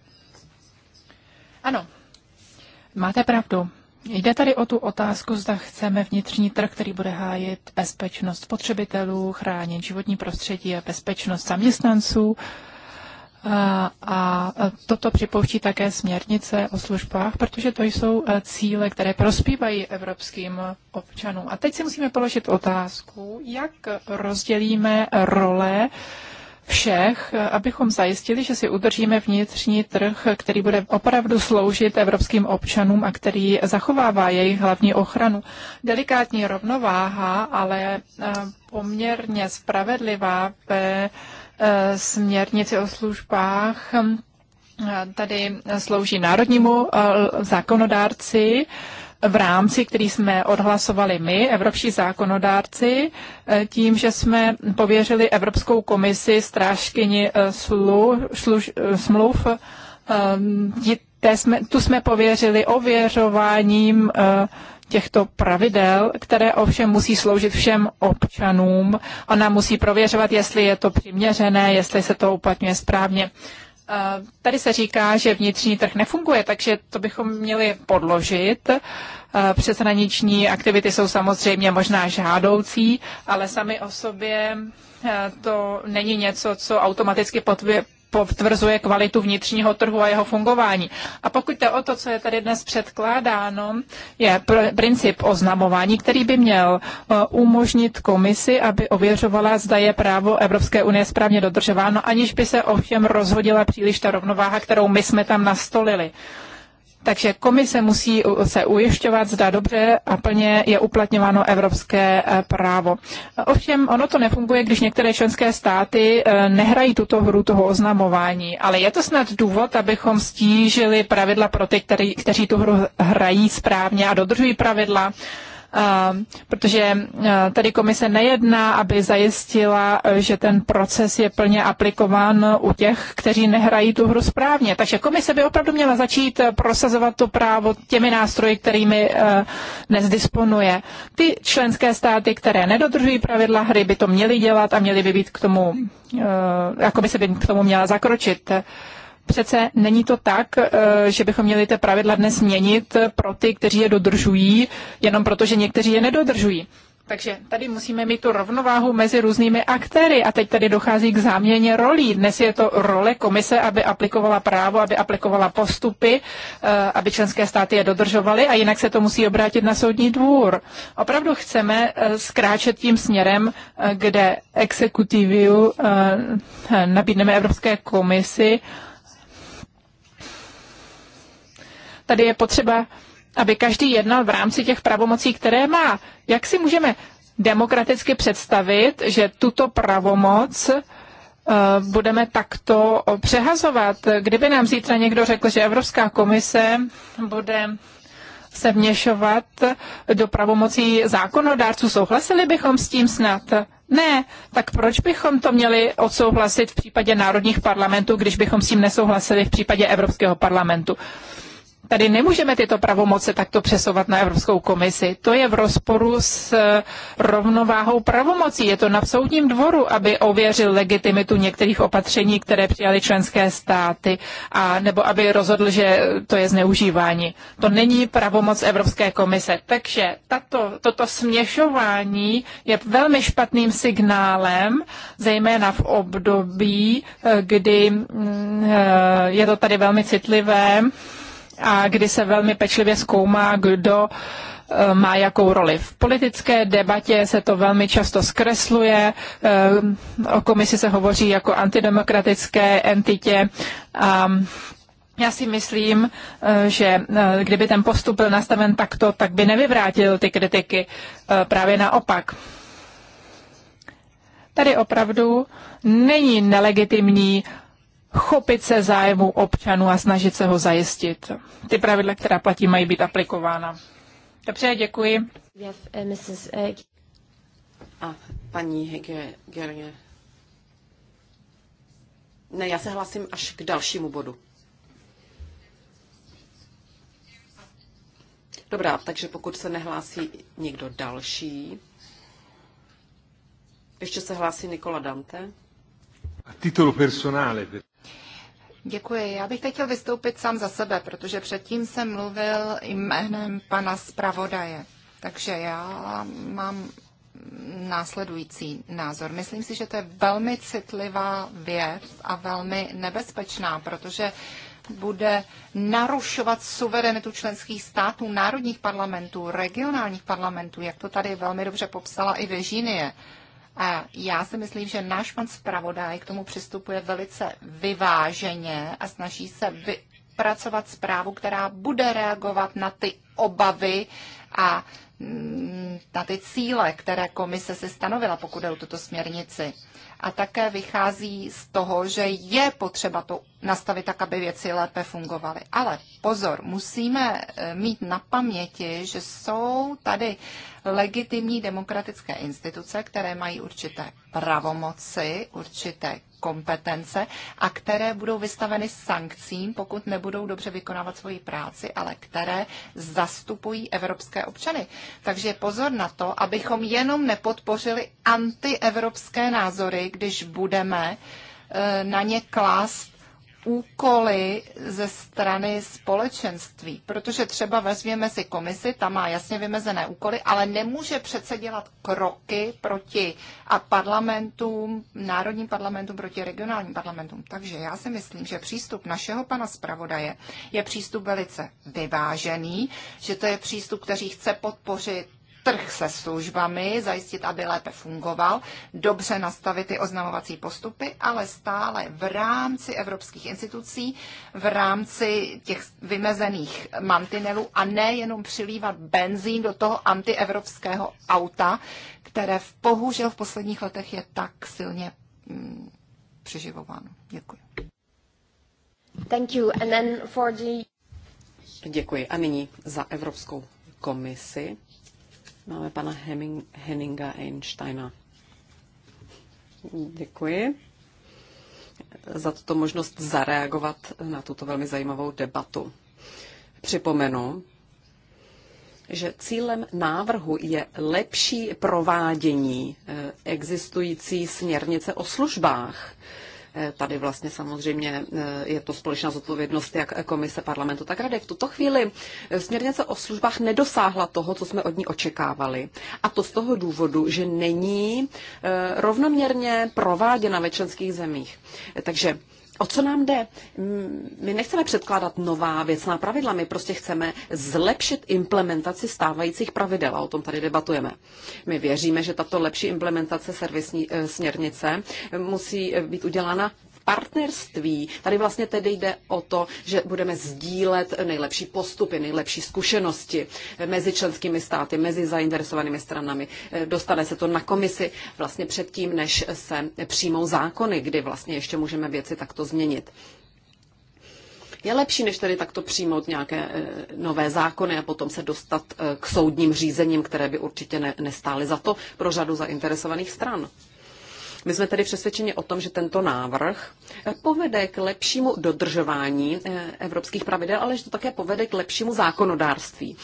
Ano, máte pravdu. Jde tady o tu otázku, zda chceme vnitřní trh, který bude hájit bezpečnost spotřebitelů, chránit životní prostředí a bezpečnost zaměstnanců. A, a toto připouští také směrnice o službách, protože to jsou e, cíle, které prospívají evropským občanům. A teď si musíme položit otázku, jak rozdělíme role všech, abychom zajistili, že si udržíme vnitřní trh, který bude opravdu sloužit evropským občanům a který zachovává jejich hlavní ochranu. Delikátní rovnováha, ale eh, poměrně spravedlivá ve eh, směrnici o službách eh, tady slouží národnímu zákonodárci, v rámci, který jsme odhlasovali my, evropští zákonodárci, eh, tím, že jsme pověřili Evropskou komisi strážkyni eh, slu, slu, eh, smluv, té jsme, tu jsme pověřili ověřováním těchto pravidel, které ovšem musí sloužit všem občanům. Ona musí prověřovat, jestli je to přiměřené, jestli se to uplatňuje správně. Eh, tady se říká, že vnitřní trh nefunguje, takže to bychom měli podložit. Eh, Přeshraniční aktivity jsou samozřejmě možná žádoucí, ale sami o sobě eh, to není něco, co automaticky potvrzuje kvalitu vnitřního trhu a jeho fungování. A pokud jde o to, co je tady dnes předkládáno, je pr- princip oznamování, který by měl eh, umožnit komisi, aby ověřovala, zda je právo Evropské unie správně dodržováno, aniž by se ovšem rozhodila příliš ta rovnováha, kterou my jsme tam nastolili. Takže komise musí se ujišťovat, zda dobře a plně je uplatňováno evropské eh, právo. Ovšem, ono to nefunguje, když některé členské státy eh, nehrají tuto hru toho oznamování, ale je to snad důvod, abychom stížili pravidla pro ty, který, kteří tu hru hrají správně a dodržují pravidla. Ehm, protože eh, tady komise nejedná, aby zajistila, eh, že ten proces je plně aplikován u těch, kteří nehrají tu hru správně. Takže komise by opravdu měla začít eh, prosazovat to právo těmi nástroji, kterými disponuje. Ty členské státy, které nedodržují pravidla hry, by to měly dělat a měly by být k tomu, jako by se by k tomu měla zakročit. Přece není to tak, eh, že bychom měli ty pravidla dnes měnit pro ty, kteří je dodržují, jenom proto, že někteří je nedodržují. Takže tady musíme mít tu rovnováhu mezi různými aktéry a teď tady dochází k záměně rolí. Dnes je to role komise, aby aplikovala právo, aby aplikovala postupy, eh, aby členské státy je dodržovaly a jinak se to musí obrátit na soudní dvůr. Opravdu chceme eh, zkráčet tím směrem, kde exekutivu nabídneme Evropské komisi, Tady je potřeba, aby každý jednal v rámci těch pravomocí, které má. Jak si můžeme demokraticky představit, že tuto pravomoc eh, budeme takto přehazovat. Kdyby nám zítra někdo řekl, že Evropská komise bude se vněšovat do pravomocí zákonodárců, souhlasili bychom s tím snad? Ne, tak proč bychom to měli odsouhlasit v případě národních parlamentů, když bychom s tím nesouhlasili v případě Evropského parlamentu? tady nemůžeme tyto pravomoce takto přesovat na Evropskou komisi. To je v rozporu s eh, rovnováhou pravomocí. Je to na soudním dvoru, aby ověřil legitimitu některých opatření, které přijaly členské státy, a nebo aby rozhodl, že to je zneužívání. To není pravomoc Evropské komise. Takže tato, toto směšování je velmi špatným signálem, zejména v období, eh, kdy mm, eh, je to tady velmi citlivé, a kdy se velmi pečlivě zkoumá, kdo eh, má jakou roli. V politické debatě se to velmi často zkresluje, eh, o komisi se hovoří jako antidemokratické entitě a já si myslím, eh, že kdyby ten postup byl nastaven takto, tak by nevyvrátil ty kritiky, právě naopak. Tady opravdu není nelegitimní chopit se zájmu občanů a snažit se ho zajistit. Ty pravidla, která platí, mají být aplikována. Dobře, děkuji. Eh, eh, a paní Gerně. Ne, já se hlasím až k dalšímu bodu. Dobrá, takže pokud se nehlásí někdo další. Ještě se hlásí Nikola Dante. A titulu personále. Děkuji. Já bych teď chtěl vystoupit sám za sebe, protože předtím jsem mluvil jménem pana zpravodaje. Takže já mám následující názor. Myslím si, že to je velmi citlivá věc a velmi nebezpečná, protože bude narušovat suverenitu členských států, národních parlamentů, regionálních parlamentů, jak to tady velmi dobře popsala i Virginie. A já si myslím, že náš pan zpravodaj k tomu přistupuje velice vyváženě a snaží se vypracovat zprávu, která bude reagovat na ty obavy a mm, na ty cíle, které komise si stanovila, pokud je o tuto směrnici. A také vychází z toho, že je potřeba to nastavit tak, aby věci lépe fungovaly. Ale pozor, musíme eh, mít na paměti, že jsou tady legitimní demokratické instituce, které mají určité pravomoci, určité kompetence a které budou vystaveny sankcím, pokud nebudou dobře vykonávat svoji práci, ale které zastupují evropské občany. Takže pozor na to, abychom jenom nepodpořili antievropské názory, když budeme eh, na ně klást úkoly ze strany společenství, protože třeba vezměme si komisi, ta má jasně vymezené úkoly, ale nemůže přece dělat kroky proti a parlamentům, národním parlamentům proti regionálním parlamentům. Takže já si myslím, že přístup našeho pana zpravodaje je přístup velice vyvážený, že to je přístup, který chce podpořit trh se službami, zajistit, aby lépe fungoval, dobře nastavit ty oznamovací postupy, ale stále v rámci evropských institucí, v rámci těch vymezených mantinelů a nejenom přilívat benzín do toho antievropského auta, které v, bohužel v posledních letech je tak silně mm, přeživováno. Děkuji. Thank you. And then for the... Děkuji. A nyní za Evropskou komisi Máme pana Heming, Henninga Einsteina. Děkuji za tuto možnost zareagovat na tuto velmi zajímavou debatu. Připomenu, že cílem návrhu je lepší provádění eh, existující směrnice o službách. Tady vlastně samozřejmě eh, je to společná zodpovědnost jak komise parlamentu, tak rady. V tuto chvíli eh, směrnice o službách nedosáhla toho, co jsme od ní očekávali. A to z toho důvodu, že není eh, rovnoměrně prováděna ve členských zemích. Takže o co nám jde? My nechceme předkládat nová věcná pravidla, my prostě chceme zlepšit implementaci stávajících pravidel a o tom tady debatujeme. My věříme, že tato lepší implementace servisní e, směrnice musí e, být udělána partnerství. Tady vlastně tedy jde o to, že budeme sdílet nejlepší postupy, nejlepší zkušenosti mezi členskými státy, mezi zainteresovanými stranami. Dostane se to na komisi vlastně předtím, než se přijmou zákony, kdy vlastně ještě můžeme věci takto změnit je lepší, než tedy takto přijmout nějaké eh, nové zákony a potom se dostat eh, k soudním řízením, které by určitě nestály za to pro řadu zainteresovaných stran. My jsme tedy přesvědčeni o tom, že tento návrh eh, povede k lepšímu dodržování eh, evropských pravidel, ale že to také povede k lepšímu zákonodárství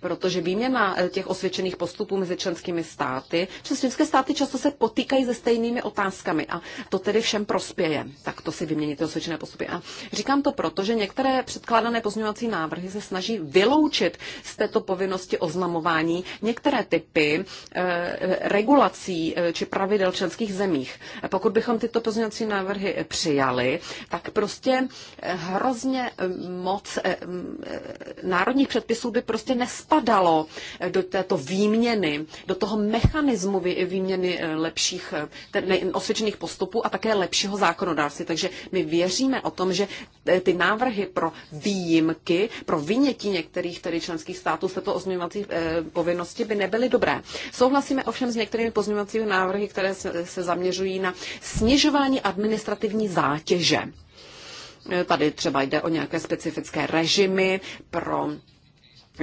protože výměna eh, těch osvědčených postupů mezi členskými státy, přes členské státy často se potýkají se stejnými otázkami a to tedy všem prospěje, tak to si vyměnit ty osvědčené postupy. A říkám to proto, že některé předkládané pozměňovací návrhy se snaží vyloučit z této povinnosti oznamování některé typy e, regulací e, či pravidel členských zemích. Pokud bychom tyto pozměňovací návrhy přijali, tak prostě hrozně moc e, národních předpisů by prostě nesplnilo zapadalo do této výměny, do toho mechanismu výměny eh, lepších eh, osvědčených postupů a také lepšího zákonodárství. Takže my věříme o tom, že eh, ty návrhy pro výjimky, pro vynětí některých tedy členských států z této ozměňovací povinnosti by nebyly dobré. Souhlasíme ovšem s některými pozměňovacími návrhy, které se zaměřují na snižování administrativní zátěže. Tady třeba jde o nějaké specifické režimy pro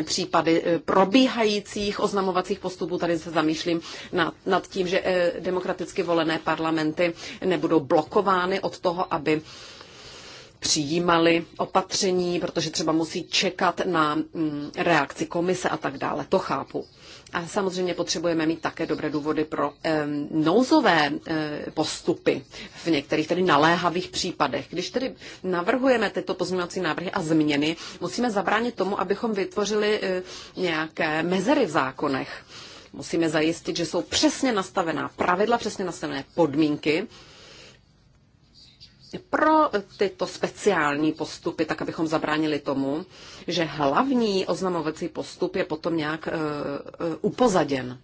případy eh, probíhajících oznamovacích postupů. Tady se zamýšlím nad, nad tím, že eh, demokraticky volené parlamenty nebudou blokovány od toho, aby přijímali opatření, protože třeba musí čekat na mm, reakci komise a tak dále. To chápu. A samozřejmě potřebujeme mít také dobré důvody pro eh, nouzové eh, postupy v některých tedy naléhavých případech. Když tedy navrhujeme tyto pozměňovací návrhy a změny, musíme zabránit tomu, abychom vytvořili eh, nějaké mezery v zákonech. Musíme zajistit, že jsou přesně nastavená pravidla, přesně nastavené podmínky, pro tyto speciální postupy, tak abychom zabránili tomu, že hlavní oznamovací postup je potom nějak eh, eh, upozaděn.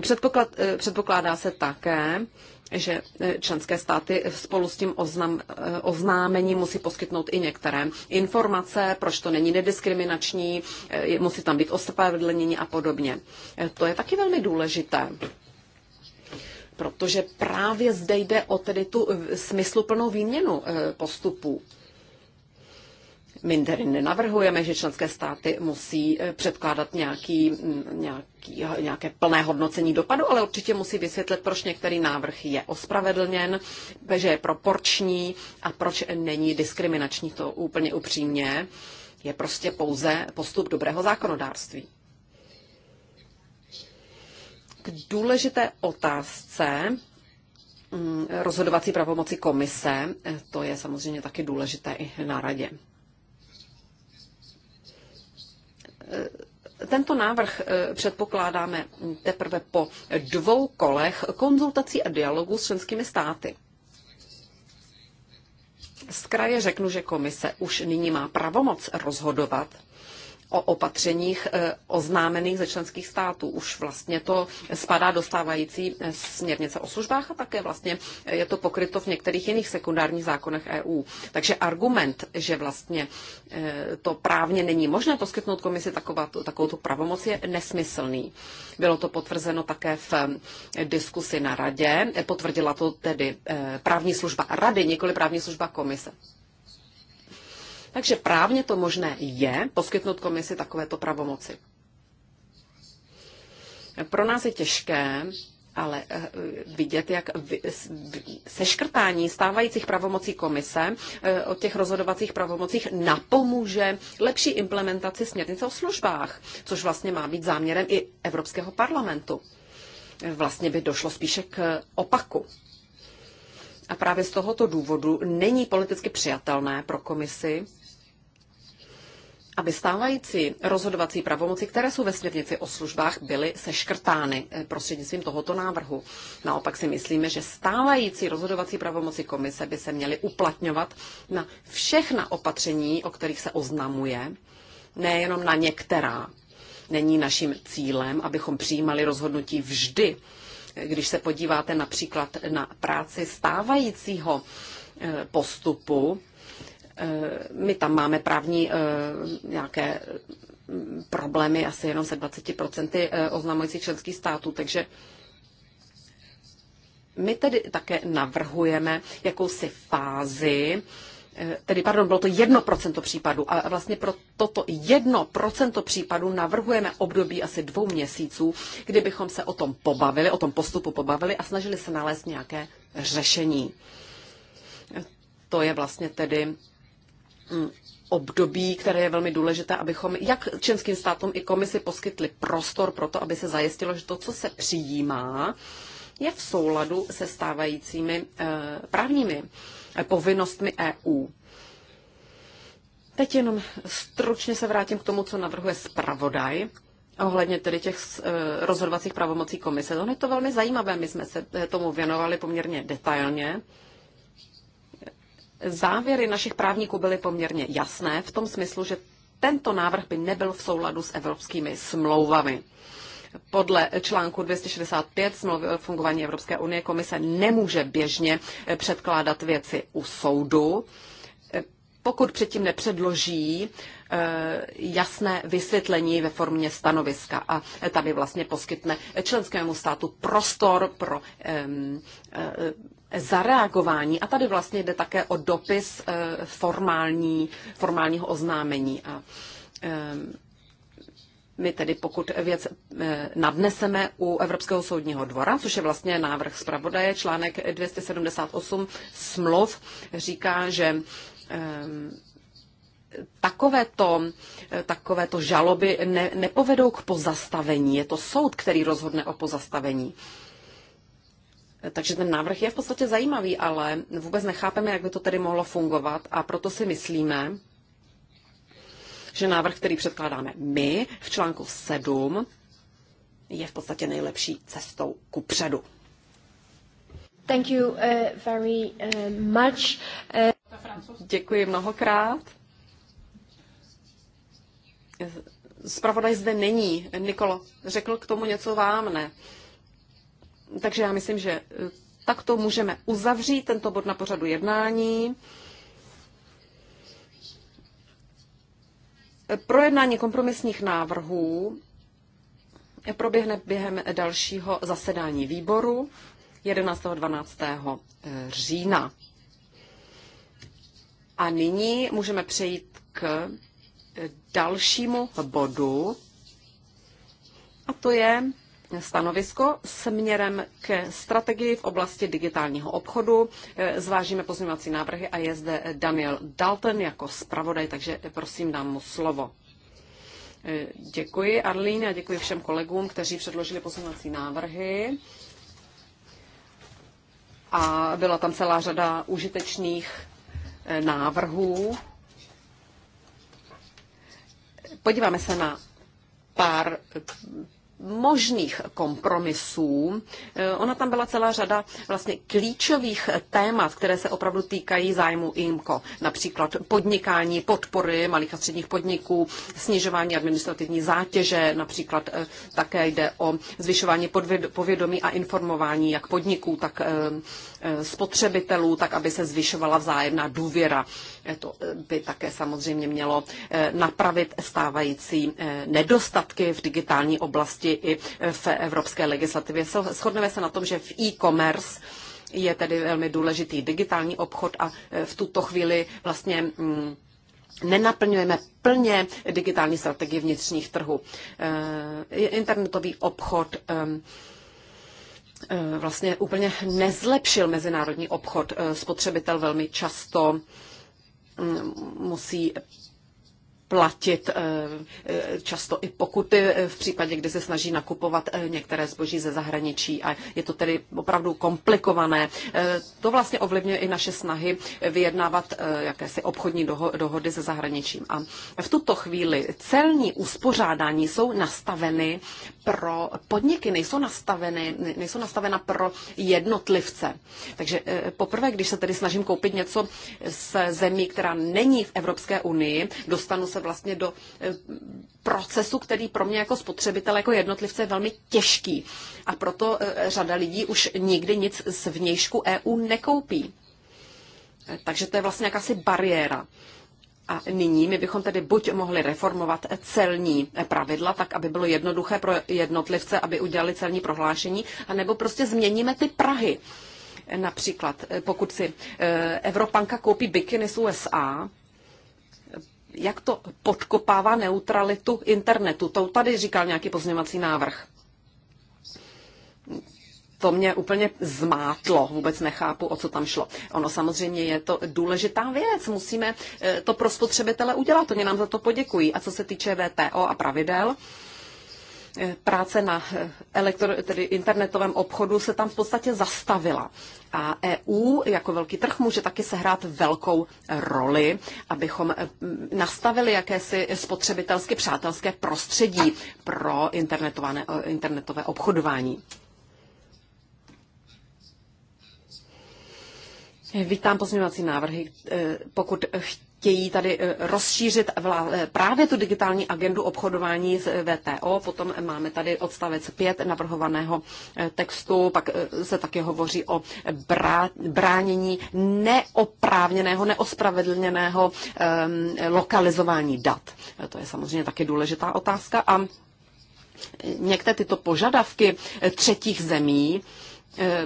Předpoklad, eh, předpokládá se také, že členské státy spolu s tím oznam, oznámením musí poskytnout i některé informace, proč to není nediskriminační, musí tam být ospravedlnění a podobně. To je taky velmi důležité protože právě zde jde o tedy tu eh, smysluplnou výměnu eh, postupů. My tedy nenavrhujeme, že členské státy musí eh, předkládat nějaký, mm, nějaký, nějaké plné hodnocení dopadu, ale určitě musí vysvětlit, proč některý návrh je ospravedlněn, že je proporční a proč není diskriminační. To úplně upřímně je prostě pouze postup dobrého zákonodárství k důležité otázce mm, rozhodovací pravomoci komise. To je samozřejmě taky důležité i na radě. E, tento návrh e, předpokládáme teprve po dvou kolech konzultací a dialogu s členskými státy. Z kraje řeknu, že komise už nyní má pravomoc rozhodovat o opatřeních eh, oznámených ze členských států. Už vlastně to spadá do stávající eh, směrnice o službách a také vlastně eh, je to pokryto v některých jiných sekundárních zákonech EU. Takže argument, že vlastně to právně není možné poskytnout komisi taková, takovou tu pravomoc, je nesmyslný. Bylo to potvrzeno také v diskusi na radě. Potvrdila to tedy právní služba rady, nikoli právní služba komise. Takže právně to možné je poskytnout komisi takovéto pravomoci. Pro nás je těžké ale eh, vidět, jak seškrtání stávajících pravomocí komise eh, o těch rozhodovacích pravomocích napomůže lepší implementaci směrnice o službách, což vlastně má být záměrem i Evropského parlamentu. Vlastně by došlo spíše k opaku. A právě z tohoto důvodu není politicky přijatelné pro komisi aby stávající rozhodovací pravomoci, které jsou ve směrnici o službách, byly seškrtány eh, prostřednictvím tohoto návrhu. Naopak si myslíme, že stávající rozhodovací pravomoci komise by se měly uplatňovat na všechna opatření, o kterých se oznamuje, nejenom na některá. Není naším cílem, abychom přijímali rozhodnutí vždy. Eh, když se podíváte například na práci stávajícího eh, postupu, Eh, my tam máme právní eh, nějaké problémy asi jenom se 20% eh, oznamujících členských států, takže my tedy také navrhujeme jakousi fázi, tedy pardon, bylo to 1% případů a vlastně pro toto 1% případů navrhujeme období asi dvou měsíců, kdybychom se o tom pobavili, o tom postupu pobavili a snažili se nalézt nějaké řešení. To je vlastně tedy Mm, období, které je velmi důležité, abychom jak členským státům i komisi poskytli prostor pro to, aby se zajistilo, že to, co se přijímá, je v souladu se stávajícími eh, právními eh, povinnostmi EU. Teď jenom stručně se vrátím k tomu, co navrhuje zpravodaj ohledně tedy těch eh, rozhodovacích pravomocí komise. To je to velmi zajímavé, my jsme se tomu věnovali poměrně detailně závěry našich právníků byly poměrně jasné v tom smyslu, že tento návrh by nebyl v souladu s evropskými smlouvami. Podle článku 265 smlouvy o fungování Evropské unie komise nemůže běžně předkládat věci u soudu, pokud předtím nepředloží eh, jasné vysvětlení ve formě stanoviska. A tady vlastně poskytne členskému státu prostor pro eh, zareagování. A tady vlastně jde také o dopis eh, formální, formálního oznámení. A eh, my tedy, pokud věc eh, nadneseme u Evropského soudního dvora, což je vlastně návrh zpravodaje, článek 278 smluv říká, že takovéto, takovéto žaloby ne, nepovedou k pozastavení. Je to soud, který rozhodne o pozastavení. Takže ten návrh je v podstatě zajímavý, ale vůbec nechápeme, jak by to tedy mohlo fungovat a proto si myslíme, že návrh, který předkládáme my v článku 7, je v podstatě nejlepší cestou ku předu. Thank you uh, very uh, much. Uh... Děkuji mnohokrát. Spravodaj zde není. Nikolo, řekl k tomu něco vám, ne? Uh, takže já myslím, že e, takto můžeme uzavřít tento bod na pořadu jednání. Projednání kompromisních návrhů proběhne během dalšího zasedání výboru 11. 12. E, října. A nyní můžeme přejít k e, dalšímu bodu, a to je stanovisko směrem k strategii v oblasti digitálního obchodu. E, zvážíme pozměňovací návrhy a je zde Daniel Dalton jako zpravodaj, takže prosím dám mu slovo. E, děkuji Arlene a děkuji všem kolegům, kteří předložili pozměňovací návrhy. A byla tam celá řada užitečných e, návrhů. Podíváme se na pár možných kompromisů. Eh, ona tam byla celá řada vlastně klíčových témat, které se opravdu týkají zájmu IMCO. Například podnikání, podpory malých a středních podniků, snižování administrativní zátěže, například eh, také jde o zvyšování povědomí a informování jak podniků, tak eh, spotřebitelů, tak aby se zvyšovala vzájemná důvěra Eh, to eh, by také samozřejmě mělo eh, napravit stávající nedostatky v digitální oblasti i v evropské legislativě. Shodneme se na tom, že v e-commerce je tedy velmi důležitý digitální obchod a v tuto chvíli vlastně mm, nenaplňujeme plně digitální strategii vnitřních trhů. Internetový obchod ehm, vlastně úplně nezlepšil mezinárodní obchod. Spotřebitel velmi často musí platit eh, eh, často i pokuty eh, v případě, kdy se snaží nakupovat některé zboží ze zahraničí a je to tedy opravdu komplikované. To vlastně ovlivňuje i naše snahy vyjednávat jakési obchodní dohody se zahraničím. A v tuto chvíli celní uspořádání jsou nastaveny pro podniky, nejsou, nastaveny, nejsou nastavena pro jednotlivce. Takže poprvé, když se tedy snažím koupit něco z zemí, která není v Evropské unii, dostanu se vlastně do eh, procesu, který pro mě jako spotřebitel, jako jednotlivce je velmi těžký. A proto eh, řada lidí už nikdy nic z vnějšku EU nekoupí. Eh, takže to je vlastně jakási bariéra. A nyní my bychom tedy buď mohli reformovat celní pravidla, tak aby bylo jednoduché pro jednotlivce, aby udělali celní prohlášení, anebo prostě změníme ty Prahy. Například, pokud si Evropanka koupí bikiny z USA, jak to podkopává neutralitu internetu. To tady říkal nějaký pozměvací návrh. To mě úplně zmátlo, vůbec nechápu, o co tam šlo. Ono samozřejmě je to důležitá věc, musíme eh, to pro spotřebitele udělat, oni nám za to poděkují. A co se týče VTO a pravidel, Eh, práce na eh, elektro, tedy internetovém obchodu se tam v podstatě zastavila. A EU jako velký trh může taky sehrát velkou roli, abychom eh, nastavili jakési spotřebitelsky přátelské prostředí pro internetové obchodování. Vítám pozměňovací návrhy. Pokud chtějí tady eh, rozšířit eh, právě tu digitální agendu obchodování z eh, VTO. Potom máme tady odstavec 5 navrhovaného textu, pak se také hovoří o bránění neoprávněného, neospravedlněného ehm, lokalizování dat. To je samozřejmě také důležitá otázka a některé tyto požadavky třetích zemí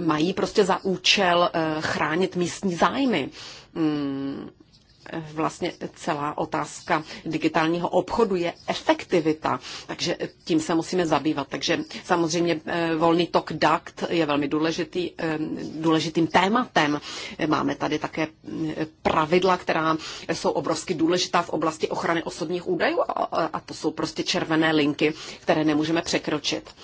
mají prostě za účel chránit místní zájmy. Hmm vlastně celá otázka digitálního obchodu je efektivita, takže tím se musíme zabývat. Takže samozřejmě eh, volný tok DACT je velmi důležitý, eh, důležitým tématem. Máme tady také eh, pravidla, která jsou obrovsky důležitá v oblasti ochrany osobních údajů a to jsou prostě červené linky, které nemůžeme překročit.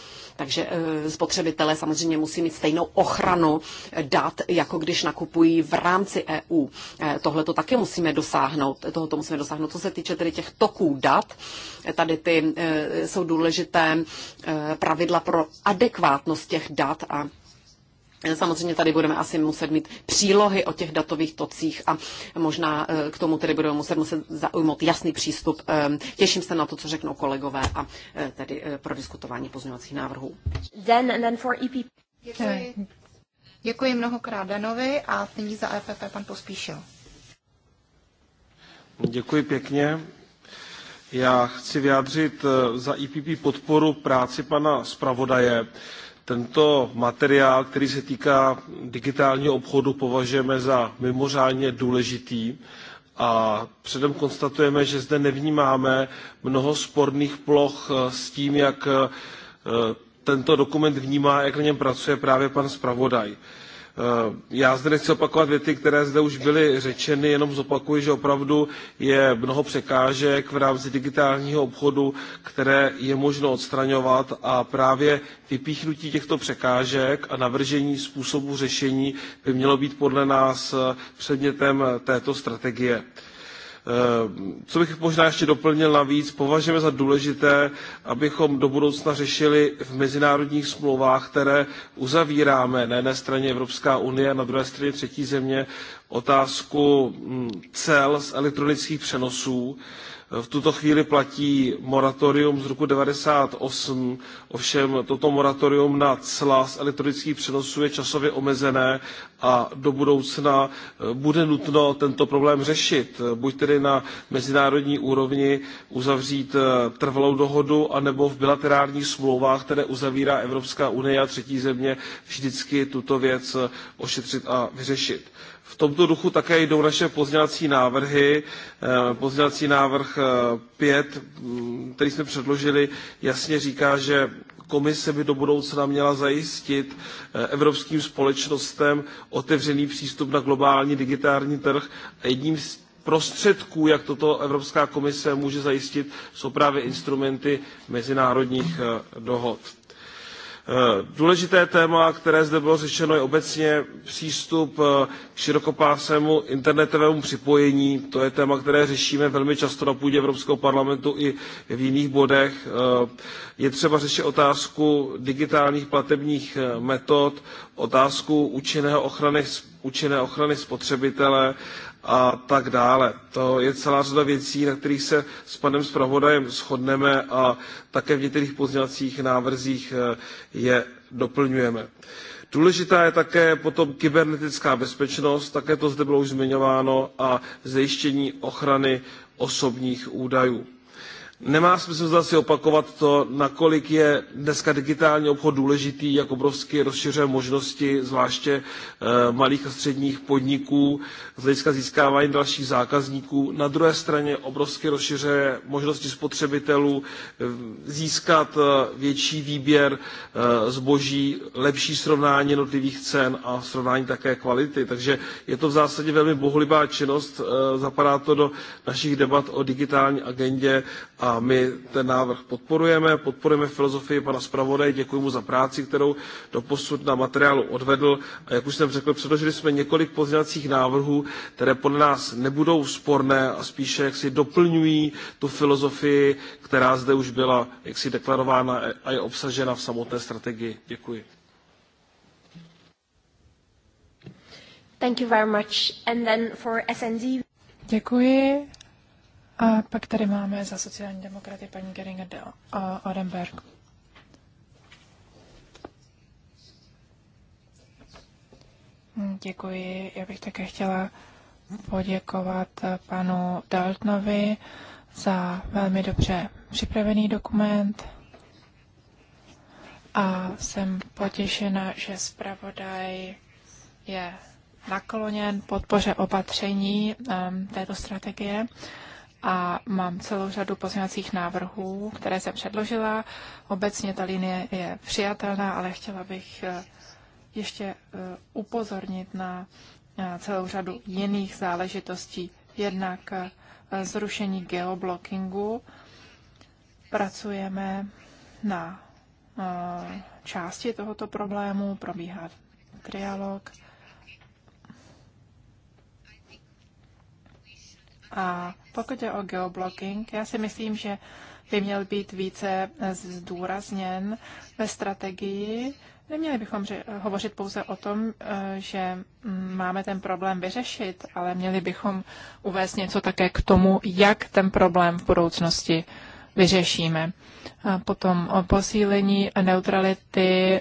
Takže eh, spotřebitelé samozřejmě musí mít stejnou ochranu dat, jako když nakupují v rámci EU. Eh, tohle to taky musíme dosáhnout. Tohoto musíme dosáhnout. Co se týče tedy těch toků dat, eh, tady ty jsou důležité pravidla pro adekvátnost těch dat a Samozřejmě tady budeme asi muset mít přílohy o těch datových tocích a možná eh, k tomu tedy budeme muset, muset zaujmout jasný přístup. Ehm, těším se na to, co řeknou kolegové a eh, tedy eh, pro diskutování pozměňovacích návrhů. Then, then for EP. Děkuji. Děkuji mnohokrát Danovi a nyní za EPP pan Pospíšil. Děkuji pěkně. Já chci vyjádřit za EPP podporu práci pana zpravodaje. Tento materiál, který se týká digitálního obchodu, považujeme za mimořádně důležitý a předem konstatujeme, že zde nevnímáme mnoho sporných ploch eh, s tím, jak eh, tento dokument vnímá, jak na něm pracuje právě pan zpravodaj. Eh, já zde nechci opakovat věty, které zde už byly řečeny, jenom zopakuji, že opravdu je mnoho překážek v rámci digitálního obchodu, které je možno odstraňovat a právě vypíchnutí těchto překážek a navržení způsobu řešení by mělo být podle nás eh, předmětem této strategie. Eh, co bych možná ještě doplnil navíc, považujeme za důležité, abychom do budoucna řešili v mezinárodních smlouvách, které uzavíráme na jedné straně Evropská unie a na druhé straně třetí země, otázku hm, cel z elektronických přenosů v tuto chvíli platí moratorium z roku eight ovšem toto moratorium na cla z elektronických přenosů je časově omezené a do budoucna eh, bude nutno tento problém řešit. Buď tedy na mezinárodní úrovni uzavřít eh, trvalou dohodu, anebo v bilaterálních smlouvách, které uzavírá Evropská unie a třetí země, vždycky tuto věc eh, ošetřit a vyřešit tomto duchu také jdou naše pozměňovací návrhy. Eh, pozměňovací návrh 5, eh, mm, který jsme předložili, jasně říká, že komise by do budoucna měla zajistit eh, evropským společnostem otevřený přístup na globální digitální trh a jedním z prostředků, jak toto Evropská komise může zajistit, jsou právě instrumenty mezinárodních dohod. Eh, důležité téma které zde bylo řečeno je obecně přístup eh, k širokopásmovému internetovému připojení to je téma které řešíme velmi často na půdě evropského parlamentu i v jiných bodech. Eh, je třeba řešit otázku digitálních platebních metod otázku účinné ochrany, účinné ochrany spotřebitele a tak dále. To je celá řada věcí, na kterých se s panem zpravodajem shodneme a také v některých pozněvacích návrzích eh, je doplňujeme. Důležitá je také potom kybernetická bezpečnost, také to zde bylo už zmiňováno, a zajištění ochrany osobních údajů nemá smysl zase opakovat to nakolik je dneska digitální obchod důležitý jak obrovsky rozšiřuje možnosti zvláště eh, malých a středních podniků z hlediska získávání dalších zákazníků na druhé straně obrovsky rozšiřuje možnosti spotřebitelů eh, získat eh, větší výběr zboží lepší srovnání jednotlivých cen a srovnání také kvality takže je to v zásadě velmi bohulibá činnost zapadá to do našich debat o digitální agendě a my ten návrh podporujeme, podporujeme filozofii pana zpravodaje, děkuji mu za práci, kterou doposud na materiálu odvedl a jak už jsem řekl, předložili jsme několik pozměňovacích návrhů, které podle nás nebudou sporné a spíše jaksi doplňují tu filozofii, která zde už byla jaksi deklarována a je obsažena v samotné strategii. Děkuji. Thank you very much. And then for SND. Děkuji. A pak tady máme za sociální demokraty paní Geringer de Orenberg. Hmm, děkuji. Já bych také chtěla poděkovat panu Daltnovi za velmi dobře připravený dokument. A jsem potěšena, že zpravodaj je nakloněn podpoře opatření um, této strategie a mám celou řadu pozměňovacích návrhů, které jsem předložila. Obecně ta linie je přijatelná, ale chtěla bych eh, ještě eh, upozornit na eh, celou řadu jiných záležitostí. Jednak zrušení geoblockingu. Pracujeme na části tohoto problému, probíhá trialog. A pokud je o geoblocking, já si myslím, že by měl být více zdůrazněn ve strategii. Neměli bychom hovořit pouze o tom, eh, že máme ten problém vyřešit, ale měli bychom uvést něco také k tomu, jak ten problém v budoucnosti vyřešíme. A potom o posílení neutrality eh,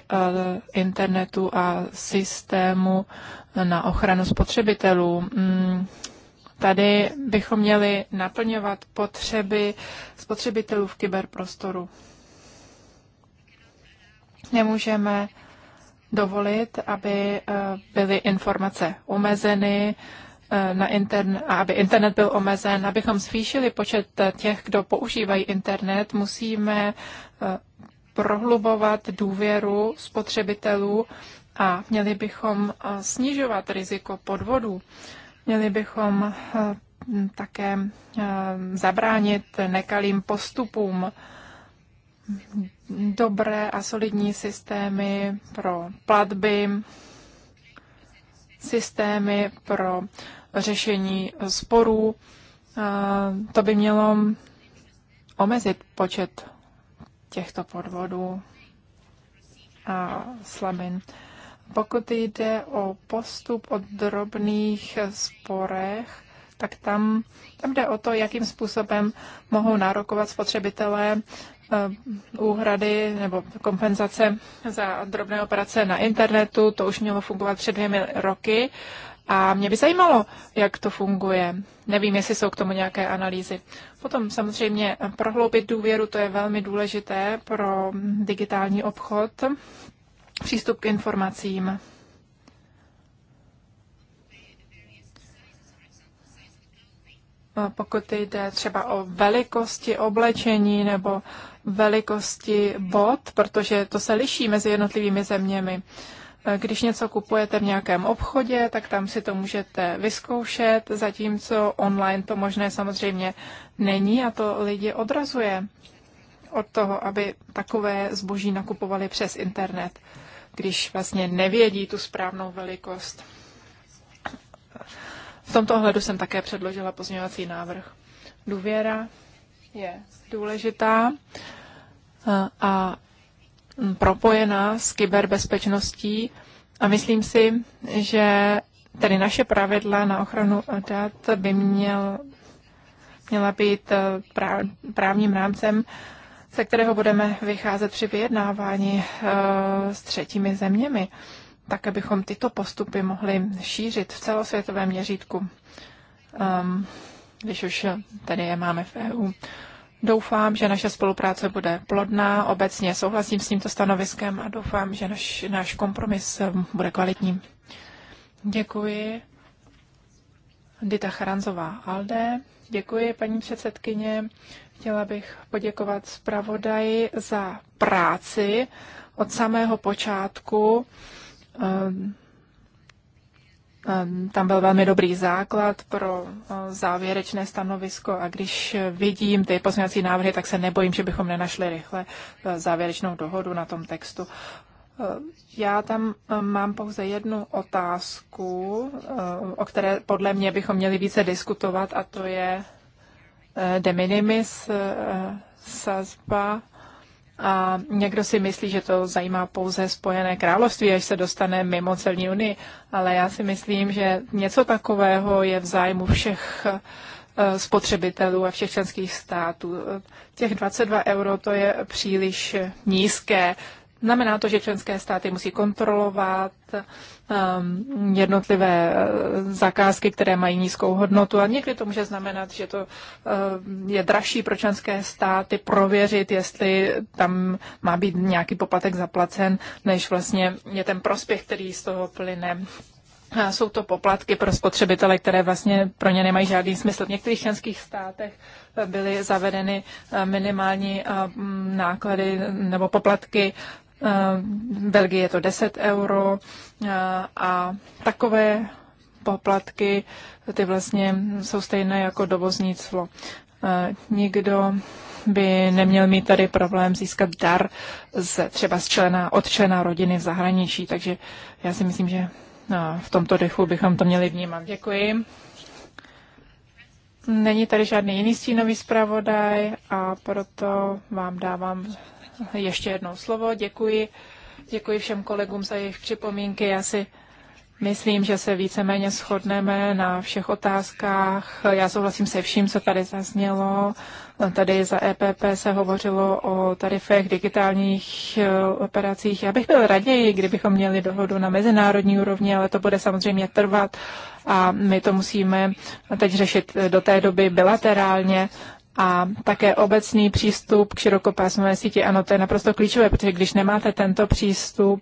internetu a systému na ochranu spotřebitelů. Mm, Tady bychom měli naplňovat potřeby spotřebitelů v kyberprostoru. Nemůžeme dovolit, aby eh, byly informace omezeny eh, na intern, a aby internet byl omezen. Abychom zvýšili počet těch, kdo používají internet, musíme eh, prohlubovat důvěru spotřebitelů a měli bychom snižovat riziko podvodů. Měli bychom eh, také eh, zabránit nekalým postupům. Dobré a solidní systémy pro platby, systémy pro řešení sporů. Eh, to by mělo omezit počet těchto podvodů a slabin. Pokud jde o postup od drobných sporech, tak tam, tam jde o to, jakým způsobem mohou nárokovat spotřebitelé eh, úhrady nebo kompenzace za drobné operace na internetu. To už mělo fungovat před dvěmi roky. A mě by zajímalo, jak to funguje. Nevím, jestli jsou k tomu nějaké analýzy. Potom samozřejmě prohloubit důvěru, to je velmi důležité pro digitální obchod přístup k informacím. Pokud jde třeba o velikosti oblečení nebo velikosti bod, protože to se liší mezi jednotlivými zeměmi. Když něco kupujete v nějakém obchodě, tak tam si to můžete vyzkoušet, zatímco online to možné samozřejmě není a to lidi odrazuje od toho, aby takové zboží nakupovali přes internet když vlastně nevědí tu správnou velikost. V tomto ohledu jsem také předložila pozměňovací návrh. Důvěra je důležitá eh, a mm, propojená s kyberbezpečností a myslím si, že tedy naše pravidla na ochranu dat by měl, měla být eh, právním rámcem, ze kterého budeme vycházet při vyjednávání eh, s třetími zeměmi, tak abychom tyto postupy mohli šířit v celosvětovém měřítku, ehm, když už tady je máme v EU. Doufám, že naše spolupráce bude plodná. Obecně souhlasím s tímto stanoviskem a doufám, že naš, náš kompromis eh, bude kvalitní. Děkuji. Dita Charanzová Alde. Děkuji, paní předsedkyně. Chtěla bych poděkovat zpravodaji za práci od samého počátku. Ehm, ehm, tam byl velmi dobrý základ pro eh, závěrečné stanovisko a když vidím ty pozměňovací návrhy, tak se nebojím, že bychom nenašli rychle eh, závěrečnou dohodu na tom textu. Eh, já tam mám pouze jednu otázku, o které podle mě bychom měli více diskutovat, a to je Eh, de minimis eh, sazba a někdo si myslí, že to zajímá pouze Spojené království, až se dostane mimo celní unii, ale já si myslím, že něco takového je v zájmu všech eh, spotřebitelů a všech členských států. Těch 22 euro to je příliš nízké. Znamená to, že členské státy musí kontrolovat um, jednotlivé eh, zakázky, které mají nízkou hodnotu a někdy to může znamenat, že to um, je dražší pro členské státy prověřit, jestli tam má být nějaký poplatek zaplacen, než vlastně je ten prospěch, který z toho plyne. A jsou to poplatky pro spotřebitele, které vlastně pro ně nemají žádný smysl. V některých členských státech byly zavedeny eh, minimální náklady nebo poplatky v Belgii je to 10 euro eh, a takové poplatky, ty vlastně jsou stejné jako dovozní clo. Eh, nikdo by neměl mít tady problém získat dar z, třeba z člena, od člena rodiny v zahraničí, takže já si myslím, že no, v tomto dechu bychom to měli vnímat. Děkuji. Není tady žádný jiný stínový zpravodaj a proto vám dávám ještě jednou slovo. Děkuji. Děkuji všem kolegům za jejich připomínky. Já si myslím, že se víceméně shodneme na všech otázkách. Já souhlasím se vším, co tady zaznělo. Tady za EPP se hovořilo o tarifech digitálních eh, operacích. Já bych byl raději, kdybychom měli dohodu na mezinárodní úrovni, ale to bude samozřejmě trvat a my to musíme teď řešit do té doby bilaterálně a také obecný přístup k širokopásmové síti. Ano, to je naprosto klíčové, protože když nemáte tento přístup,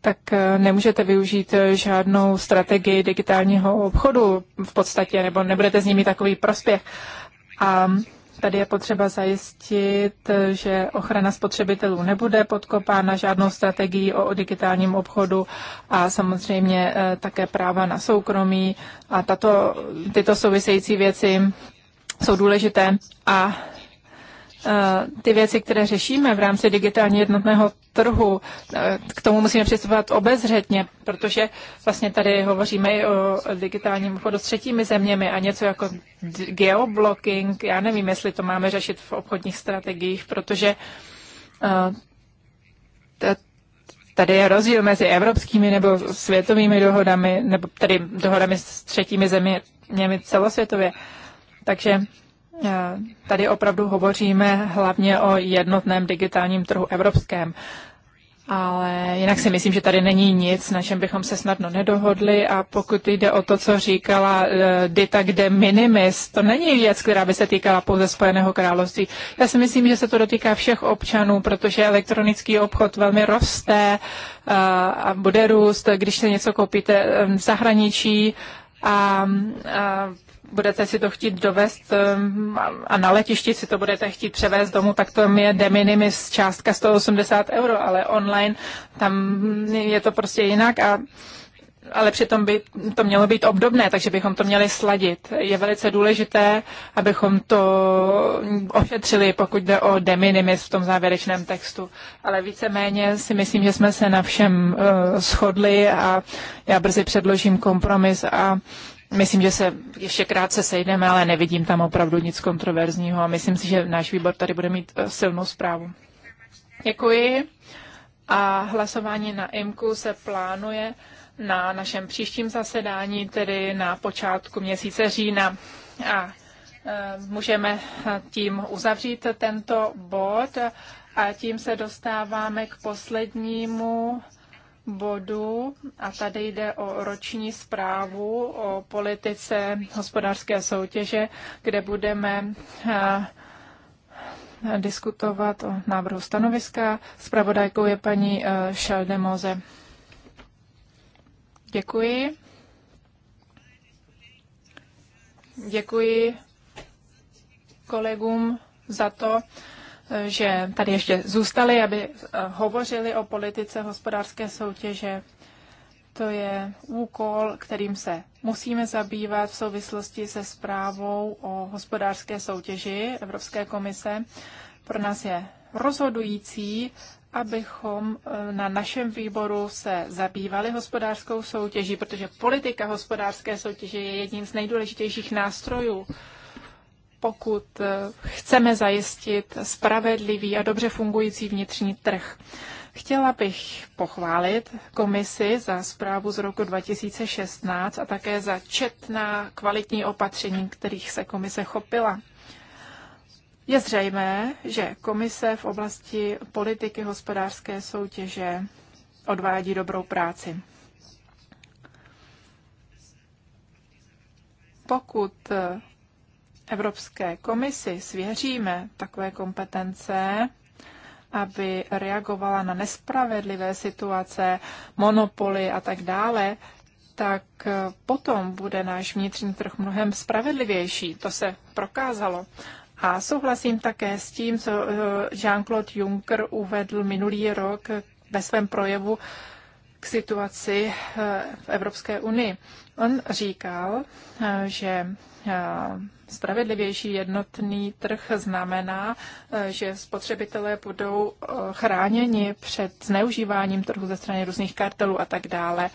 tak eh, nemůžete využít eh, žádnou strategii digitálního obchodu v podstatě, nebo nebudete s nimi takový prospěch. A Tady je potřeba zajistit, eh, že ochrana spotřebitelů nebude podkopána žádnou strategií o digitálním obchodu a samozřejmě také práva na soukromí a tato, tyto související věci jsou důležité a e, ty věci, které řešíme v rámci digitálně jednotného trhu, e, k tomu musíme přistupovat obezřetně, protože vlastně tady hovoříme i o digitálním obchodu s třetími zeměmi a něco jako geoblocking, já nevím, jestli to máme řešit v obchodních strategiích, protože e, tady je rozdíl mezi evropskými nebo světovými dohodami, nebo tady dohodami s třetími zeměmi celosvětově. Takže eh, tady opravdu hovoříme hlavně o jednotném digitálním trhu evropském. Ale jinak si myslím, že tady není nic, na čem bychom se snadno nedohodli a pokud jde o to, co říkala eh, Dita de minimis, to není věc, která by se týkala pouze Spojeného království. Já si myslím, že se to dotýká všech občanů, protože elektronický obchod velmi roste eh, a bude růst, když se něco koupíte v zahraničí a, a budete si to chtít dovést ehm, a na letišti si to budete chtít převést domů, tak to je de minimis částka 180 euro, ale online tam je to prostě jinak a ale přitom by to mělo být obdobné, takže bychom to měli sladit. Je velice důležité, abychom to ošetřili, pokud jde o de minimis v tom závěrečném textu. Ale víceméně si myslím, že jsme se na všem uh, shodli a já brzy předložím kompromis a Myslím, že se ještě krátce sejdeme, ale nevidím tam opravdu nic kontroverzního a myslím si, že náš výbor tady bude mít eh, silnou zprávu. Děkuji. A hlasování na IMKU se plánuje na našem příštím zasedání, tedy na počátku měsíce října. A eh, můžeme eh, tím uzavřít tento bod a tím se dostáváme k poslednímu bodu a tady jde o roční zprávu o politice hospodářské soutěže, kde budeme eh, diskutovat o návrhu stanoviska. Spravodajkou je paní eh, Šeldemoze. Děkuji. Děkuji kolegům za to, že tady ještě zůstali, aby eh, hovořili o politice hospodářské soutěže. To je úkol, kterým se musíme zabývat v souvislosti se zprávou o hospodářské soutěži Evropské komise. Pro nás je rozhodující, abychom eh, na našem výboru se zabývali hospodářskou soutěží, protože politika hospodářské soutěže je jedním z nejdůležitějších nástrojů pokud eh, chceme zajistit spravedlivý a dobře fungující vnitřní trh. Chtěla bych pochválit komisi za zprávu z roku 2016 a také za četná kvalitní opatření, kterých se komise chopila. Je zřejmé, že komise v oblasti politiky hospodářské soutěže odvádí dobrou práci. Pokud eh, Evropské komisi svěříme takové kompetence, aby reagovala na nespravedlivé situace, monopoly a tak dále, tak potom bude náš vnitřní trh mnohem spravedlivější. To se prokázalo. A souhlasím také s tím, co eh, Jean-Claude Juncker uvedl minulý rok ve svém projevu situaci eh, v Evropské unii. On říkal, eh, že eh, spravedlivější jednotný trh znamená, že spotřebitelé budou chráněni před zneužíváním trhu ze strany různých kartelů a tak dále.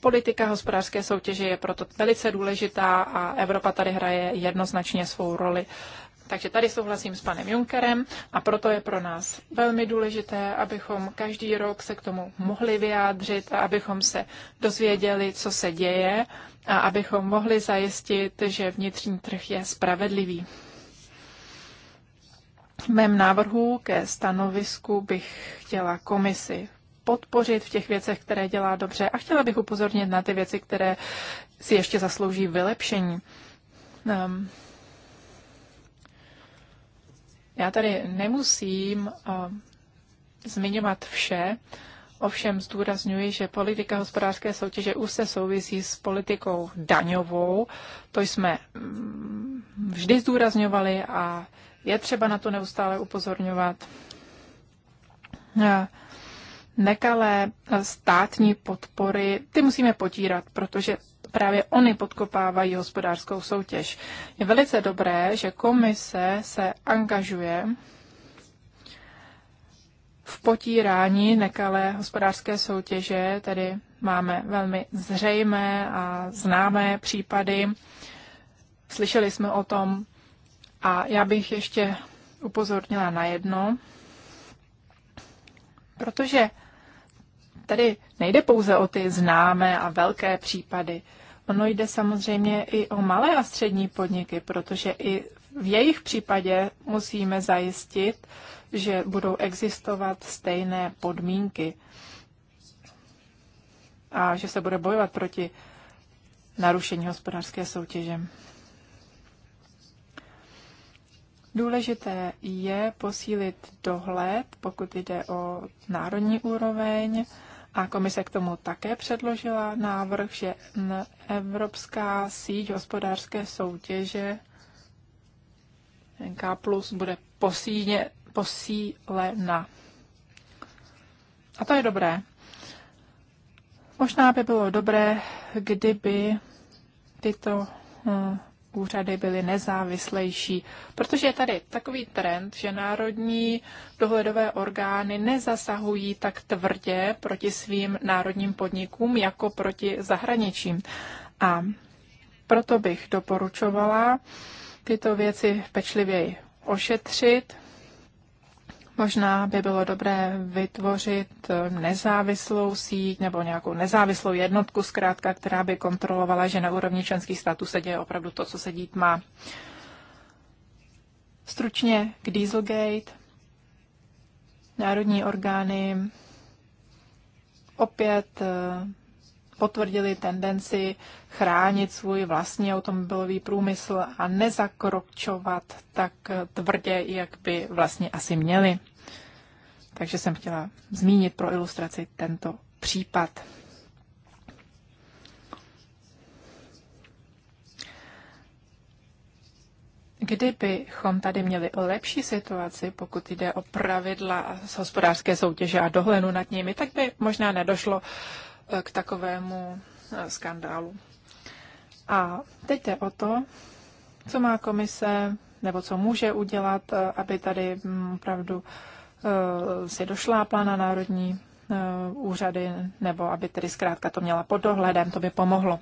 Politika hospodářské soutěže je proto velice důležitá a Evropa tady hraje jednoznačně svou roli. Takže tady souhlasím s panem Junkerem a proto je pro nás velmi důležité, abychom každý rok se k tomu mohli vyjádřit a abychom se dozvěděli, co se děje a abychom mohli zajistit, že vnitřní trh je spravedlivý. V mém návrhu ke stanovisku bych chtěla komisi podpořit v těch věcech, které dělá dobře a chtěla bych upozornit na ty věci, které si ještě zaslouží vylepšení. Um, já tady nemusím eh, zmiňovat vše, ovšem zdůrazňuji, že politika hospodářské soutěže už se souvisí s politikou daňovou. To jsme mm, vždy zdůrazňovali a je třeba na to neustále upozorňovat. Eh, nekalé státní podpory, ty musíme potírat, protože právě oni podkopávají hospodářskou soutěž. Je velice dobré, že komise se angažuje v potírání nekalé hospodářské soutěže, tedy máme velmi zřejmé a známé případy. Slyšeli jsme o tom a já bych ještě upozornila na jedno, protože tady nejde pouze o ty známé a velké případy. Ono jde samozřejmě i o malé a střední podniky, protože i v jejich případě musíme zajistit, že budou existovat stejné podmínky a že se bude bojovat proti narušení hospodářské soutěže. Důležité je posílit dohled, pokud jde o národní úroveň, a komise k tomu také předložila návrh, že Evropská síť hospodářské soutěže NK plus bude posíně, posílena. A to je dobré. Možná by bylo dobré, kdyby tyto hm, úřady byly nezávislejší, protože je tady takový trend, že národní dohledové orgány nezasahují tak tvrdě proti svým národním podnikům jako proti zahraničím. A proto bych doporučovala tyto věci pečlivěji ošetřit, Možná by bylo dobré vytvořit nezávislou síť nebo nějakou nezávislou jednotku, zkrátka, která by kontrolovala, že na úrovni členských států se děje opravdu to, co se dít má. Stručně k Dieselgate. Národní orgány opět eh, potvrdili tendenci chránit svůj vlastní automobilový průmysl a nezakročovat tak tvrdě, jak by vlastně asi měli. Takže jsem chtěla zmínit pro ilustraci tento případ. Kdybychom tady měli lepší situaci, pokud jde o pravidla z hospodářské soutěže a dohledu nad nimi, tak by možná nedošlo k takovému eh, skandálu. A teď je o to, co má komise nebo co může udělat, eh, aby tady mm, opravdu eh, si došlápla na národní úřady, nebo aby tedy zkrátka to měla pod dohledem, to by pomohlo.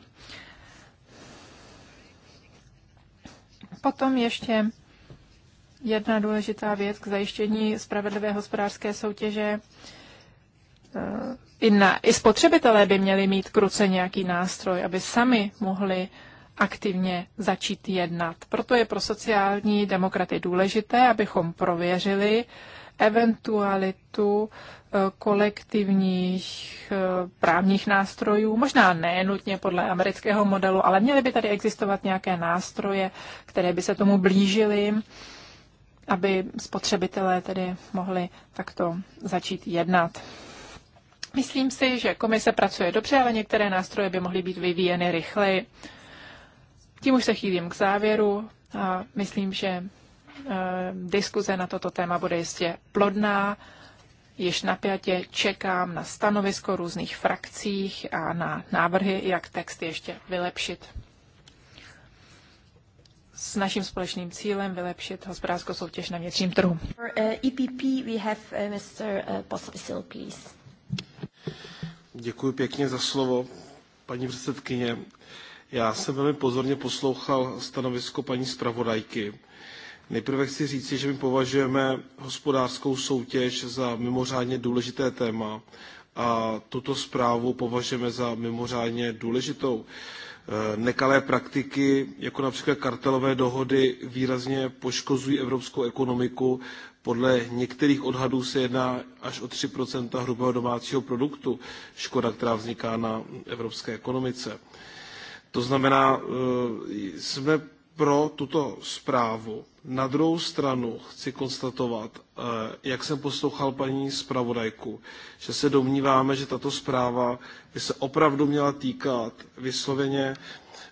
Potom ještě jedna důležitá věc k zajištění spravedlivé hospodářské soutěže i, na, i spotřebitelé by měli mít k ruce nějaký nástroj, aby sami mohli aktivně začít jednat. Proto je pro sociální demokraty důležité, abychom prověřili eventualitu eh, kolektivních eh, právních nástrojů, možná ne nutně podle amerického modelu, ale měly by tady existovat nějaké nástroje, které by se tomu blížily, aby spotřebitelé tedy mohli takto začít jednat. Myslím si, že komise pracuje dobře, ale některé nástroje by mohly být vyvíjeny rychleji. Tím už se chýlím k závěru a myslím, že e, diskuze na toto téma bude jistě plodná. Již napjatě čekám na stanovisko různých frakcích a na návrhy, jak text ještě vylepšit. S naším společným cílem vylepšit hospodářskou soutěž na vnitřním trhu. For, uh, e, EPP we have uh, Mr. Uh, Pospisil, please. Děkuji pěkně za slovo, paní předsedkyně. Já jsem velmi pozorně poslouchal stanovisko paní zpravodajky. Nejprve chci říci, že my považujeme hospodářskou soutěž za mimořádně důležité téma a tuto zprávu považujeme za mimořádně důležitou. E, nekalé praktiky, jako například kartelové dohody, výrazně poškozují evropskou ekonomiku podle některých odhadů se jedná až o 3 hrubého domácího produktu, škoda, která vzniká na evropské ekonomice. To znamená, eh, jsme pro tuto zprávu. Na druhou stranu chci konstatovat, eh, jak jsem poslouchal paní zpravodajku, že se domníváme, že tato zpráva by se opravdu měla týkat vysloveně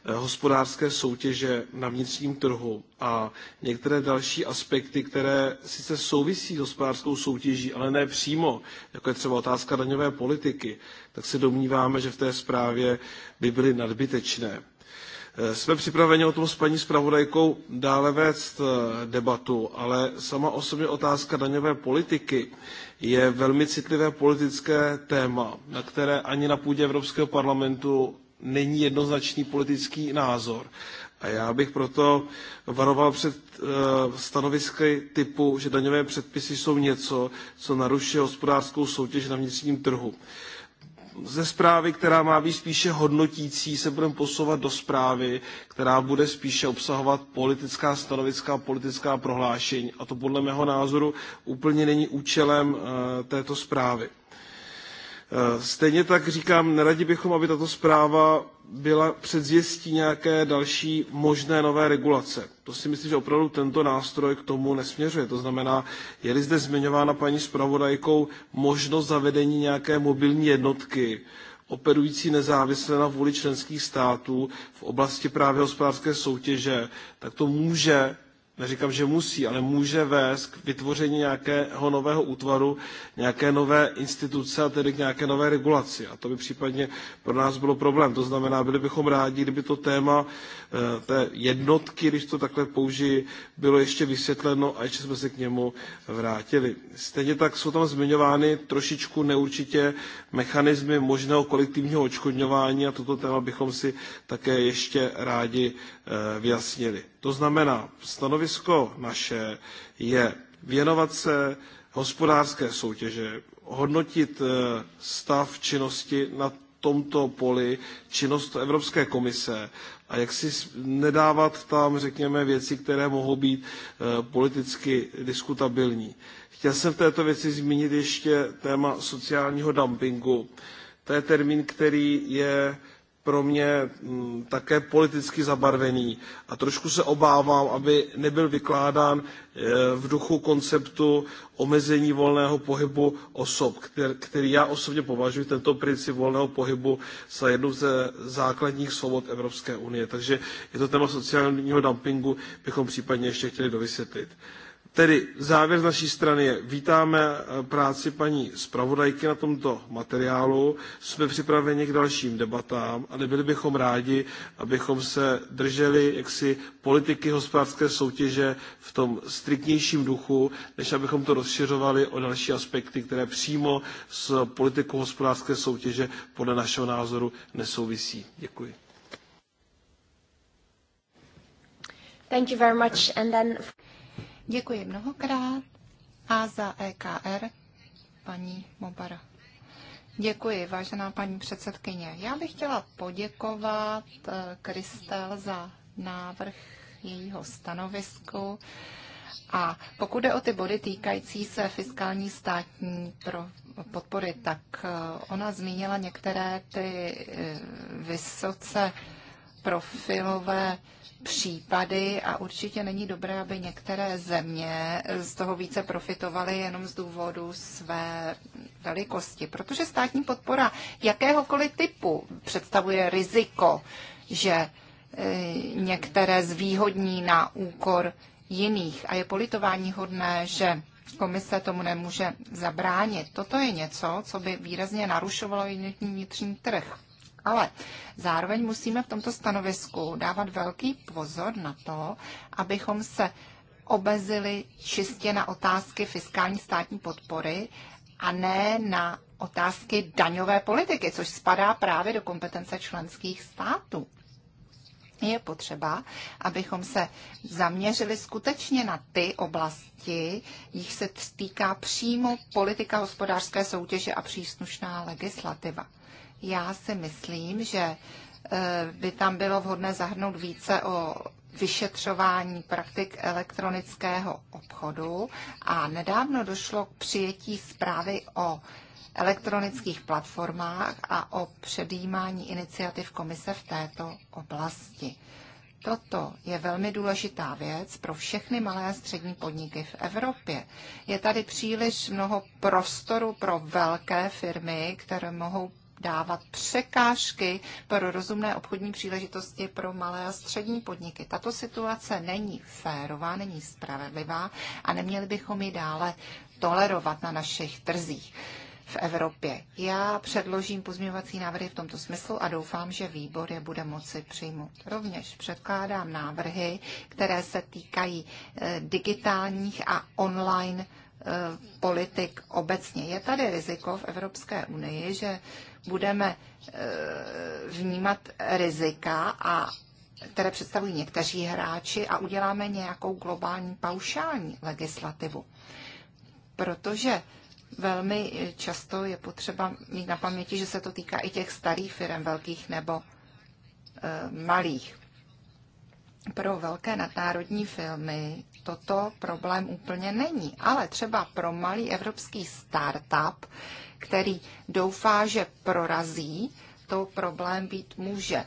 Eh, hospodářské soutěže na vnitřním trhu a některé další aspekty, které sice souvisí s hospodářskou soutěží, ale ne přímo, jako je třeba otázka daňové politiky, tak se domníváme, že v té zprávě by byly nadbytečné. Eh, jsme připraveni o tom s paní zpravodajkou dále vést eh, debatu, ale sama osobně otázka daňové politiky je velmi citlivé politické téma, na které ani na půdě Evropského parlamentu není jednoznačný politický názor. A já bych proto varoval před eh, stanovisky typu, že daňové předpisy jsou něco, co narušuje hospodářskou soutěž na vnitřním trhu. Ze zprávy, která má být spíše hodnotící, se budeme posouvat do zprávy, která bude spíše obsahovat politická stanoviska, politická prohlášení. A to podle mého názoru úplně není účelem eh, této zprávy. Eh, stejně tak říkám, neradi bychom, aby tato zpráva byla předzvěstí nějaké další možné nové regulace. To si myslím, že opravdu tento nástroj k tomu nesměřuje. To znamená, je-li zde zmiňována paní zpravodajkou možnost zavedení nějaké mobilní jednotky, operující nezávisle na vůli členských států v oblasti právě hospodářské soutěže, tak to může neříkám, že musí, ale může vést k vytvoření nějakého nového útvaru, nějaké nové instituce a tedy k nějaké nové regulaci. A to by případně pro nás bylo problém. To znamená, byli bychom rádi, kdyby to téma uh, Eh, té jednotky, když to takhle použiji, bylo ještě vysvětleno a ještě jsme se k němu vrátili. Stejně tak jsou tam zmiňovány trošičku neurčitě mechanismy možného kolektivního očkodňování a toto téma bychom si také ještě rádi eh, vyjasnili. To znamená, stanovisko naše je věnovat se hospodářské soutěže, hodnotit eh, stav činnosti na tomto poli činnost Evropské komise, a jak si nedávat tam, řekněme, věci, které mohou být eh, politicky diskutabilní. Chtěl jsem v této věci zmínit ještě téma sociálního dumpingu. To je termín, který je pro mě mm, také politicky zabarvený a trošku se obávám, aby nebyl vykládán e, v duchu konceptu omezení volného pohybu osob, který, já osobně považuji tento princip volného pohybu za jednu ze základních svobod Evropské unie. Takže je to téma sociálního dumpingu, bychom případně ještě chtěli dovysvětlit. Tedy závěr z naší strany je, vítáme eh, práci paní zpravodajky na tomto materiálu, jsme připraveni k dalším debatám a nebyli bychom rádi, abychom se drželi jaksi politiky hospodářské soutěže v tom striktnějším duchu, než abychom to rozšiřovali o další aspekty, které přímo s politikou hospodářské soutěže podle našeho názoru nesouvisí. Děkuji. Thank you very much. And then... Děkuji mnohokrát a za EKR paní Mobara. Děkuji, vážená paní předsedkyně. Já bych chtěla poděkovat eh, Kristel za návrh jejího stanovisku. A pokud jde o ty body týkající se fiskální státní pro podpory, tak eh, ona zmínila některé ty eh, vysoce profilové případy a určitě není dobré, aby některé země z toho více profitovaly jenom z důvodu své velikosti, protože státní podpora jakéhokoliv typu představuje riziko, že eh, některé zvýhodní na úkor jiných a je politování hodné, že komise tomu nemůže zabránit. Toto je něco, co by výrazně narušovalo vnitřní trh. Ale zároveň musíme v tomto stanovisku dávat velký pozor na to, abychom se obezili čistě na otázky fiskální státní podpory a ne na otázky daňové politiky, což spadá právě do kompetence členských států. Je potřeba, abychom se zaměřili skutečně na ty oblasti, jich se týká přímo politika hospodářské soutěže a příslušná legislativa. Já si myslím, že eh, by tam bylo vhodné zahrnout více o vyšetřování praktik elektronického obchodu a nedávno došlo k přijetí zprávy o elektronických platformách a o předjímání iniciativ komise v této oblasti. Toto je velmi důležitá věc pro všechny malé a střední podniky v Evropě. Je tady příliš mnoho prostoru pro velké firmy, které mohou dávat překážky pro rozumné obchodní příležitosti pro malé a střední podniky. Tato situace není férová, není spravedlivá a neměli bychom ji dále tolerovat na našich trzích v Evropě. Já předložím pozměňovací návrhy v tomto smyslu a doufám, že výbor je bude moci přijmout. Rovněž předkládám návrhy, které se týkají eh, digitálních a online eh, politik obecně. Je tady riziko v Evropské unii, že budeme eh, vnímat rizika, a, které představují někteří hráči a uděláme nějakou globální paušální legislativu. Protože velmi často je potřeba mít na paměti, že se to týká i těch starých firm, velkých nebo eh, malých. Pro velké nadnárodní filmy toto problém úplně není, ale třeba pro malý evropský startup který doufá, že prorazí, to problém být může.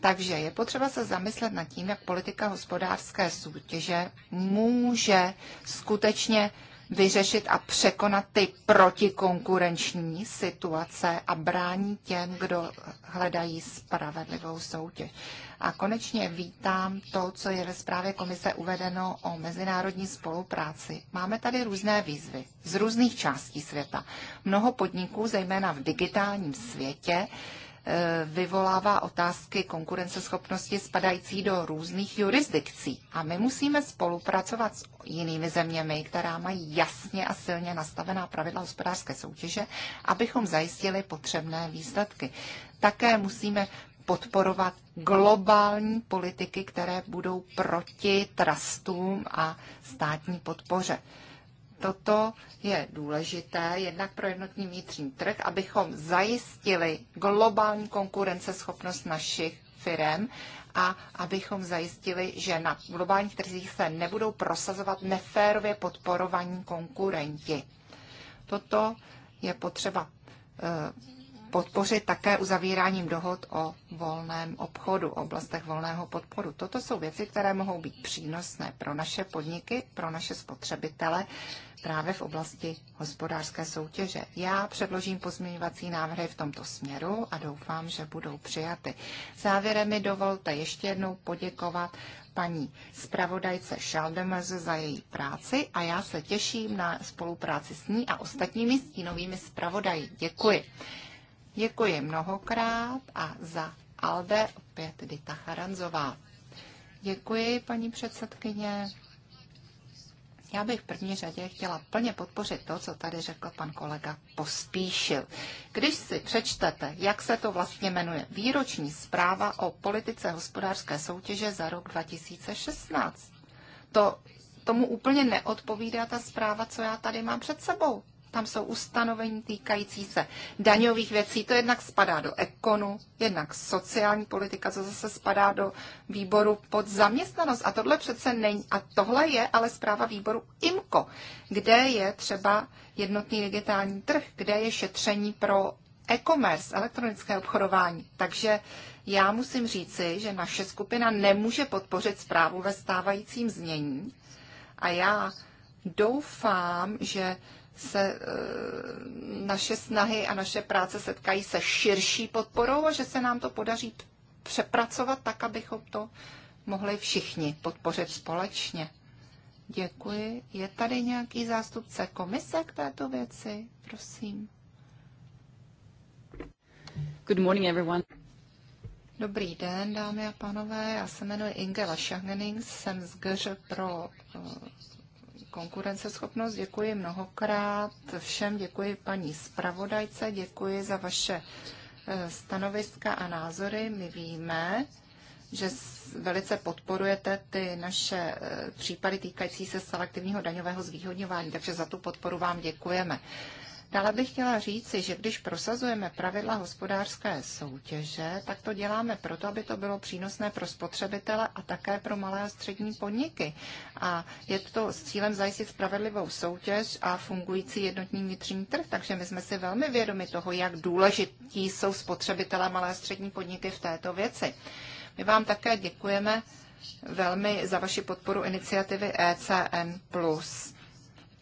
Takže je potřeba se zamyslet nad tím, jak politika hospodářské soutěže může skutečně vyřešit a překonat ty protikonkurenční situace a brání těm, kdo hledají spravedlivou soutěž. A konečně vítám to, co je ve zprávě komise uvedeno o mezinárodní spolupráci. Máme tady různé výzvy z různých částí světa. Mnoho podniků, zejména v digitálním světě, Eh, vyvolává otázky konkurenceschopnosti spadající do různých jurisdikcí. A my musíme spolupracovat s jinými zeměmi, která mají jasně a silně nastavená pravidla hospodářské soutěže, abychom zajistili potřebné výsledky. Také musíme podporovat globální politiky, které budou proti trustům a státní podpoře. Toto je důležité jednak pro jednotný vnitřní trh, abychom zajistili globální konkurenceschopnost našich firm a abychom zajistili, že na globálních trzích se nebudou prosazovat neférově podporovaní konkurenti. Toto je potřeba eh, podpořit také uzavíráním dohod o volném obchodu, oblastech volného podporu. Toto jsou věci, které mohou být přínosné pro naše podniky, pro naše spotřebitele právě v oblasti hospodářské soutěže. Já předložím pozměňovací návrhy v tomto směru a doufám, že budou přijaty. Závěrem mi dovolte ještě jednou poděkovat paní zpravodajce Šaldemeze za její práci a já se těším na spolupráci s ní a ostatními stínovými zpravodaji. Děkuji. Děkuji mnohokrát a za Alde opět Dita Charanzová. Děkuji, paní předsedkyně. Já bych v první řadě chtěla plně podpořit to, co tady řekl pan kolega Pospíšil. Když si přečtete, jak se to vlastně jmenuje, výroční zpráva o politice hospodářské soutěže za rok 2016, to tomu úplně neodpovídá ta zpráva, co já tady mám před sebou tam jsou ustanovení týkající se daňových věcí. To jednak spadá do ekonu, jednak sociální politika, co zase spadá do výboru pod zaměstnanost. A tohle přece není. A tohle je ale zpráva výboru IMKO, kde je třeba jednotný digitální trh, kde je šetření pro e-commerce, elektronické obchodování. Takže já musím říci, že naše skupina nemůže podpořit zprávu ve stávajícím znění. A já doufám, že se eh, naše snahy a naše práce setkají se širší podporou a že se nám to podaří přepracovat tak, abychom to mohli všichni podpořit společně. Děkuji. Je tady nějaký zástupce komise k této věci? Prosím. Good morning, everyone. Dobrý den, dámy a pánové. Já se jmenuji Inge Lašangening, jsem z GŘ pro eh, konkurenceschopnost. Děkuji mnohokrát všem, děkuji paní zpravodajce, děkuji za vaše eh, stanoviska a názory. My víme, že velice podporujete ty naše eh, případy týkající se selektivního daňového zvýhodňování, takže za tu podporu vám děkujeme. Dále bych chtěla říci, že když prosazujeme pravidla hospodářské soutěže, tak to děláme proto, aby to bylo přínosné pro spotřebitele a také pro malé a střední podniky. A je to s cílem zajistit spravedlivou soutěž a fungující jednotný vnitřní trh, takže my jsme si velmi vědomi toho, jak důležití jsou spotřebitele malé a střední podniky v této věci. My vám také děkujeme velmi za vaši podporu iniciativy ECN+.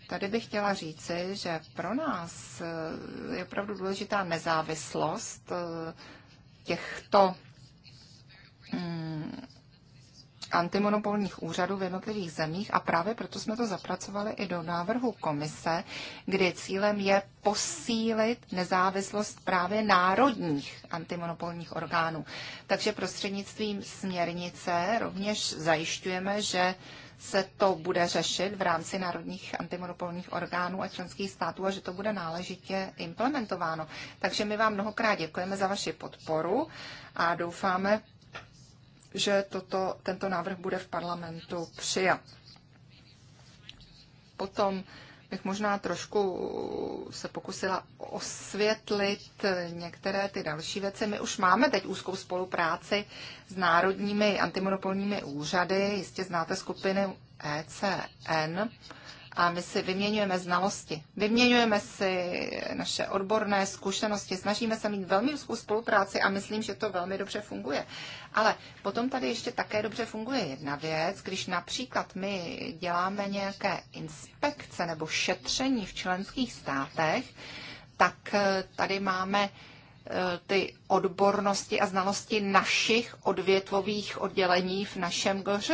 Tady bych chtěla říci, že pro nás eh, je opravdu důležitá nezávislost eh, těchto mm, antimonopolních úřadů v jednotlivých zemích a právě proto jsme to zapracovali i do návrhu komise, kdy cílem je posílit nezávislost právě národních antimonopolních orgánů. Takže prostřednictvím směrnice rovněž zajišťujeme, že se to bude řešit v rámci národních antimonopolních orgánů a členských států a že to bude náležitě implementováno. Takže my vám mnohokrát děkujeme za vaši podporu a doufáme, že toto, tento návrh bude v parlamentu přijat. Potom bych možná trošku se pokusila osvětlit některé ty další věci. My už máme teď úzkou spolupráci s národními antimonopolními úřady, jistě znáte skupiny ECN a my si vyměňujeme znalosti, vyměňujeme si naše odborné zkušenosti, snažíme se mít velmi úzkou spolupráci a myslím, že to velmi dobře funguje. Ale potom tady ještě také dobře funguje jedna věc, když například my děláme nějaké inspekce nebo šetření v členských státech, tak eh, tady máme eh, ty odbornosti a znalosti našich odvětvových oddělení v našem GŘ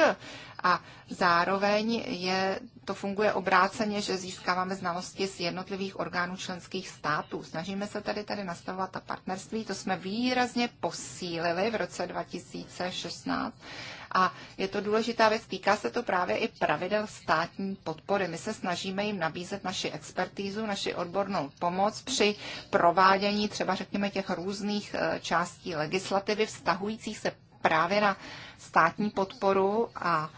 a zároveň je, to funguje obráceně, že získáváme znalosti z jednotlivých orgánů členských států. Snažíme se tady tady nastavovat ta partnerství, to jsme výrazně posílili v roce 2016 a je to důležitá věc, týká se to právě i pravidel státní podpory. My se snažíme jim nabízet naši expertízu, naši odbornou pomoc při provádění třeba řekněme těch různých e, částí legislativy vztahujících se právě na státní podporu a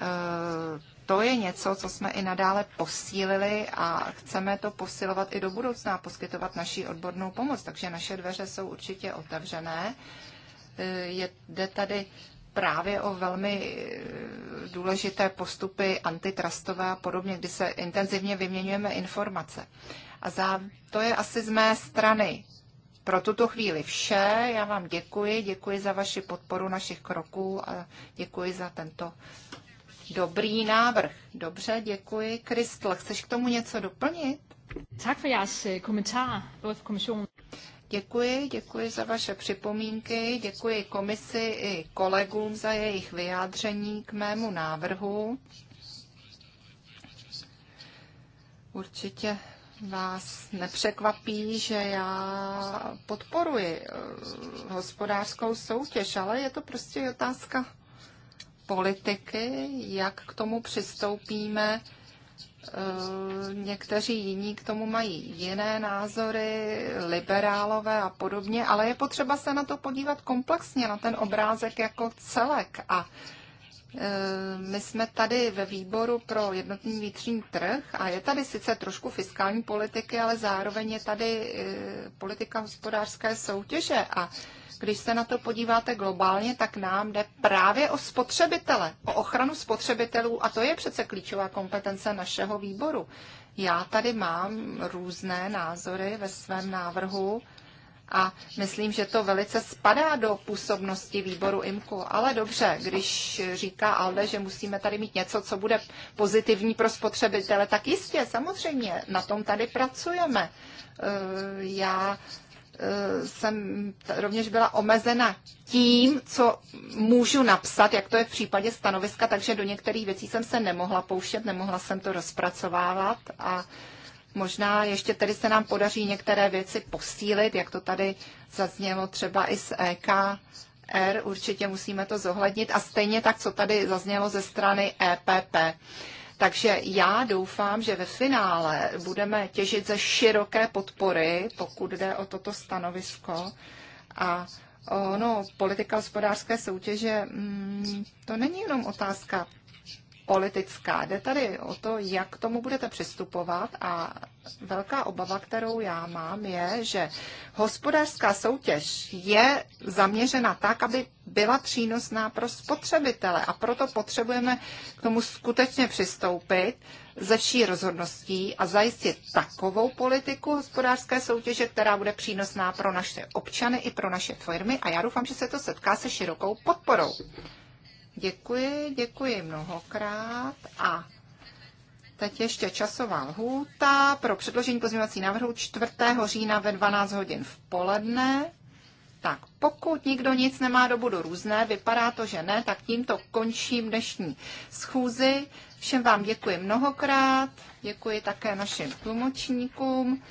Eh, to je něco, co jsme i nadále posílili a chceme to posilovat i do budoucna a poskytovat naší odbornou pomoc. Takže naše dveře jsou určitě otevřené. Eh, je, jde tady právě o velmi eh, důležité postupy antitrustové a podobně, kdy se intenzivně vyměňujeme informace. A za, to je asi z mé strany pro tuto chvíli vše. Já vám děkuji, děkuji za vaši podporu našich kroků a děkuji za tento dobrý návrh. Dobře, děkuji. Kristl, chceš k tomu něco doplnit? Tak for jeres øh, komentář, både for komisjonen. Děkuji, děkuji za vaše připomínky, děkuji komisi i kolegům za jejich vyjádření k mému návrhu. Určitě vás nepřekvapí, že já podporuji eh, hospodářskou soutěž, ale je to prostě otázka politiky, jak k tomu přistoupíme. Eh, někteří jiní k tomu mají jiné názory, liberálové a podobně, ale je potřeba se na to podívat komplexně, na ten obrázek jako celek a Eh, my jsme tady ve výboru pro jednotný vnitřní trh a je tady sice trošku fiskální politiky, ale zároveň je tady eh, politika hospodářské soutěže a když se na to podíváte globálně, tak nám jde právě o spotřebitele, o ochranu spotřebitelů a to je přece klíčová kompetence našeho výboru. Já tady mám různé názory ve svém návrhu, a myslím, že to velice spadá do působnosti výboru IMKU. Ale dobře, když říká Alde, že musíme tady mít něco, co bude pozitivní pro spotřebitele, tak jistě, samozřejmě, na tom tady pracujeme. Eh, já eh, jsem rovněž byla omezena tím, co můžu napsat, jak to je v případě stanoviska, takže do některých věcí jsem se nemohla pouštět, nemohla jsem to rozpracovávat a Možná ještě tady se nám podaří některé věci posílit, jak to tady zaznělo třeba i z EKR, určitě musíme to zohlednit a stejně tak, co tady zaznělo ze strany EPP. Takže já doufám, že ve finále budeme těžit ze široké podpory, pokud jde o toto stanovisko. A ono, politika hospodářské soutěže, mm, to není jenom otázka politická. Jde tady o to, jak k tomu budete přistupovat a velká obava, kterou já mám, je, že hospodářská soutěž je zaměřena tak, aby byla přínosná pro spotřebitele a proto potřebujeme k tomu skutečně přistoupit ze vší rozhodností a zajistit takovou politiku hospodářské soutěže, která bude přínosná pro naše občany i pro naše firmy a já doufám, že se to setká se širokou podporou. Děkuji, děkuji mnohokrát a teď ještě časová lhůta pro předložení pozměňovací návrhu 4. října ve 12 hodin v poledne. Tak pokud nikdo nic nemá do budu různé, vypadá to, že ne, tak tímto končím dnešní schůzi. Všem vám děkuji mnohokrát, děkuji také našim tlumočníkům.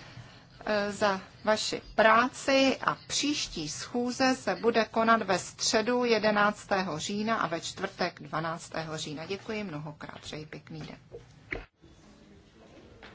E, za vaši práci a příští schůze se bude konat ve středu 11. října a ve čtvrtek 12. října. Děkuji mnohokrát, přeji pěkný den.